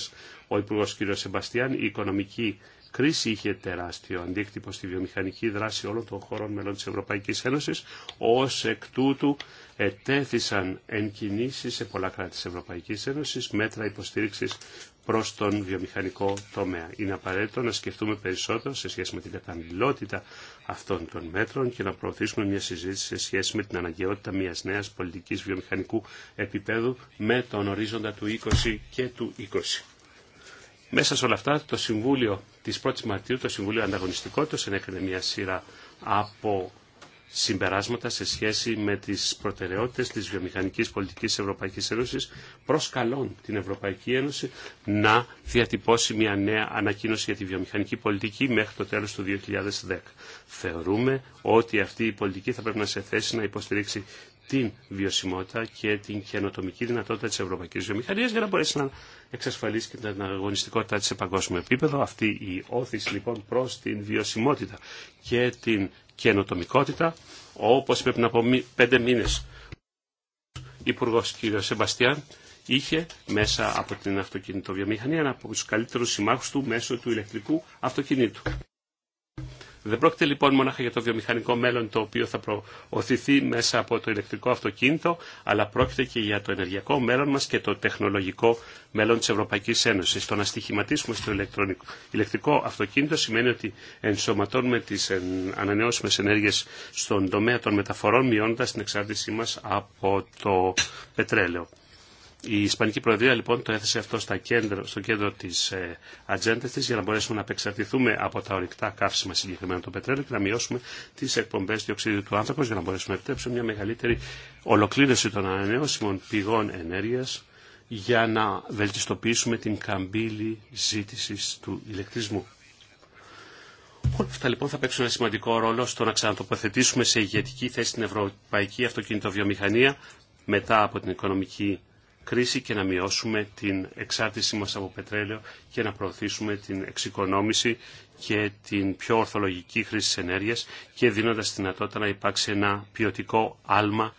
ο Υπουργό κ. Σεμπαστιάν, η οικονομική κρίση είχε τεράστιο αντίκτυπο στη βιομηχανική δράση όλων των χωρών μελών τη Ευρωπαϊκή Ένωση. Ω εκ τούτου, ετέθησαν εν κινήσει σε πολλά κράτη τη Ευρωπαϊκή Ένωση μέτρα υποστήριξη προς τον βιομηχανικό τομέα. Είναι απαραίτητο να σκεφτούμε περισσότερο σε σχέση με την καταναλωτικότητα αυτών των μέτρων και να προωθήσουμε μια συζήτηση σε σχέση με την αναγκαιότητα μιας νέας πολιτικής βιομηχανικού επίπεδου με τον ορίζοντα του 20 και του 20. Μέσα σε όλα αυτά, το Συμβούλιο της 1ης Μαρτίου, το Συμβούλιο Ανταγωνιστικότητας, ενέκρινε μια σειρά από συμπεράσματα σε σχέση με τις προτεραιότητες της βιομηχανικής πολιτικής της Ευρωπαϊκής Ένωσης προσκαλών την Ευρωπαϊκή Ένωση να διατυπώσει μια νέα ανακοίνωση για τη βιομηχανική πολιτική μέχρι το τέλος του 2010. Θεωρούμε ότι αυτή η πολιτική θα πρέπει να σε θέση να υποστηρίξει την βιωσιμότητα και την καινοτομική δυνατότητα της ευρωπαϊκής βιομηχανίας για να μπορέσει να εξασφαλίσει και την αγωνιστικότητά της σε παγκόσμιο επίπεδο. Αυτή η όθηση λοιπόν προς την βιωσιμότητα και την καινοτομικότητα, όπως πρέπει να πω πέντε μήνες Υπουργό κ. Σεμπαστιάν, είχε μέσα από την αυτοκινητοβιομηχανία ένα από τους καλύτερους συμμάχους του μέσω του ηλεκτρικού αυτοκινήτου. Δεν πρόκειται λοιπόν μόνο για το βιομηχανικό μέλλον το οποίο θα προωθηθεί μέσα από το ηλεκτρικό αυτοκίνητο, αλλά πρόκειται και για το ενεργειακό μέλλον μας και το τεχνολογικό μέλλον της Ευρωπαϊκής Ένωσης. Το να στοιχηματίσουμε στο ηλεκτρικό αυτοκίνητο σημαίνει ότι ενσωματώνουμε τις ανανεώσιμες ενέργειες στον τομέα των μεταφορών, μειώνοντας την εξάρτησή μας από το πετρέλαιο. Η Ισπανική Προεδρία λοιπόν το έθεσε αυτό στα κέντρο, στο κέντρο τη ε, ατζέντα τη για να μπορέσουμε να απεξαρτηθούμε από τα ορυκτά καύσιμα συγκεκριμένα το πετρέλαιο και να μειώσουμε τι εκπομπέ διοξιδίου του άνθρακο για να μπορέσουμε να επιτρέψουμε μια μεγαλύτερη ολοκλήρωση των ανανεώσιμων πηγών ενέργεια για να βελτιστοποιήσουμε την καμπύλη ζήτηση του ηλεκτρισμού. Όλα αυτά λοιπόν θα παίξουν ένα σημαντικό ρόλο στο να ξανατοποθετήσουμε σε ηγετική θέση την ευρωπαϊκή αυτοκινητοβιομηχανία μετά από την οικονομική κρίση και να μειώσουμε την εξάρτησή μας από πετρέλαιο και να προωθήσουμε την εξοικονόμηση και την πιο ορθολογική χρήση της ενέργειας και δίνοντας τη δυνατότητα να υπάρξει ένα ποιοτικό άλμα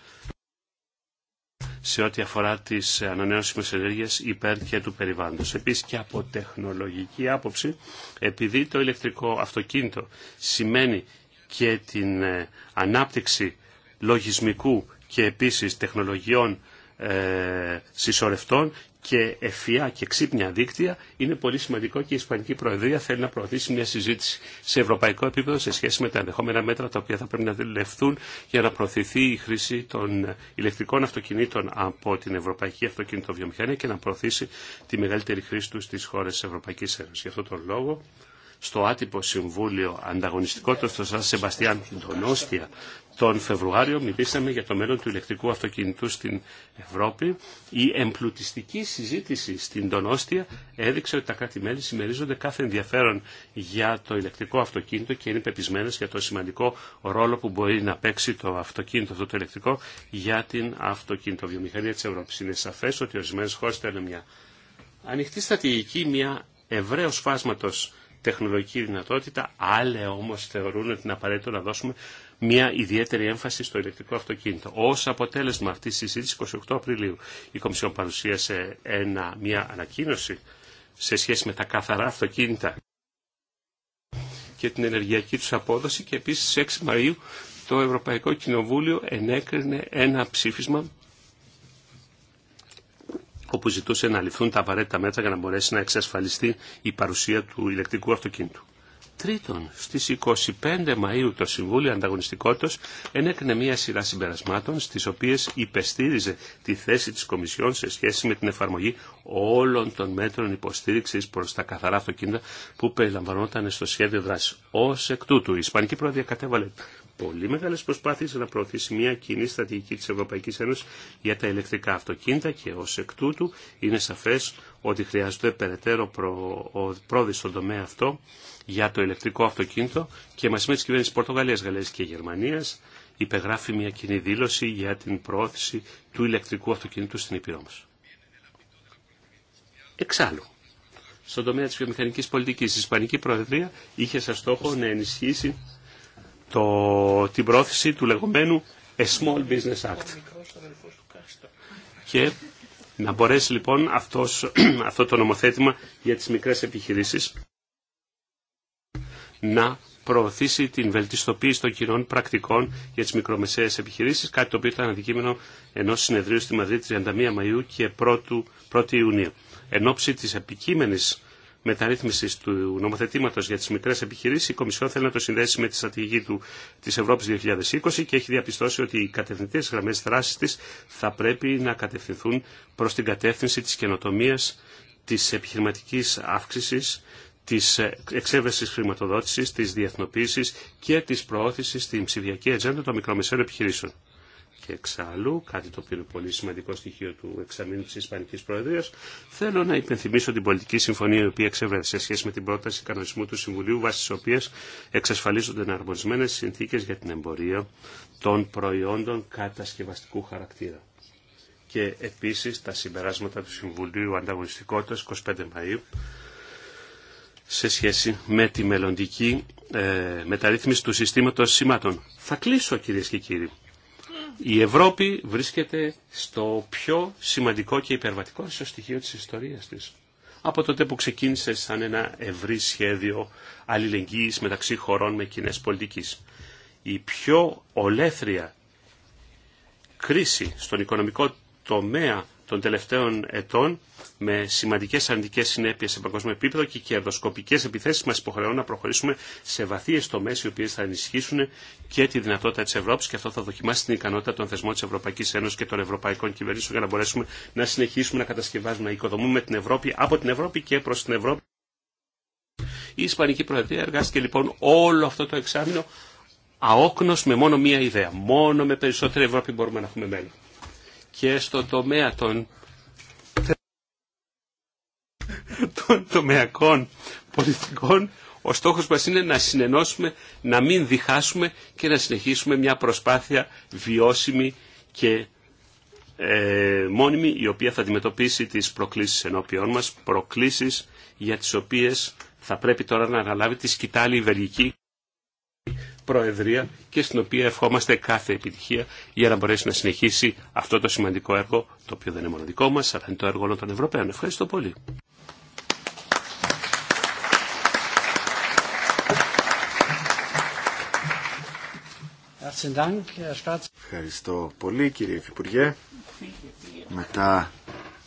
σε ό,τι αφορά τις ανανεώσιμες ενέργειες υπέρ και του περιβάλλοντος. Επίσης και από τεχνολογική άποψη, επειδή το ηλεκτρικό αυτοκίνητο σημαίνει και την ε, ανάπτυξη λογισμικού και επίσης τεχνολογιών ε, συσσωρευτών και ευφυά και ξύπνια δίκτυα είναι πολύ σημαντικό και η Ισπανική Προεδρία θέλει να προωθήσει μια συζήτηση σε ευρωπαϊκό επίπεδο σε σχέση με τα ενδεχόμενα μέτρα τα οποία θα πρέπει να λεφθούν για να προωθηθεί η χρήση των ηλεκτρικών αυτοκινήτων από την Ευρωπαϊκή Αυτοκινητοβιομηχανία και να προωθήσει τη μεγαλύτερη χρήση του στις χώρες της Ευρωπαϊκής Ένωσης. Γι' αυτό τον λόγο στο άτυπο Συμβούλιο Ανταγωνιστικότητα του, Σαν Σεμπαστιάν τον Φεβρουάριο μιλήσαμε για το μέλλον του ηλεκτρικού αυτοκινητού στην Ευρώπη. Η εμπλουτιστική συζήτηση στην Τονόστια έδειξε ότι τα κράτη-μέλη συμμερίζονται κάθε ενδιαφέρον για το ηλεκτρικό αυτοκίνητο και είναι πεπισμένες για το σημαντικό ρόλο που μπορεί να παίξει το αυτοκίνητο αυτό το ηλεκτρικό για την αυτοκινητοβιομηχανία της Ευρώπης. Είναι σαφές ότι ορισμένε χώρε θέλουν μια ανοιχτή στρατηγική, μια ευρέως φάσματος τεχνολογική δυνατότητα, άλλοι όμως θεωρούν ότι είναι απαραίτητο να δώσουμε μια ιδιαίτερη έμφαση στο ηλεκτρικό αυτοκίνητο. Ω αποτέλεσμα αυτή τη συζήτηση, 28 Απριλίου, η Κομισιόν παρουσίασε ένα, μια ανακοίνωση σε σχέση με τα καθαρά αυτοκίνητα και την ενεργειακή τους απόδοση και επίσης 6 Μαΐου το Ευρωπαϊκό Κοινοβούλιο ενέκρινε ένα ψήφισμα όπου ζητούσε να ληφθούν τα απαραίτητα μέτρα για να μπορέσει να εξασφαλιστεί η παρουσία του ηλεκτρικού αυτοκίνητου. Τρίτον, στις 25 Μαΐου το Συμβούλιο Ανταγωνιστικότητας ενέκρινε μία σειρά συμπερασμάτων στις οποίες υπεστήριζε τη θέση της Κομισιόν σε σχέση με την εφαρμογή όλων των μέτρων υποστήριξης προς τα καθαρά αυτοκίνητα που περιλαμβανόταν στο σχέδιο δράση Ως εκ τούτου, η Ισπανική Πρόεδρια κατέβαλε πολύ μεγάλε προσπάθειε να προωθήσει μια κοινή στρατηγική τη Ευρωπαϊκή Ένωση για τα ηλεκτρικά αυτοκίνητα και ω εκ τούτου είναι σαφέ ότι χρειάζονται περαιτέρω πρόοδοι στον τομέα αυτό για το ηλεκτρικό αυτοκίνητο και μαζί με τις κυβέρνησεις Πορτογαλίας, Γαλλίας και Γερμανίας υπεγράφει μια κοινή δήλωση για την πρόθεση του ηλεκτρικού αυτοκίνητου στην Ήπειρό μας. Εξάλλου, στον τομέα της βιομηχανικής πολιτικής, η Ισπανική Προεδρία είχε σαν στόχο να ενισχύσει το, την πρόθεση του λεγόμενου A Small Business Act. Και να μπορέσει λοιπόν αυτό το νομοθέτημα για τις μικρές επιχειρήσεις να προωθήσει την βελτιστοποίηση των κοινών πρακτικών για τις μικρομεσαίες επιχειρήσεις, κάτι το οποίο ήταν αντικείμενο ενός συνεδρίου στη Μαδρίτη 31 Μαΐου και 1η Ιουνίου. Εν ώψη της επικείμενης μεταρρύθμισης του νομοθετήματο για τι μικρέ επιχειρήσει, η Κομισιόν θέλει να το συνδέσει με τη στρατηγική του, της Ευρώπης 2020 και έχει διαπιστώσει ότι οι κατευθυντές γραμμές δράση τη θα πρέπει να κατευθυνθούν προ την κατεύθυνση τη καινοτομία τη επιχειρηματική αύξηση της εξέβρεσης χρηματοδότησης, της διεθνοποίησης και της προώθησης στην ψηφιακή ατζέντα των μικρομεσαίων επιχειρήσεων. Και εξάλλου, κάτι το οποίο είναι πολύ σημαντικό στοιχείο του εξαμήνου της Ισπανικής Προεδρίας, θέλω να υπενθυμίσω την πολιτική συμφωνία η οποία εξέβρεται σε σχέση με την πρόταση κανονισμού του Συμβουλίου, βάσει της οποίας εξασφαλίζονται εναρμονισμένες συνθήκες για την εμπορία των προϊόντων κατασκευαστικού χαρακτήρα. Και επίσης τα συμπεράσματα του Συμβουλίου Ανταγωνιστικότητα, 25 Μαου σε σχέση με τη μελλοντική ε, μεταρρύθμιση του συστήματος σημάτων. Θα κλείσω κυρίες και κύριοι. Η Ευρώπη βρίσκεται στο πιο σημαντικό και υπερβατικό ίσως στοιχείο της ιστορίας της. Από τότε που ξεκίνησε σαν ένα ευρύ σχέδιο αλληλεγγύης μεταξύ χωρών με κοινέ πολιτικής. Η πιο ολέθρια κρίση στον οικονομικό τομέα των τελευταίων ετών με σημαντικέ αρνητικές συνέπειε σε παγκόσμιο επίπεδο και κερδοσκοπικέ επιθέσεις μας υποχρεώνουν να προχωρήσουμε σε βαθύε τομές οι οποίε θα ενισχύσουν και τη δυνατότητα τη Ευρώπη, και αυτό θα δοκιμάσει την ικανότητα των θεσμών τη Ευρωπαϊκή Ένωση και των ευρωπαϊκών κυβερνήσεων για να μπορέσουμε να συνεχίσουμε να κατασκευάζουμε, να οικοδομούμε την Ευρώπη από την Ευρώπη και προ την Ευρώπη. Η Ισπανική Προεδρία εργάστηκε λοιπόν όλο αυτό το εξάμεινο αόκνος με μόνο μία ιδέα. Μόνο με περισσότερη Ευρώπη μπορούμε να έχουμε μέλλον και στον τομέα των, των τομεακών πολιτικών ο στόχος μας είναι να συνενώσουμε, να μην διχάσουμε και να συνεχίσουμε μια προσπάθεια βιώσιμη και ε, μόνιμη η οποία θα αντιμετωπίσει τις προκλήσεις ενώπιών μας, προκλήσεις για τις οποίες θα πρέπει τώρα να αναλάβει τη σκητάλη η Προεδρία και στην οποία ευχόμαστε κάθε επιτυχία για να μπορέσει να συνεχίσει αυτό το σημαντικό έργο, το οποίο δεν είναι μόνο δικό μας, αλλά είναι το έργο όλων των Ευρωπαίων. Ευχαριστώ πολύ. Ευχαριστώ πολύ κύριε Υφυπουργέ. Μετά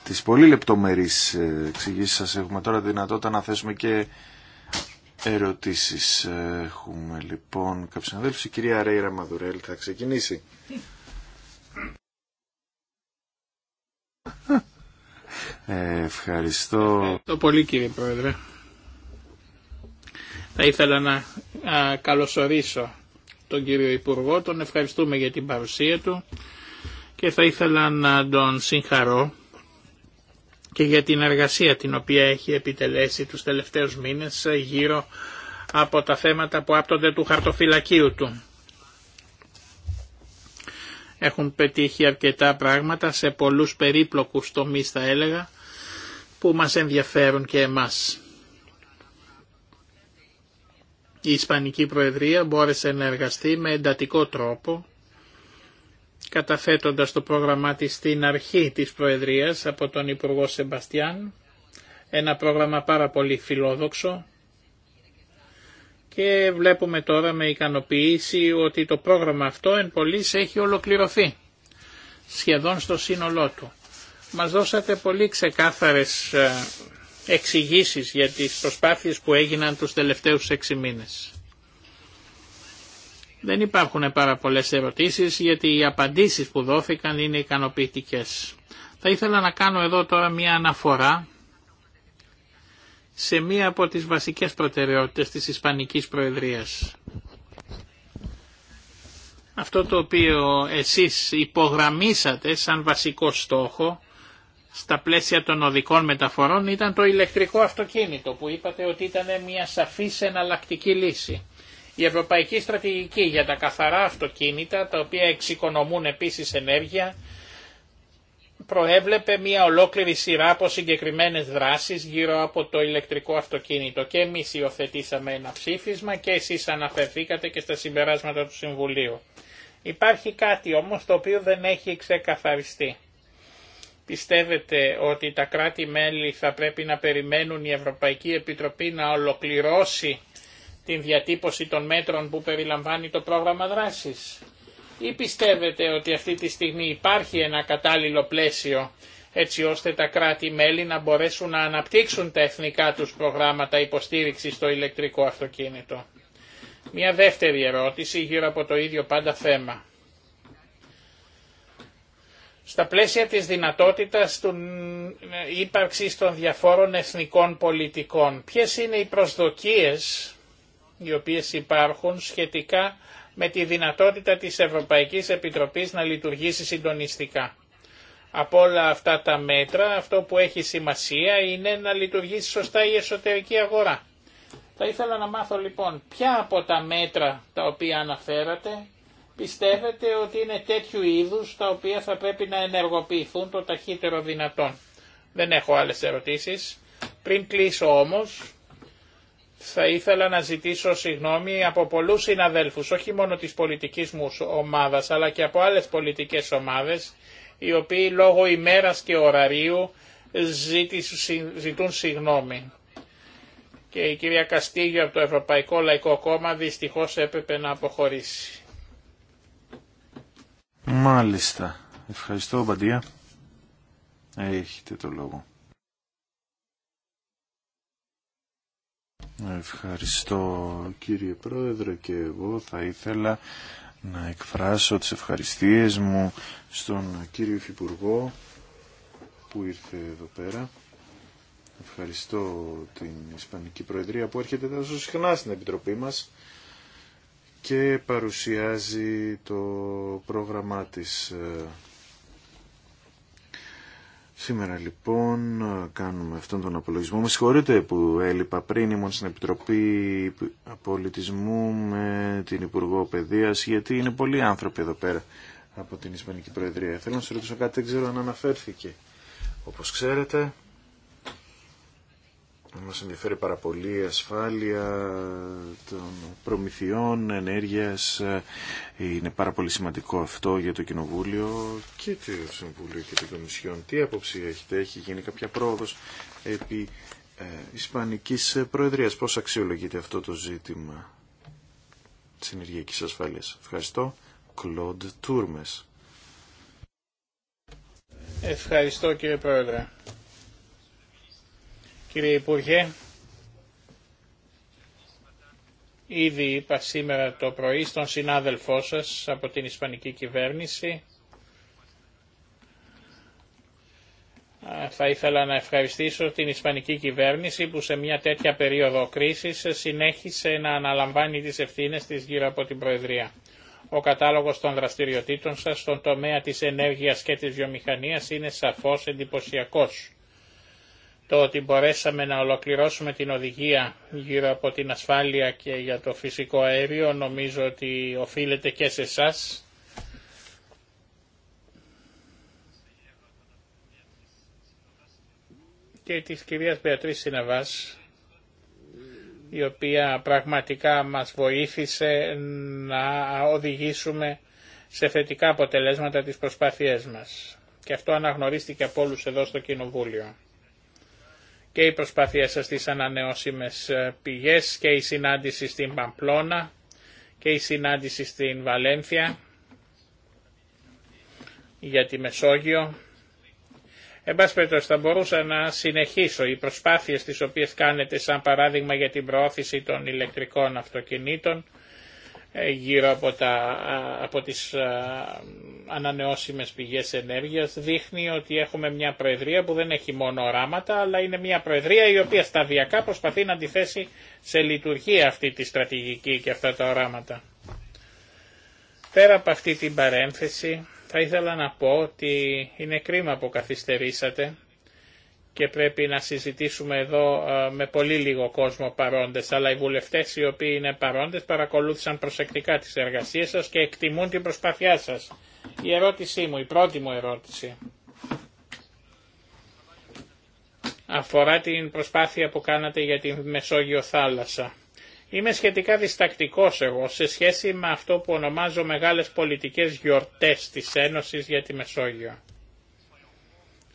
τις πολύ λεπτομερείς ε, εξηγήσεις σας έχουμε τώρα δυνατότητα να θέσουμε και ερωτήσεις. Έχουμε λοιπόν Κάποιοι αδέλφους. Η κυρία Ρέιρα Μαδουρέλ θα ξεκινήσει. Ε, ευχαριστώ. Ευχαριστώ πολύ κύριε Πρόεδρε. Θα ήθελα να α, καλωσορίσω τον κύριο Υπουργό, τον ευχαριστούμε για την παρουσία του και θα ήθελα να τον συγχαρώ και για την εργασία την οποία έχει επιτελέσει τους τελευταίους μήνες ε, γύρω από τα θέματα που άπτονται του χαρτοφυλακίου του. Έχουν πετύχει αρκετά πράγματα σε πολλούς περίπλοκους τομείς θα έλεγα που μας ενδιαφέρουν και εμάς. Η Ισπανική Προεδρία μπόρεσε να εργαστεί με εντατικό τρόπο καταθέτοντας το πρόγραμμά της στην αρχή της Προεδρίας από τον Υπουργό Σεμπαστιάν, ένα πρόγραμμα πάρα πολύ φιλόδοξο και βλέπουμε τώρα με ικανοποίηση ότι το πρόγραμμα αυτό εν πολλής έχει ολοκληρωθεί σχεδόν στο σύνολό του. Μας δώσατε πολύ ξεκάθαρες ε, εξηγήσεις για τις προσπάθειες που έγιναν τους τελευταίους έξι μήνες. Δεν υπάρχουν πάρα πολλέ ερωτήσει γιατί οι απαντήσεις που δόθηκαν είναι ικανοποιητικέ. Θα ήθελα να κάνω εδώ τώρα μια αναφορά σε μία από τις βασικές προτεραιότητες της Ισπανικής Προεδρίας. Αυτό το οποίο εσείς υπογραμμίσατε σαν βασικό στόχο στα πλαίσια των οδικών μεταφορών ήταν το ηλεκτρικό αυτοκίνητο που είπατε ότι ήταν μια σαφής εναλλακτική λύση. Η Ευρωπαϊκή Στρατηγική για τα καθαρά αυτοκίνητα, τα οποία εξοικονομούν επίσης ενέργεια, προέβλεπε μια ολόκληρη σειρά από συγκεκριμένες δράσεις γύρω από το ηλεκτρικό αυτοκίνητο και εμείς υιοθετήσαμε ένα ψήφισμα και εσείς αναφερθήκατε και στα συμπεράσματα του Συμβουλίου. Υπάρχει κάτι όμως το οποίο δεν έχει ξεκαθαριστεί. Πιστεύετε ότι τα κράτη-μέλη θα πρέπει να περιμένουν η Ευρωπαϊκή Επιτροπή να ολοκληρώσει την διατύπωση των μέτρων που περιλαμβάνει το πρόγραμμα δράσης ή πιστεύετε ότι αυτή τη στιγμή υπάρχει ένα κατάλληλο πλαίσιο έτσι ώστε τα κράτη-μέλη να μπορέσουν να αναπτύξουν τα εθνικά τους προγράμματα υποστήριξης στο ηλεκτρικό αυτοκίνητο. Μια δεύτερη ερώτηση γύρω από το ίδιο πάντα θέμα. Στα πλαίσια της δυνατότητας του ύπαρξης των διαφόρων εθνικών πολιτικών, ποιες είναι οι προσδοκίες οι οποίες υπάρχουν σχετικά με τη δυνατότητα της Ευρωπαϊκής Επιτροπής να λειτουργήσει συντονιστικά. Από όλα αυτά τα μέτρα αυτό που έχει σημασία είναι να λειτουργήσει σωστά η εσωτερική αγορά. Θα ήθελα να μάθω λοιπόν ποια από τα μέτρα τα οποία αναφέρατε πιστεύετε ότι είναι τέτοιου είδους τα οποία θα πρέπει να ενεργοποιηθούν το ταχύτερο δυνατόν. Δεν έχω άλλες ερωτήσεις. Πριν κλείσω όμως θα ήθελα να ζητήσω συγγνώμη από πολλούς συναδέλφους, όχι μόνο της πολιτικής μου ομάδας, αλλά και από άλλες πολιτικές ομάδες, οι οποίοι λόγω ημέρας και ωραρίου ζητούν συγγνώμη. Και η κυρία Καστίγιο από το Ευρωπαϊκό Λαϊκό Κόμμα δυστυχώς έπρεπε να αποχωρήσει. Μάλιστα. Ευχαριστώ, Μπαντία. Έχετε το λόγο. Ευχαριστώ κύριε Πρόεδρε και εγώ θα ήθελα να εκφράσω τις ευχαριστίες μου στον κύριο Υφυπουργό που ήρθε εδώ πέρα. Ευχαριστώ την Ισπανική Προεδρία που έρχεται τόσο συχνά στην Επιτροπή μας και παρουσιάζει το πρόγραμμά της Σήμερα λοιπόν κάνουμε αυτόν τον απολογισμό. Με συγχωρείτε που έλειπα πριν, ήμουν στην Επιτροπή Απολιτισμού με την Υπουργό Παιδείας, γιατί είναι πολλοί άνθρωποι εδώ πέρα από την Ισπανική Προεδρία. Θέλω να σας ρωτήσω κάτι, δεν ξέρω αν αναφέρθηκε. Όπως ξέρετε, μας ενδιαφέρει πάρα πολύ η ασφάλεια των προμηθειών, ενέργειας. Είναι πάρα πολύ σημαντικό αυτό για το Κοινοβούλιο και το Συμβούλιο και την Κομισιόν. Τι άποψη έχετε, έχει γίνει κάποια πρόοδος επί ε, Ισπανικής Προεδρίας. Πώς αξιολογείται αυτό το ζήτημα της ενεργειακής ασφάλειας. Ευχαριστώ. Κλοντ Τούρμες. Ευχαριστώ κύριε Πρόεδρε. Κύριε Υπουργέ, ήδη είπα σήμερα το πρωί στον συνάδελφό σας από την Ισπανική κυβέρνηση. Θα ήθελα να ευχαριστήσω την Ισπανική κυβέρνηση που σε μια τέτοια περίοδο κρίσης συνέχισε να αναλαμβάνει τις ευθύνες της γύρω από την Προεδρία. Ο κατάλογος των δραστηριοτήτων σας στον τομέα της ενέργειας και της βιομηχανίας είναι σαφώς εντυπωσιακός το ότι μπορέσαμε να ολοκληρώσουμε την οδηγία γύρω από την ασφάλεια και για το φυσικό αέριο νομίζω ότι οφείλεται και σε εσά. και της κυρίας Μπεατρής Συνεβάς, η οποία πραγματικά μας βοήθησε να οδηγήσουμε σε θετικά αποτελέσματα τις προσπάθειές μας. Και αυτό αναγνωρίστηκε από όλους εδώ στο Κοινοβούλιο και οι προσπάθειες σας στις ανανεώσιμες ε, πηγές και η συνάντηση στην Παμπλώνα και η συνάντηση στην Βαλένθια για τη Μεσόγειο. Εν θα μπορούσα να συνεχίσω οι προσπάθειες τις οποίες κάνετε σαν παράδειγμα για την προώθηση των ηλεκτρικών αυτοκινήτων ε, γύρω από, τα, από τις ανανεώσιμες πηγές ενέργειας δείχνει ότι έχουμε μια προεδρία που δεν έχει μόνο οράματα αλλά είναι μια προεδρία η οποία σταδιακά προσπαθεί να αντιθέσει σε λειτουργία αυτή τη στρατηγική και αυτά τα οράματα. Πέρα από αυτή την παρένθεση θα ήθελα να πω ότι είναι κρίμα που καθυστερήσατε και πρέπει να συζητήσουμε εδώ ε, με πολύ λίγο κόσμο παρόντες, αλλά οι βουλευτές οι οποίοι είναι παρόντες παρακολούθησαν προσεκτικά τις εργασίες σας και εκτιμούν την προσπάθειά σας. Η ερώτησή μου, η πρώτη μου ερώτηση, αφορά την προσπάθεια που κάνατε για τη Μεσόγειο θάλασσα. Είμαι σχετικά διστακτικός εγώ σε σχέση με αυτό που ονομάζω μεγάλες πολιτικές γιορτές της Ένωσης για τη Μεσόγειο.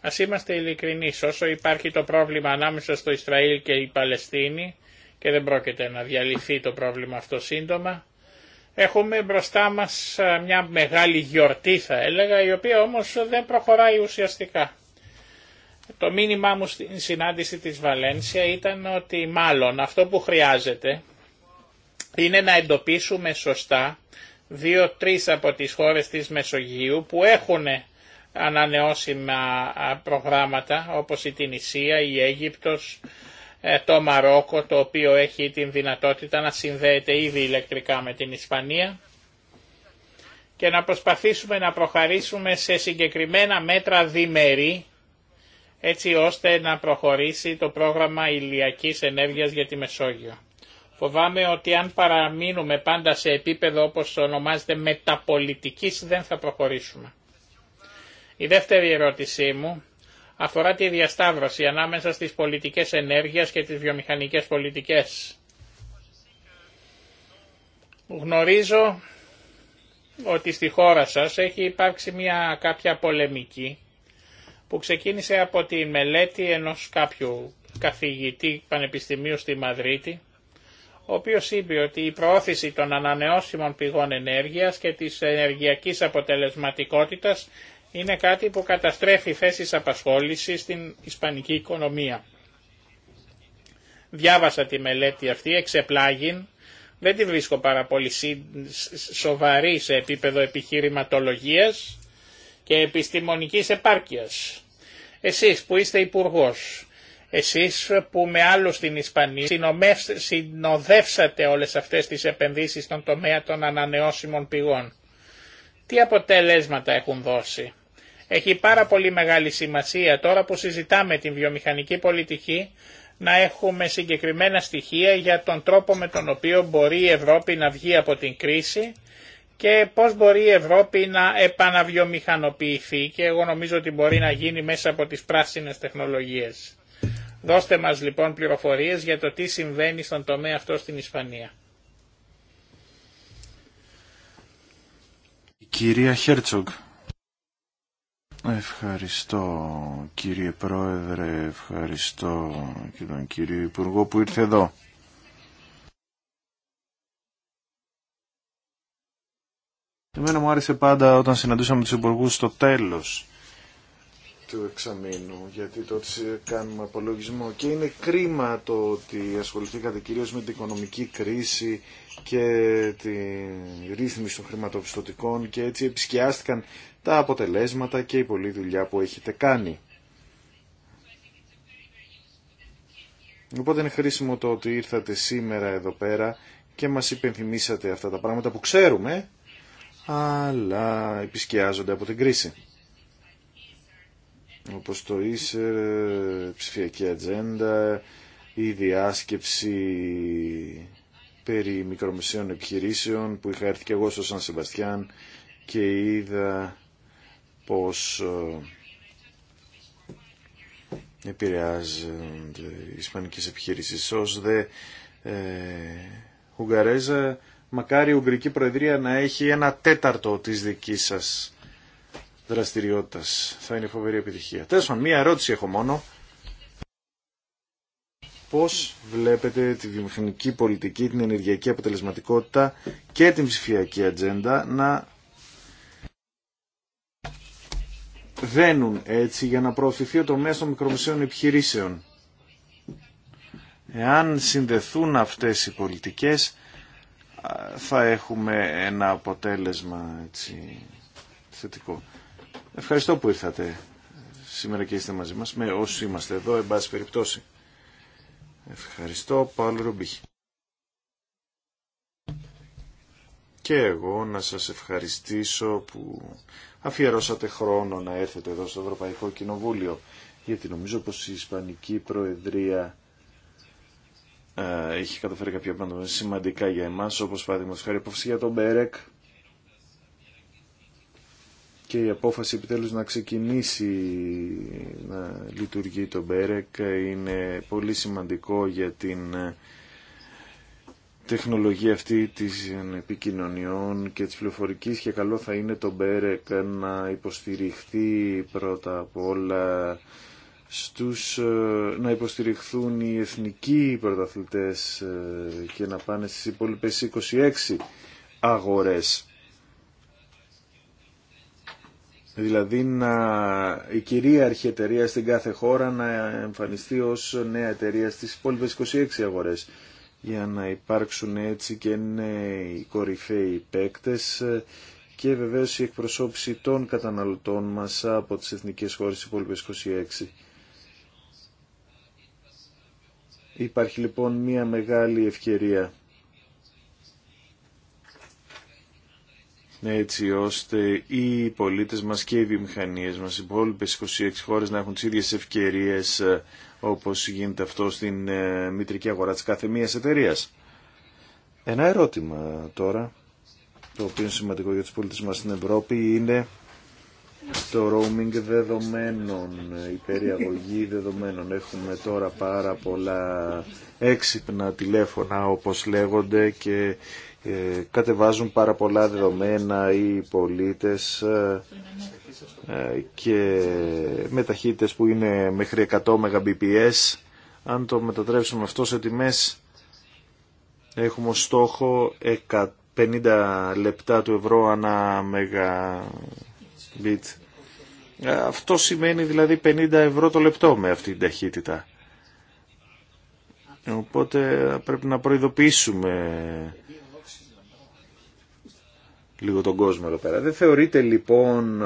Ας είμαστε ειλικρινεί, όσο υπάρχει το πρόβλημα ανάμεσα στο Ισραήλ και η Παλαιστίνη και δεν πρόκειται να διαλυθεί το πρόβλημα αυτό σύντομα, έχουμε μπροστά μας μια μεγάλη γιορτή θα έλεγα, η οποία όμως δεν προχωράει ουσιαστικά. Το μήνυμά μου στην συνάντηση της Βαλένσια ήταν ότι μάλλον αυτό που χρειάζεται είναι να εντοπίσουμε σωστά δύο-τρεις από τις χώρες της Μεσογείου που έχουν ανανεώσιμα προγράμματα όπως η Τινησία, η Αίγυπτος, ε, το Μαρόκο το οποίο έχει την δυνατότητα να συνδέεται ήδη ηλεκτρικά με την Ισπανία και να προσπαθήσουμε να προχωρήσουμε σε συγκεκριμένα μέτρα διμερή έτσι ώστε να προχωρήσει το πρόγραμμα ηλιακής ενέργειας για τη Μεσόγειο. Φοβάμαι ότι αν παραμείνουμε πάντα σε επίπεδο όπως ονομάζεται μεταπολιτικής δεν θα προχωρήσουμε. Η δεύτερη ερώτησή μου αφορά τη διασταύρωση ανάμεσα στις πολιτικές ενέργειας και τις βιομηχανικές πολιτικές. Γνωρίζω ότι στη χώρα σας έχει υπάρξει μια κάποια πολεμική που ξεκίνησε από τη μελέτη ενός κάποιου καθηγητή πανεπιστημίου στη Μαδρίτη, ο οποίος είπε ότι η προώθηση των ανανεώσιμων πηγών ενέργειας και της ενεργειακής αποτελεσματικότητας είναι κάτι που καταστρέφει θέσεις απασχόλησης στην ισπανική οικονομία. Διάβασα τη μελέτη αυτή, εξεπλάγην, δεν τη βρίσκω πάρα πολύ σοβαρή σε επίπεδο επιχειρηματολογίας και επιστημονικής επάρκειας. Εσείς που είστε υπουργός, εσείς που με άλλους στην Ισπανία συνοδεύσατε όλες αυτές τις επενδύσεις στον τομέα των ανανεώσιμων πηγών. Τι αποτελέσματα έχουν δώσει. Έχει πάρα πολύ μεγάλη σημασία τώρα που συζητάμε την βιομηχανική πολιτική να έχουμε συγκεκριμένα στοιχεία για τον τρόπο με τον οποίο μπορεί η Ευρώπη να βγει από την κρίση και πώς μπορεί η Ευρώπη να επαναβιομηχανοποιηθεί και εγώ νομίζω ότι μπορεί να γίνει μέσα από τις πράσινες τεχνολογίες. Δώστε μας λοιπόν πληροφορίες για το τι συμβαίνει στον τομέα αυτό στην Ισπανία. Κυρία Χέρτσογκ. Ευχαριστώ κύριε Πρόεδρε, ευχαριστώ και τον κύριο Υπουργό που ήρθε εδώ. Εμένα μου άρεσε πάντα όταν συναντούσαμε τους υπουργούς στο τέλος του εξαμήνου, γιατί τότε κάνουμε απολογισμό και είναι κρίμα το ότι ασχοληθήκατε κυρίως με την οικονομική κρίση και τη ρύθμιση των χρηματοπιστωτικών και έτσι επισκιάστηκαν τα αποτελέσματα και η πολλή δουλειά που έχετε κάνει. Οπότε είναι χρήσιμο το ότι ήρθατε σήμερα εδώ πέρα και μας υπενθυμίσατε αυτά τα πράγματα που ξέρουμε, αλλά επισκιάζονται από την κρίση. Όπως το ΙΣΕΡ, ψηφιακή ατζέντα, η διάσκεψη περί μικρομεσαίων επιχειρήσεων που είχα έρθει και εγώ στο Σαν Σεμπαστιάν και είδα πως ε, επηρεάζονται οι ισπανικές επιχείρησεις. Ως δε ε, Ουγγαρέζα, μακάρι η Ουγγρική Προεδρία να έχει ένα τέταρτο της δικής σας δραστηριότητας. Θα είναι φοβερή επιτυχία. Τέλος μία ερώτηση έχω μόνο. Πώς βλέπετε τη βιομηχανική πολιτική, την ενεργειακή αποτελεσματικότητα και την ψηφιακή ατζέντα να δένουν έτσι για να προωθηθεί ο τομέας των μικρομεσαίων επιχειρήσεων. Εάν συνδεθούν αυτές οι πολιτικές θα έχουμε ένα αποτέλεσμα έτσι, θετικό. Ευχαριστώ που ήρθατε σήμερα και είστε μαζί μας, με όσοι είμαστε εδώ, εν πάση περιπτώσει. Ευχαριστώ, Παύλο Ρουμπίχη. Και εγώ να σας ευχαριστήσω που αφιερώσατε χρόνο να έρθετε εδώ στο Ευρωπαϊκό Κοινοβούλιο, γιατί νομίζω πως η Ισπανική Προεδρία ε, έχει καταφέρει κάποια πράγματα σημαντικά για εμάς, όπως παραδείγματος χάρη υπόψη για τον Μπέρεκ και η απόφαση επιτέλους να ξεκινήσει να λειτουργεί το Μπέρεκ είναι πολύ σημαντικό για την ε, τεχνολογία αυτή της επικοινωνιών και της πληροφορικής και καλό θα είναι το Μπέρεκ να υποστηριχθεί πρώτα απ' όλα στους, ε, να υποστηριχθούν οι εθνικοί πρωταθλητές ε, και να πάνε στις υπόλοιπε 26 αγορές. Δηλαδή να, η κυρίαρχη εταιρεία στην κάθε χώρα να εμφανιστεί ως νέα εταιρεία στις υπόλοιπε 26 αγορές για να υπάρξουν έτσι και νέοι κορυφαίοι παίκτες και βεβαίως η εκπροσώπηση των καταναλωτών μας από τις εθνικές χώρες της 26. Υπάρχει λοιπόν μια μεγάλη ευκαιρία έτσι ώστε οι πολίτες μας και οι βιομηχανίες μας, οι υπόλοιπες 26 χώρες να έχουν τις ίδιες ευκαιρίες όπως γίνεται αυτό στην ε, μητρική αγορά της κάθε μίας εταιρείας. Ένα ερώτημα τώρα, το οποίο είναι σημαντικό για τους πολίτες μας στην Ευρώπη, είναι το roaming δεδομένων, η περιαγωγή δεδομένων. Έχουμε τώρα πάρα πολλά έξυπνα τηλέφωνα όπως λέγονται και ε, κατεβάζουν πάρα πολλά δεδομένα ή πολίτες ε, ε, και με ταχύτητες που είναι μέχρι 100 Mbps. Αν το μετατρέψουμε αυτό σε τιμές, έχουμε στόχο 50 λεπτά του ευρώ ανά Μbps. Αυτό σημαίνει δηλαδή 50 ευρώ το λεπτό με αυτή την ταχύτητα. Οπότε πρέπει να προειδοποιήσουμε λίγο τον κόσμο εδώ πέρα. Δεν θεωρείτε λοιπόν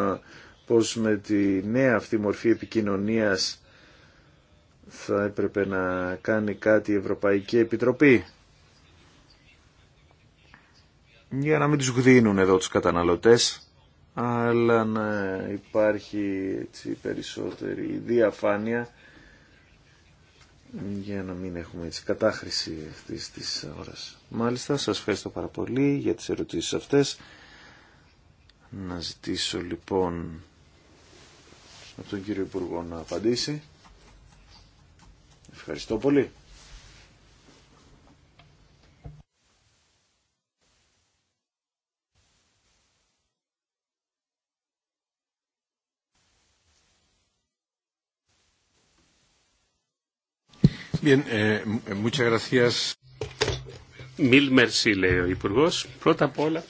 πως με τη νέα αυτή μορφή επικοινωνίας θα έπρεπε να κάνει κάτι η Ευρωπαϊκή Επιτροπή για να μην τους γδίνουν εδώ τους καταναλωτές αλλά να υπάρχει έτσι, περισσότερη διαφάνεια για να μην έχουμε έτσι, κατάχρηση αυτής της ώρας. Μάλιστα, σας ευχαριστώ πάρα πολύ για τις ερωτήσεις αυτές. Να ζητήσω λοιπόν από τον κύριο Υπουργό να απαντήσει. Ευχαριστώ πολύ. Bien, eh, muchas gracias. Mil merci, λέει ο Υπουργός. Πρώτα απ' όλα,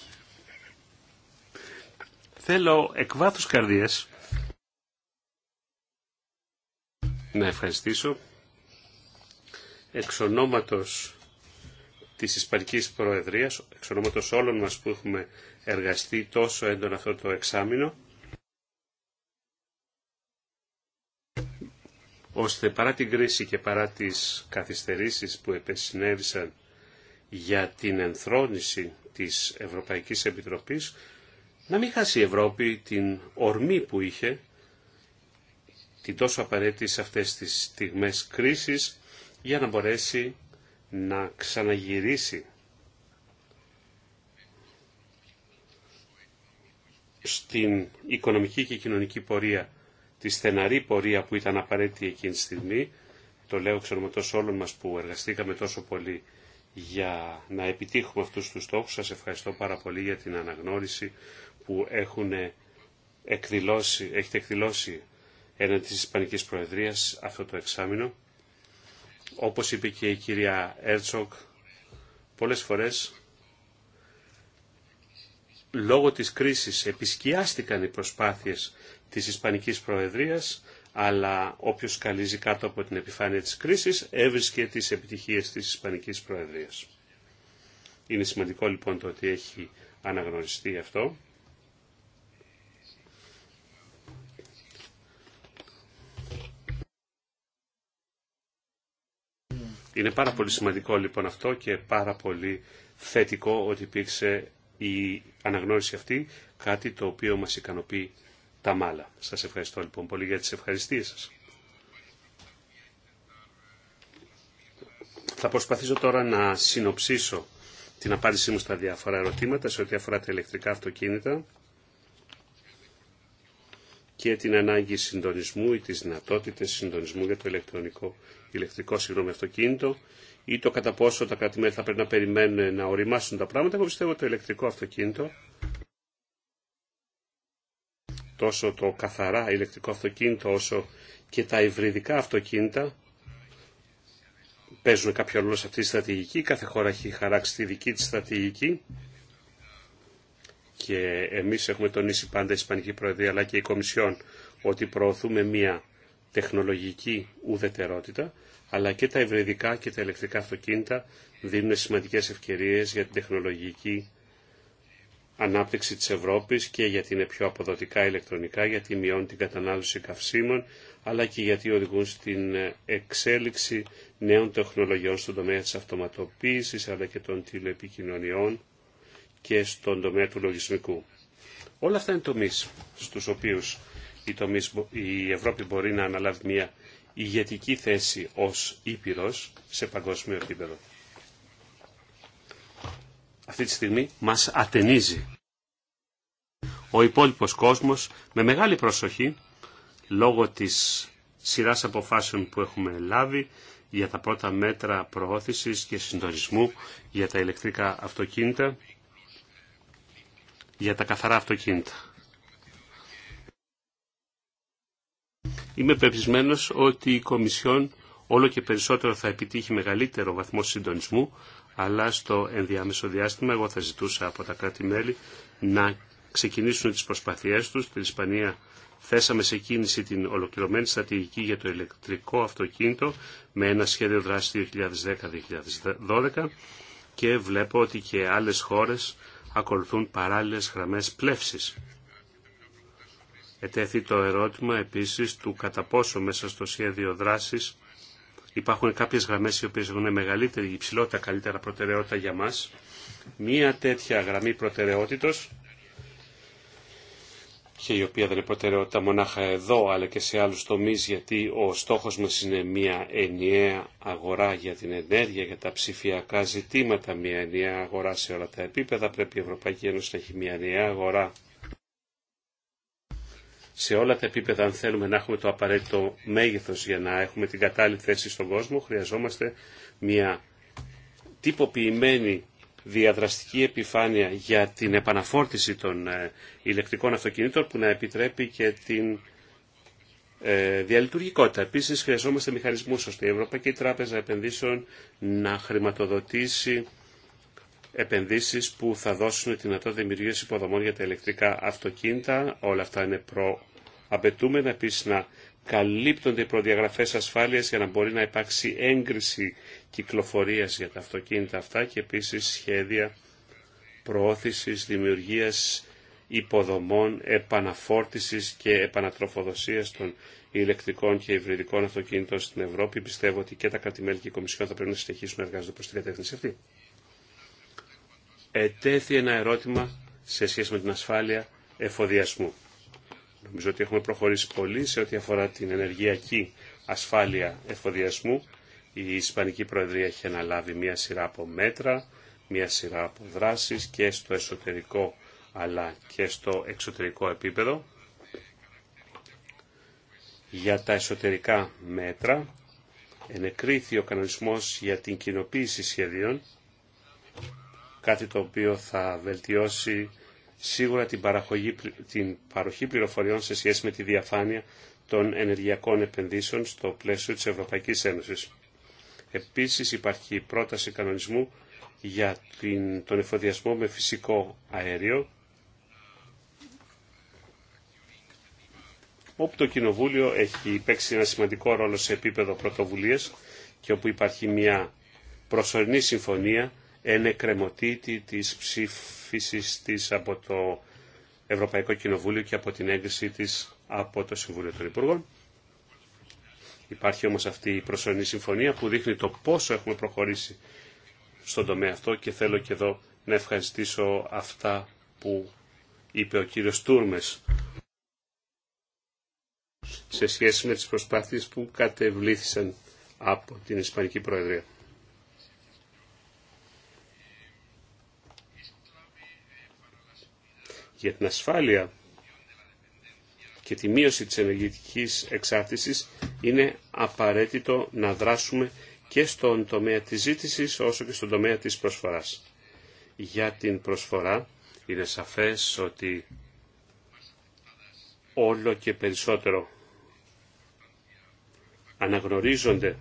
Θέλω εκ βάθους καρδίας να ευχαριστήσω εξ ονόματος της Ισπανικής Προεδρίας, εξ ονόματος όλων μας που έχουμε εργαστεί τόσο έντονα αυτό το εξάμεινο, ώστε παρά την κρίση και παρά τις καθυστερήσεις που επεσυνέβησαν για την ενθρόνηση της Ευρωπαϊκής Επιτροπής, να μην χάσει η Ευρώπη την ορμή που είχε, την τόσο απαραίτητη σε αυτές τις στιγμές κρίσης, για να μπορέσει να ξαναγυρίσει στην οικονομική και κοινωνική πορεία, τη στεναρή πορεία που ήταν απαραίτητη εκείνη τη στιγμή, το λέω εξορματός όλων μας που εργαστήκαμε τόσο πολύ για να επιτύχουμε αυτούς τους στόχους. Σας ευχαριστώ πάρα πολύ για την αναγνώριση που έχουν εκδηλώσει, έχετε εκδηλώσει έναντι της Ισπανικής Προεδρίας αυτό το εξάμεινο. Όπως είπε και η κυρία Έρτσοκ, πολλές φορές λόγω της κρίσης επισκιάστηκαν οι προσπάθειες της Ισπανικής Προεδρίας, αλλά όποιος καλύζει κάτω από την επιφάνεια της κρίσης έβρισκε τις επιτυχίες της Ισπανικής Προεδρίας. Είναι σημαντικό λοιπόν το ότι έχει αναγνωριστεί αυτό. Είναι πάρα πολύ σημαντικό λοιπόν αυτό και πάρα πολύ θετικό ότι υπήρξε η αναγνώριση αυτή, κάτι το οποίο μας ικανοποιεί τα μάλα. Σας ευχαριστώ λοιπόν πολύ για τις ευχαριστίες σας. Θα προσπαθήσω τώρα να συνοψίσω την απάντησή μου στα διάφορα ερωτήματα σε ό,τι αφορά τα ηλεκτρικά αυτοκίνητα και την ανάγκη συντονισμού ή τις δυνατότητες συντονισμού για το ηλεκτρονικό ηλεκτρικό συγγνώμη αυτοκίνητο ή το κατά πόσο τα κράτη-μέλη θα πρέπει να περιμένουν να οριμάσουν τα πράγματα. Εγώ πιστεύω το ηλεκτρικό αυτοκίνητο, τόσο το καθαρά ηλεκτρικό αυτοκίνητο όσο και τα υβριδικά αυτοκίνητα παίζουν κάποιο ρόλο σε αυτή τη στρατηγική. Κάθε χώρα έχει χαράξει τη δική της στρατηγική και εμείς έχουμε τονίσει πάντα η Ισπανική Προεδρία αλλά και η Κομισιόν ότι προωθούμε μια τεχνολογική ουδετερότητα, αλλά και τα ευρεδικά και τα ηλεκτρικά αυτοκίνητα δίνουν σημαντικές ευκαιρίες για την τεχνολογική ανάπτυξη της Ευρώπης και γιατί είναι πιο αποδοτικά ηλεκτρονικά, γιατί μειώνουν την κατανάλωση καυσίμων, αλλά και γιατί οδηγούν στην εξέλιξη νέων τεχνολογιών στον τομέα της αυτοματοποίησης, αλλά και των τηλεπικοινωνιών και στον τομέα του λογισμικού. Όλα αυτά είναι τομείς στους οποίους η Ευρώπη μπορεί να αναλάβει μια ηγετική θέση ως ήπειρος σε παγκόσμιο επίπεδο. Αυτή τη στιγμή μας ατενίζει. Ο υπόλοιπος κόσμος με μεγάλη προσοχή λόγω της σειράς αποφάσεων που έχουμε λάβει για τα πρώτα μέτρα προώθησης και συντορισμού για τα ηλεκτρικά αυτοκίνητα, για τα καθαρά αυτοκίνητα. Είμαι πεπισμένο ότι η Κομισιόν όλο και περισσότερο θα επιτύχει μεγαλύτερο βαθμό συντονισμού, αλλά στο ενδιάμεσο διάστημα εγώ θα ζητούσα από τα κράτη-μέλη να ξεκινήσουν τις προσπαθίες τους. Στην Ισπανία θέσαμε σε κίνηση την ολοκληρωμένη στρατηγική για το ηλεκτρικό αυτοκίνητο με ένα σχέδιο δράση 2010-2012 και βλέπω ότι και άλλες χώρες ακολουθούν παράλληλες γραμμές πλεύσης. Ετέθη το ερώτημα επίσης του κατά πόσο μέσα στο σχέδιο δράσης υπάρχουν κάποιες γραμμές οι οποίες έχουν μεγαλύτερη υψηλότητα, καλύτερα προτεραιότητα για μας. Μία τέτοια γραμμή προτεραιότητος και η οποία δεν είναι προτεραιότητα μονάχα εδώ αλλά και σε άλλους τομείς γιατί ο στόχος μας είναι μια ενιαία αγορά για την ενέργεια, για τα ψηφιακά ζητήματα, μια ενιαία αγορά σε όλα τα επίπεδα. Πρέπει η Ευρωπαϊκή Ένωση να έχει μια ενιαία αγορά σε όλα τα επίπεδα, αν θέλουμε να έχουμε το απαραίτητο μέγεθος για να έχουμε την κατάλληλη θέση στον κόσμο, χρειαζόμαστε μια τυποποιημένη διαδραστική επιφάνεια για την επαναφόρτιση των ε, ηλεκτρικών αυτοκινήτων που να επιτρέπει και την ε, διαλειτουργικότητα. Επίσης χρειαζόμαστε μηχανισμούς ώστε η Ευρωπαϊκή Τράπεζα Επενδύσεων να χρηματοδοτήσει επενδύσεις που θα δώσουν τη δυνατότητα δημιουργία υποδομών για τα ηλεκτρικά αυτοκίνητα. Όλα αυτά είναι προαπαιτούμενα. επίση να καλύπτονται οι προδιαγραφές ασφάλειας για να μπορεί να υπάρξει έγκριση κυκλοφορίας για τα αυτοκίνητα αυτά και επίσης σχέδια προώθησης δημιουργίας υποδομών επαναφόρτησης και επανατροφοδοσίας των ηλεκτρικών και υβριδικών αυτοκινήτων στην Ευρώπη. Πιστεύω ότι και τα κρατημέλη και η Κομισιόν θα πρέπει να συνεχίσουν να εργάζονται προς την κατεύθυνση αυτή ετέθη ένα ερώτημα σε σχέση με την ασφάλεια εφοδιασμού. Νομίζω ότι έχουμε προχωρήσει πολύ σε ό,τι αφορά την ενεργειακή ασφάλεια εφοδιασμού. Η Ισπανική Προεδρία έχει αναλάβει μία σειρά από μέτρα, μία σειρά από δράσεις και στο εσωτερικό αλλά και στο εξωτερικό επίπεδο. Για τα εσωτερικά μέτρα ενεκρίθη ο κανονισμός για την κοινοποίηση σχεδίων κάτι το οποίο θα βελτιώσει σίγουρα την, παραχωγή, την παροχή πληροφοριών σε σχέση με τη διαφάνεια των ενεργειακών επενδύσεων στο πλαίσιο της Ευρωπαϊκής Ένωσης. Επίσης υπάρχει πρόταση κανονισμού για την, τον εφοδιασμό με φυσικό αέριο, όπου το Κοινοβούλιο έχει παίξει ένα σημαντικό ρόλο σε επίπεδο πρωτοβουλίες και όπου υπάρχει μια προσωρινή συμφωνία εκκρεμωτήτη της ψήφισης της από το Ευρωπαϊκό Κοινοβούλιο και από την έγκριση της από το Συμβούλιο των Υπουργών. Υπάρχει όμως αυτή η προσωρινή συμφωνία που δείχνει το πόσο έχουμε προχωρήσει στον τομέα αυτό και θέλω και εδώ να ευχαριστήσω αυτά που είπε ο κύριος Τούρμες σε σχέση με τις προσπάθειες που κατεβλήθησαν από την Ισπανική Προεδρία. για την ασφάλεια και τη μείωση της ενεργητικής εξάρτησης είναι απαραίτητο να δράσουμε και στον τομέα της ζήτησης όσο και στον τομέα της προσφοράς. Για την προσφορά είναι σαφές ότι όλο και περισσότερο αναγνωρίζονται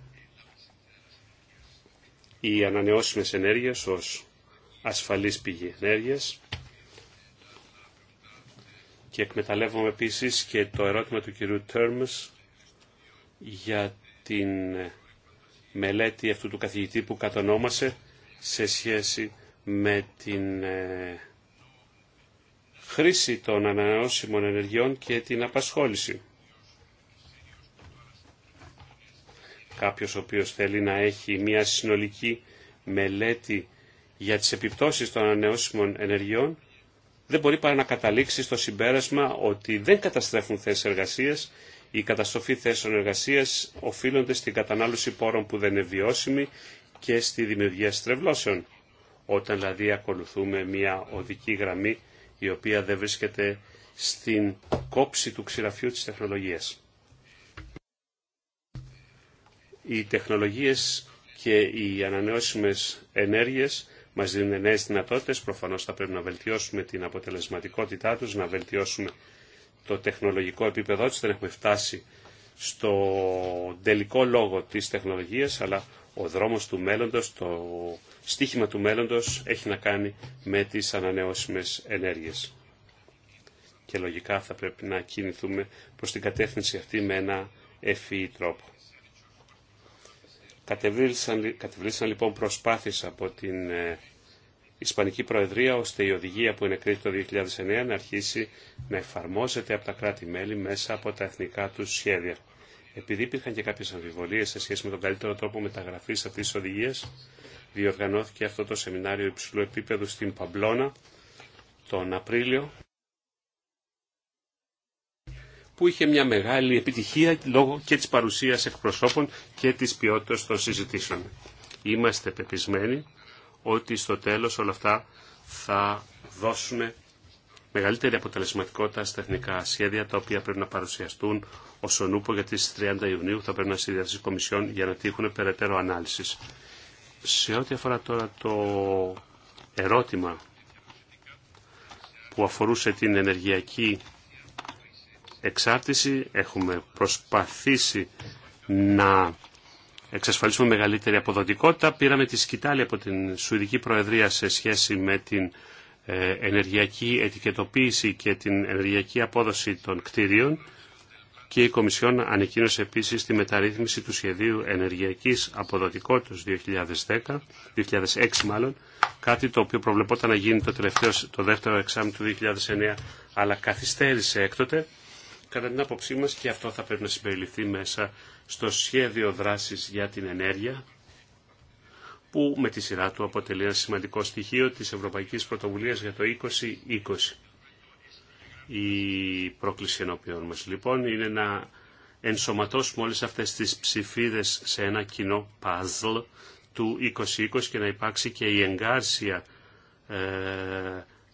οι ανανεώσιμες ενέργειες ως ασφαλής πηγή ενέργειας και εκμεταλλεύομαι επίσης και το ερώτημα του κυρίου Τέρμς για την μελέτη αυτού του καθηγητή που κατονόμασε σε σχέση με την ε, χρήση των ανανεώσιμων ενεργειών και την απασχόληση. Κάποιος ο οποίος θέλει να έχει μια συνολική μελέτη για τις επιπτώσεις των ανανεώσιμων ενεργειών δεν μπορεί παρά να καταλήξει στο συμπέρασμα ότι δεν καταστρέφουν θέσει εργασίας. Η καταστροφή θέσεων εργασία οφείλονται στην κατανάλωση πόρων που δεν είναι βιώσιμη και στη δημιουργία στρεβλώσεων. Όταν δηλαδή ακολουθούμε μια οδική γραμμή η οποία δεν βρίσκεται στην κόψη του ξηραφιού της τεχνολογίας. Οι τεχνολογίες και οι ανανεώσιμες ενέργειες μας δίνουν νέες δυνατότητες. Προφανώς θα πρέπει να βελτιώσουμε την αποτελεσματικότητά τους, να βελτιώσουμε το τεχνολογικό επίπεδό τους. Δεν έχουμε φτάσει στο τελικό λόγο της τεχνολογίας, αλλά ο δρόμος του μέλλοντος, το στίχημα του μέλλοντος έχει να κάνει με τις ανανεώσιμες ενέργειες. Και λογικά θα πρέπει να κινηθούμε προς την κατεύθυνση αυτή με ένα ευφυή τρόπο. Κατεβρίσαν λοιπόν προσπάθειες από την ε, Ισπανική Προεδρία ώστε η οδηγία που κρίτη το 2009 να αρχίσει να εφαρμόζεται από τα κράτη-μέλη μέσα από τα εθνικά τους σχέδια. Επειδή υπήρχαν και κάποιες αμφιβολίες σε σχέση με τον καλύτερο τρόπο μεταγραφής αυτής της οδηγίας, διοργανώθηκε αυτό το σεμινάριο υψηλού επίπεδου στην Παμπλώνα τον Απρίλιο που είχε μια μεγάλη επιτυχία λόγω και της παρουσίας εκπροσώπων και της ποιότητας των συζητήσεων. Είμαστε πεπισμένοι ότι στο τέλος όλα αυτά θα δώσουν μεγαλύτερη αποτελεσματικότητα στα εθνικά σχέδια τα οποία πρέπει να παρουσιαστούν ως ο νούπο για 30 Ιουνίου θα πρέπει να συνδυαστεί Κομισιόν για να τύχουν περαιτέρω ανάλυση. Σε ό,τι αφορά τώρα το ερώτημα που αφορούσε την ενεργειακή εξάρτηση, έχουμε προσπαθήσει να εξασφαλίσουμε μεγαλύτερη αποδοτικότητα. Πήραμε τη σκητάλη από την Σουηδική Προεδρία σε σχέση με την ε, ενεργειακή ετικετοποίηση και την ενεργειακή απόδοση των κτίριων και η Κομισιόν ανακοίνωσε επίσης τη μεταρρύθμιση του σχεδίου ενεργειακής αποδοτικότητας 2010, 2006 μάλλον, κάτι το οποίο προβλεπόταν να γίνει το, τελευταίο, το δεύτερο εξάμεινο του 2009, αλλά καθυστέρησε έκτοτε κατά την άποψή μας και αυτό θα πρέπει να συμπεριληφθεί μέσα στο σχέδιο δράσης για την ενέργεια που με τη σειρά του αποτελεί ένα σημαντικό στοιχείο της Ευρωπαϊκής Πρωτοβουλίας για το 2020. Η πρόκληση ενώπιον μας λοιπόν είναι να ενσωματώσουμε όλες αυτές τις ψηφίδες σε ένα κοινό παζλ του 2020 και να υπάρξει και η εγκάρσια ε,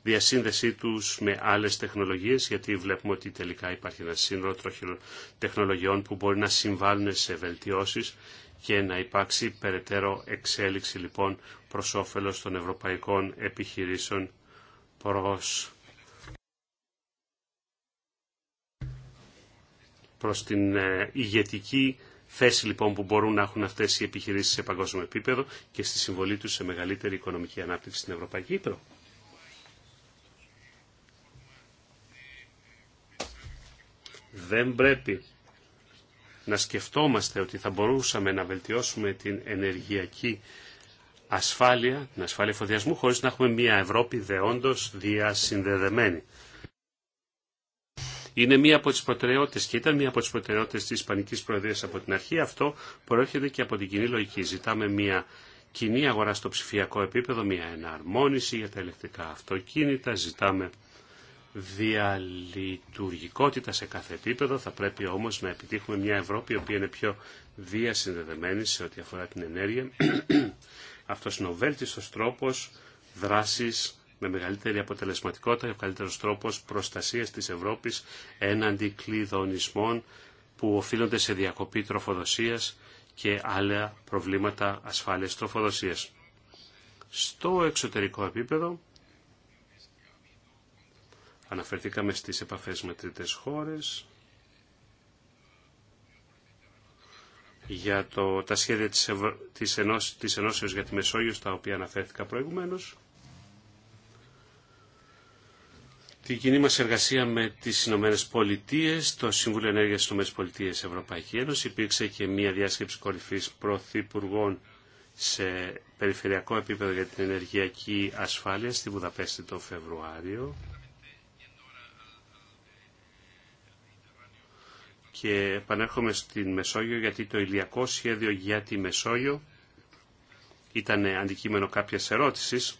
διασύνδεσή τους με άλλες τεχνολογίες, γιατί βλέπουμε ότι τελικά υπάρχει ένα σύνολο τεχνολογιών που μπορεί να συμβάλλουν σε βελτιώσεις και να υπάρξει περαιτέρω εξέλιξη λοιπόν προς όφελος των ευρωπαϊκών επιχειρήσεων προς, προς την ε, ηγετική θέση λοιπόν που μπορούν να έχουν αυτές οι επιχειρήσεις σε παγκόσμιο επίπεδο και στη συμβολή τους σε μεγαλύτερη οικονομική ανάπτυξη στην Ευρωπαϊκή Ήπειρο. δεν πρέπει να σκεφτόμαστε ότι θα μπορούσαμε να βελτιώσουμε την ενεργειακή ασφάλεια, την ασφάλεια εφοδιασμού, χωρίς να έχουμε μια Ευρώπη δεόντως διασυνδεδεμένη. Είναι μία από τις προτεραιότητες και ήταν μία από τις προτεραιότητες της Ισπανικής Προεδρίας από την αρχή. Αυτό προέρχεται και από την κοινή λογική. Ζητάμε μία κοινή αγορά στο ψηφιακό επίπεδο, μία εναρμόνιση για τα ηλεκτρικά αυτοκίνητα, ζητάμε διαλειτουργικότητα σε κάθε επίπεδο. Θα πρέπει όμως να επιτύχουμε μια Ευρώπη η οποία είναι πιο διασυνδεδεμένη σε ό,τι αφορά την ενέργεια. Αυτός είναι ο βέλτιστος τρόπος δράσης με μεγαλύτερη αποτελεσματικότητα και ο καλύτερος τρόπος προστασίας της Ευρώπης έναντι κλειδονισμών που οφείλονται σε διακοπή τροφοδοσίας και άλλα προβλήματα ασφάλειας τροφοδοσίας. Στο εξωτερικό επίπεδο Αναφερθήκαμε στις επαφές με τρίτες χώρες. Για το, τα σχέδια της, Ευ... της, της Ενώσεως για τη Μεσόγειο, στα οποία αναφέρθηκα προηγουμένως. Τη κοινή μας εργασία με τις Ηνωμένες Πολιτείες, το Συμβούλιο Ενέργειας της Ηνωμένες Πολιτείες Ευρωπαϊκή Ένωση, υπήρξε και μία διάσκεψη κορυφής πρωθυπουργών σε περιφερειακό επίπεδο για την ενεργειακή ασφάλεια στη Βουδαπέστη το Φεβρουάριο. Και επανέρχομαι στην Μεσόγειο γιατί το ηλιακό σχέδιο για τη Μεσόγειο ήταν αντικείμενο κάποιας ερώτησης.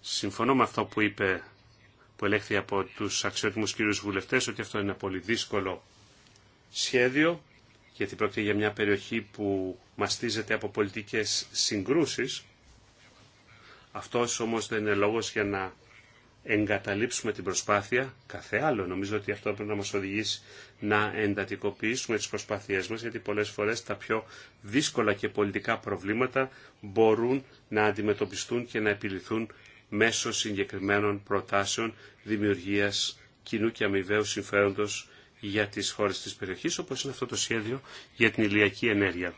Συμφωνώ με αυτό που είπε, που ελέγχθη από τους αξιότιμους κύριους βουλευτές, ότι αυτό είναι ένα πολύ δύσκολο σχέδιο, γιατί πρόκειται για μια περιοχή που μαστίζεται από πολιτικές συγκρούσεις. Αυτός όμως δεν είναι λόγος για να εγκαταλείψουμε την προσπάθεια, κάθε άλλο. Νομίζω ότι αυτό πρέπει να μας οδηγήσει να εντατικοποιήσουμε τις προσπάθειές μας, γιατί πολλές φορές τα πιο δύσκολα και πολιτικά προβλήματα μπορούν να αντιμετωπιστούν και να επιληθούν μέσω συγκεκριμένων προτάσεων δημιουργίας κοινού και αμοιβαίου συμφέροντος για τις χώρες της περιοχής, όπως είναι αυτό το σχέδιο για την ηλιακή ενέργεια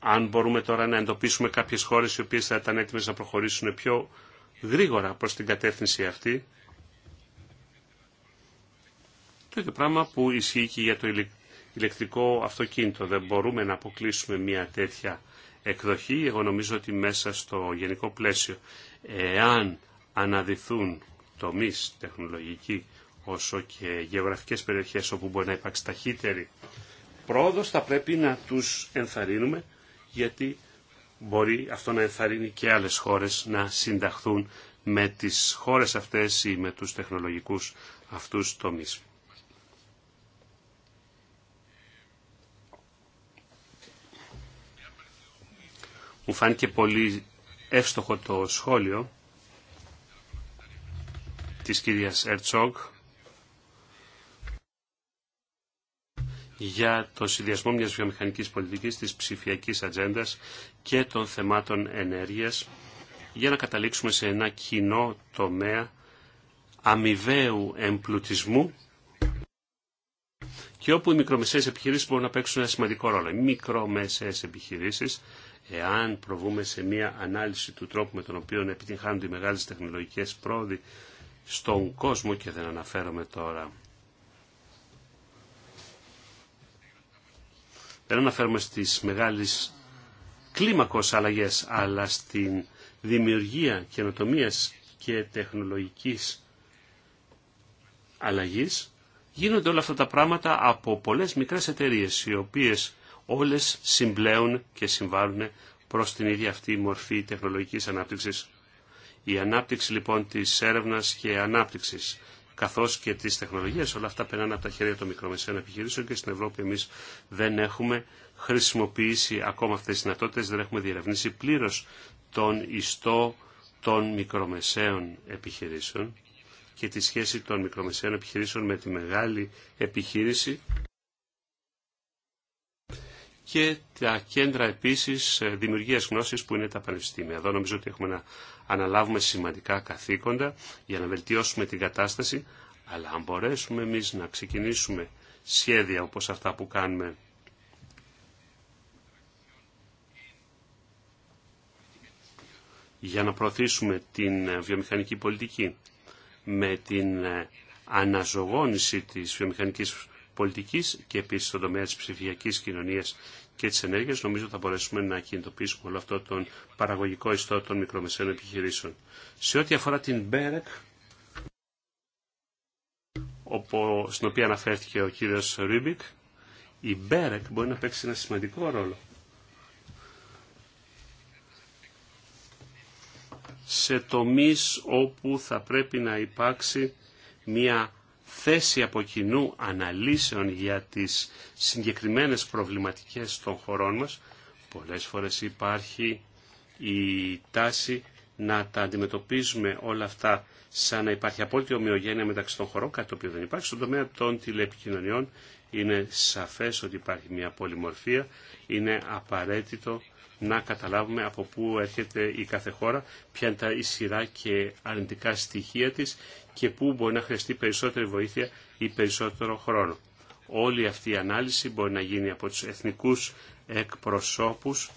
αν μπορούμε τώρα να εντοπίσουμε κάποιες χώρες οι οποίες θα ήταν έτοιμες να προχωρήσουν πιο γρήγορα προς την κατεύθυνση αυτή. Το ίδιο πράγμα που ισχύει και για το ηλεκτρικό αυτοκίνητο. Δεν μπορούμε να αποκλείσουμε μια τέτοια εκδοχή. Εγώ νομίζω ότι μέσα στο γενικό πλαίσιο, εάν αναδυθούν τομείς τεχνολογικοί όσο και γεωγραφικές περιοχές όπου μπορεί να υπάρξει ταχύτερη πρόοδος, θα πρέπει να τους ενθαρρύνουμε γιατί μπορεί αυτό να ενθαρρύνει και άλλες χώρες να συνταχθούν με τις χώρες αυτές ή με τους τεχνολογικούς αυτούς τομείς. Μου φάνηκε πολύ εύστοχο το σχόλιο της κυρίας Ερτσόγκ για το συνδυασμό μιας βιομηχανικής πολιτικής, της ψηφιακής ατζέντα και των θεμάτων ενέργειας για να καταλήξουμε σε ένα κοινό τομέα αμοιβαίου εμπλουτισμού και όπου οι μικρομεσαίες επιχειρήσεις μπορούν να παίξουν ένα σημαντικό ρόλο. Οι μικρομεσαίες επιχειρήσεις, εάν προβούμε σε μια ανάλυση του τρόπου με τον οποίο επιτυγχάνονται οι μεγάλες τεχνολογικές πρόοδοι στον κόσμο και δεν αναφέρομαι τώρα δεν αναφέρομαι στις μεγάλες κλίμακος αλλαγές, αλλά στην δημιουργία καινοτομίας και τεχνολογικής αλλαγής, γίνονται όλα αυτά τα πράγματα από πολλές μικρές εταιρείες, οι οποίες όλες συμπλέουν και συμβάλλουν προς την ίδια αυτή μορφή τεχνολογικής ανάπτυξης. Η ανάπτυξη λοιπόν της έρευνας και ανάπτυξης καθώς και τι τεχνολογίε Όλα αυτά περνάνε από τα χέρια των μικρομεσαίων επιχειρήσεων και στην Ευρώπη εμείς δεν έχουμε χρησιμοποιήσει ακόμα αυτές τις δυνατότητε, δεν έχουμε διερευνήσει πλήρως τον ιστό των μικρομεσαίων επιχειρήσεων και τη σχέση των μικρομεσαίων επιχειρήσεων με τη μεγάλη επιχείρηση και τα κέντρα επίσης δημιουργίας γνώσης που είναι τα πανεπιστήμια. Εδώ νομίζω ότι έχουμε ένα αναλάβουμε σημαντικά καθήκοντα για να βελτιώσουμε την κατάσταση, αλλά αν μπορέσουμε εμείς να ξεκινήσουμε σχέδια όπως αυτά που κάνουμε για να προωθήσουμε την ε, βιομηχανική πολιτική με την ε, αναζωγόνηση της βιομηχανικής πολιτικής και επίσης στον τομέα της ψηφιακής κοινωνίας και τις ενέργειες, νομίζω θα μπορέσουμε να κινητοποιήσουμε όλο αυτό τον παραγωγικό ιστό των μικρομεσαίων επιχειρήσεων. Σε ό,τι αφορά την Μπέρεκ, στην οποία αναφέρθηκε ο κύριος Ρίμπικ, η Μπέρεκ μπορεί να παίξει ένα σημαντικό ρόλο. σε τομείς όπου θα πρέπει να υπάρξει μια θέση από κοινού αναλύσεων για τις συγκεκριμένες προβληματικές των χωρών μας, πολλές φορές υπάρχει η τάση να τα αντιμετωπίζουμε όλα αυτά σαν να υπάρχει απόλυτη ομοιογένεια μεταξύ των χωρών, κάτι το οποίο δεν υπάρχει. Στον τομέα των τηλεπικοινωνιών είναι σαφές ότι υπάρχει μια πολυμορφία, είναι απαραίτητο να καταλάβουμε από πού έρχεται η κάθε χώρα, ποια είναι τα ισχυρά και αρνητικά στοιχεία της και πού μπορεί να χρειαστεί περισσότερη βοήθεια ή περισσότερο χρόνο. Όλη αυτή η ανάλυση μπορεί να γίνει από τους εθνικούς εκπροσώπους,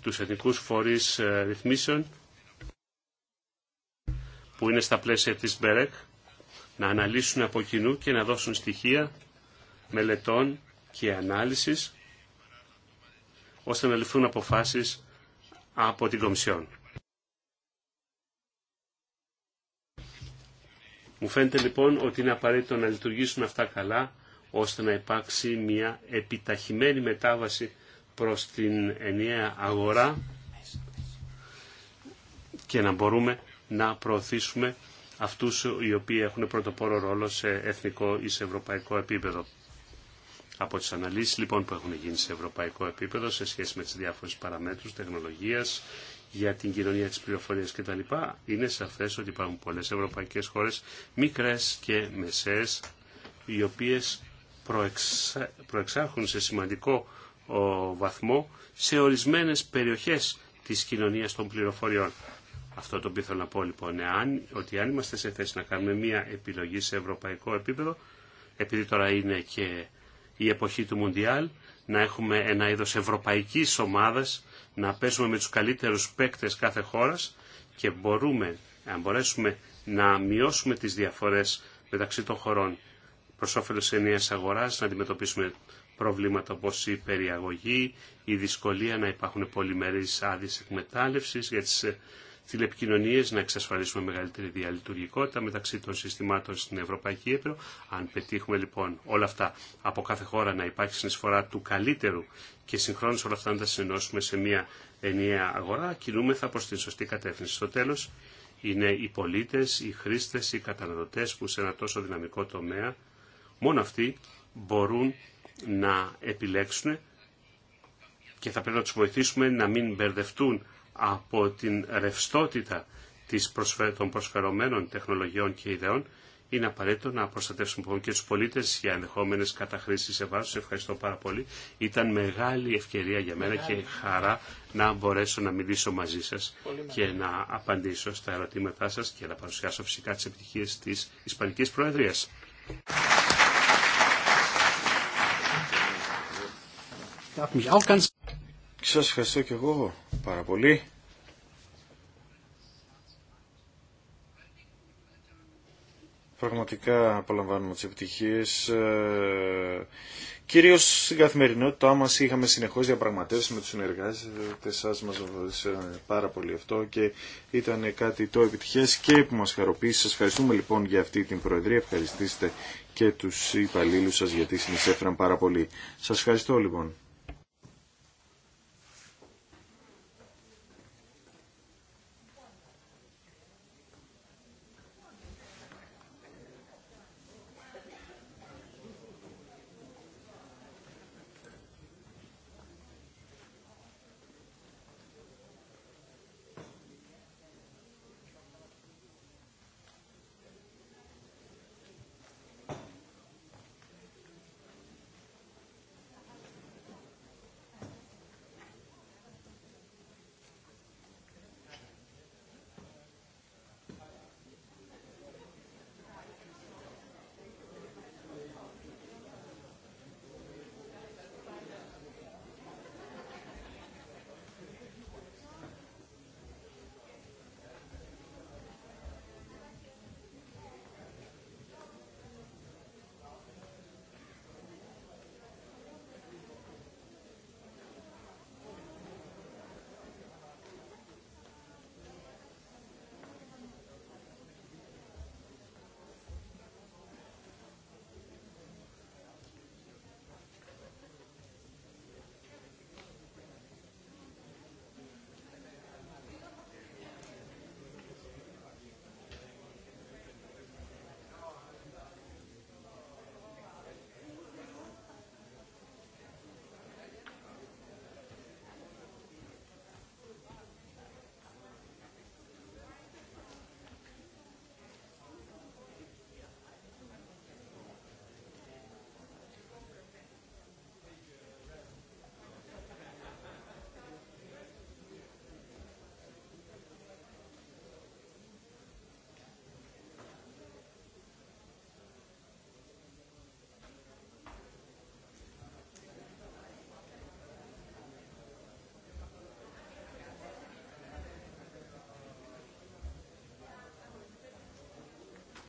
τους εθνικούς φορείς ε, ρυθμίσεων, που είναι στα πλαίσια της ΜΠΕΡΕΚ, να αναλύσουν από κοινού και να δώσουν στοιχεία μελετών και ανάλυσης ώστε να ληφθούν αποφάσεις από την Κομισιόν. Μου φαίνεται λοιπόν ότι είναι απαραίτητο να λειτουργήσουν αυτά καλά ώστε να υπάρξει μια επιταχυμένη μετάβαση προς την ενιαία αγορά και να μπορούμε να προωθήσουμε αυτούς οι οποίοι έχουν πρωτοπόρο ρόλο σε εθνικό ή σε ευρωπαϊκό επίπεδο. Από τις αναλύσεις λοιπόν που έχουν γίνει σε ευρωπαϊκό επίπεδο σε σχέση με τις διάφορες παραμέτρους τεχνολογίας για την κοινωνία της πληροφορίας κτλ. Είναι σαφές ότι υπάρχουν πολλές ευρωπαϊκές χώρες, μικρές και μεσαίες, οι οποίες προεξα... προεξάρχουν σε σημαντικό βαθμό σε ορισμένες περιοχές της κοινωνίας των πληροφοριών. Αυτό το οποίο θέλω να πω λοιπόν είναι ότι αν είμαστε σε θέση να κάνουμε μία επιλογή σε ευρωπαϊκό επίπεδο, επειδή τώρα είναι και η εποχή του Μουντιάλ, να έχουμε ένα είδος ευρωπαϊκής ομάδας, να παίζουμε με τους καλύτερους παίκτες κάθε χώρας και μπορούμε, αν μπορέσουμε να μειώσουμε τις διαφορές μεταξύ των χωρών προς όφελος ενίας αγοράς, να αντιμετωπίσουμε προβλήματα όπως η περιαγωγή, η δυσκολία να υπάρχουν πολυμερείς άδειες εκμετάλλευσης για τις ε, τηλεπικοινωνίε, να εξασφαλίσουμε μεγαλύτερη διαλειτουργικότητα μεταξύ των συστημάτων στην Ευρωπαϊκή Ήπειρο. Αν πετύχουμε λοιπόν όλα αυτά από κάθε χώρα να υπάρχει συνεισφορά του καλύτερου και συγχρόνω όλα αυτά να τα συνενώσουμε σε μια ενιαία αγορά, κινούμεθα προ την σωστή κατεύθυνση. Στο τέλο. είναι οι πολίτε, οι χρήστε, οι καταναλωτέ που σε ένα τόσο δυναμικό τομέα μόνο αυτοί μπορούν να επιλέξουν και θα πρέπει να τους βοηθήσουμε να μην μπερδευτούν από την ρευστότητα της των προσφερωμένων τεχνολογιών και ιδεών, είναι απαραίτητο να προστατεύσουμε λοιπόν και τους πολίτες για ενδεχόμενες καταχρήσεις σε βάρος. Ευχαριστώ πάρα πολύ. Ήταν μεγάλη ευκαιρία για μένα και χαρά να μπορέσω να μιλήσω μαζί σας και να απαντήσω στα ερωτήματά σας και να παρουσιάσω φυσικά τις επιτυχίες της Ισπανικής Προεδρίας. Και σας ευχαριστώ και εγώ πάρα πολύ. Πραγματικά απολαμβάνουμε τις επιτυχίες. Ε, κυρίως στην καθημερινότητά μας είχαμε συνεχώς διαπραγματεύσει με τους συνεργάτες σας, μας βοήθησε πάρα πολύ αυτό και ήταν κάτι το επιτυχές και που μας χαροποίησε. Σας ευχαριστούμε λοιπόν για αυτή την Προεδρία, ευχαριστήστε και τους υπαλλήλους σας γιατί συνεισέφεραν πάρα πολύ. Σας ευχαριστώ λοιπόν.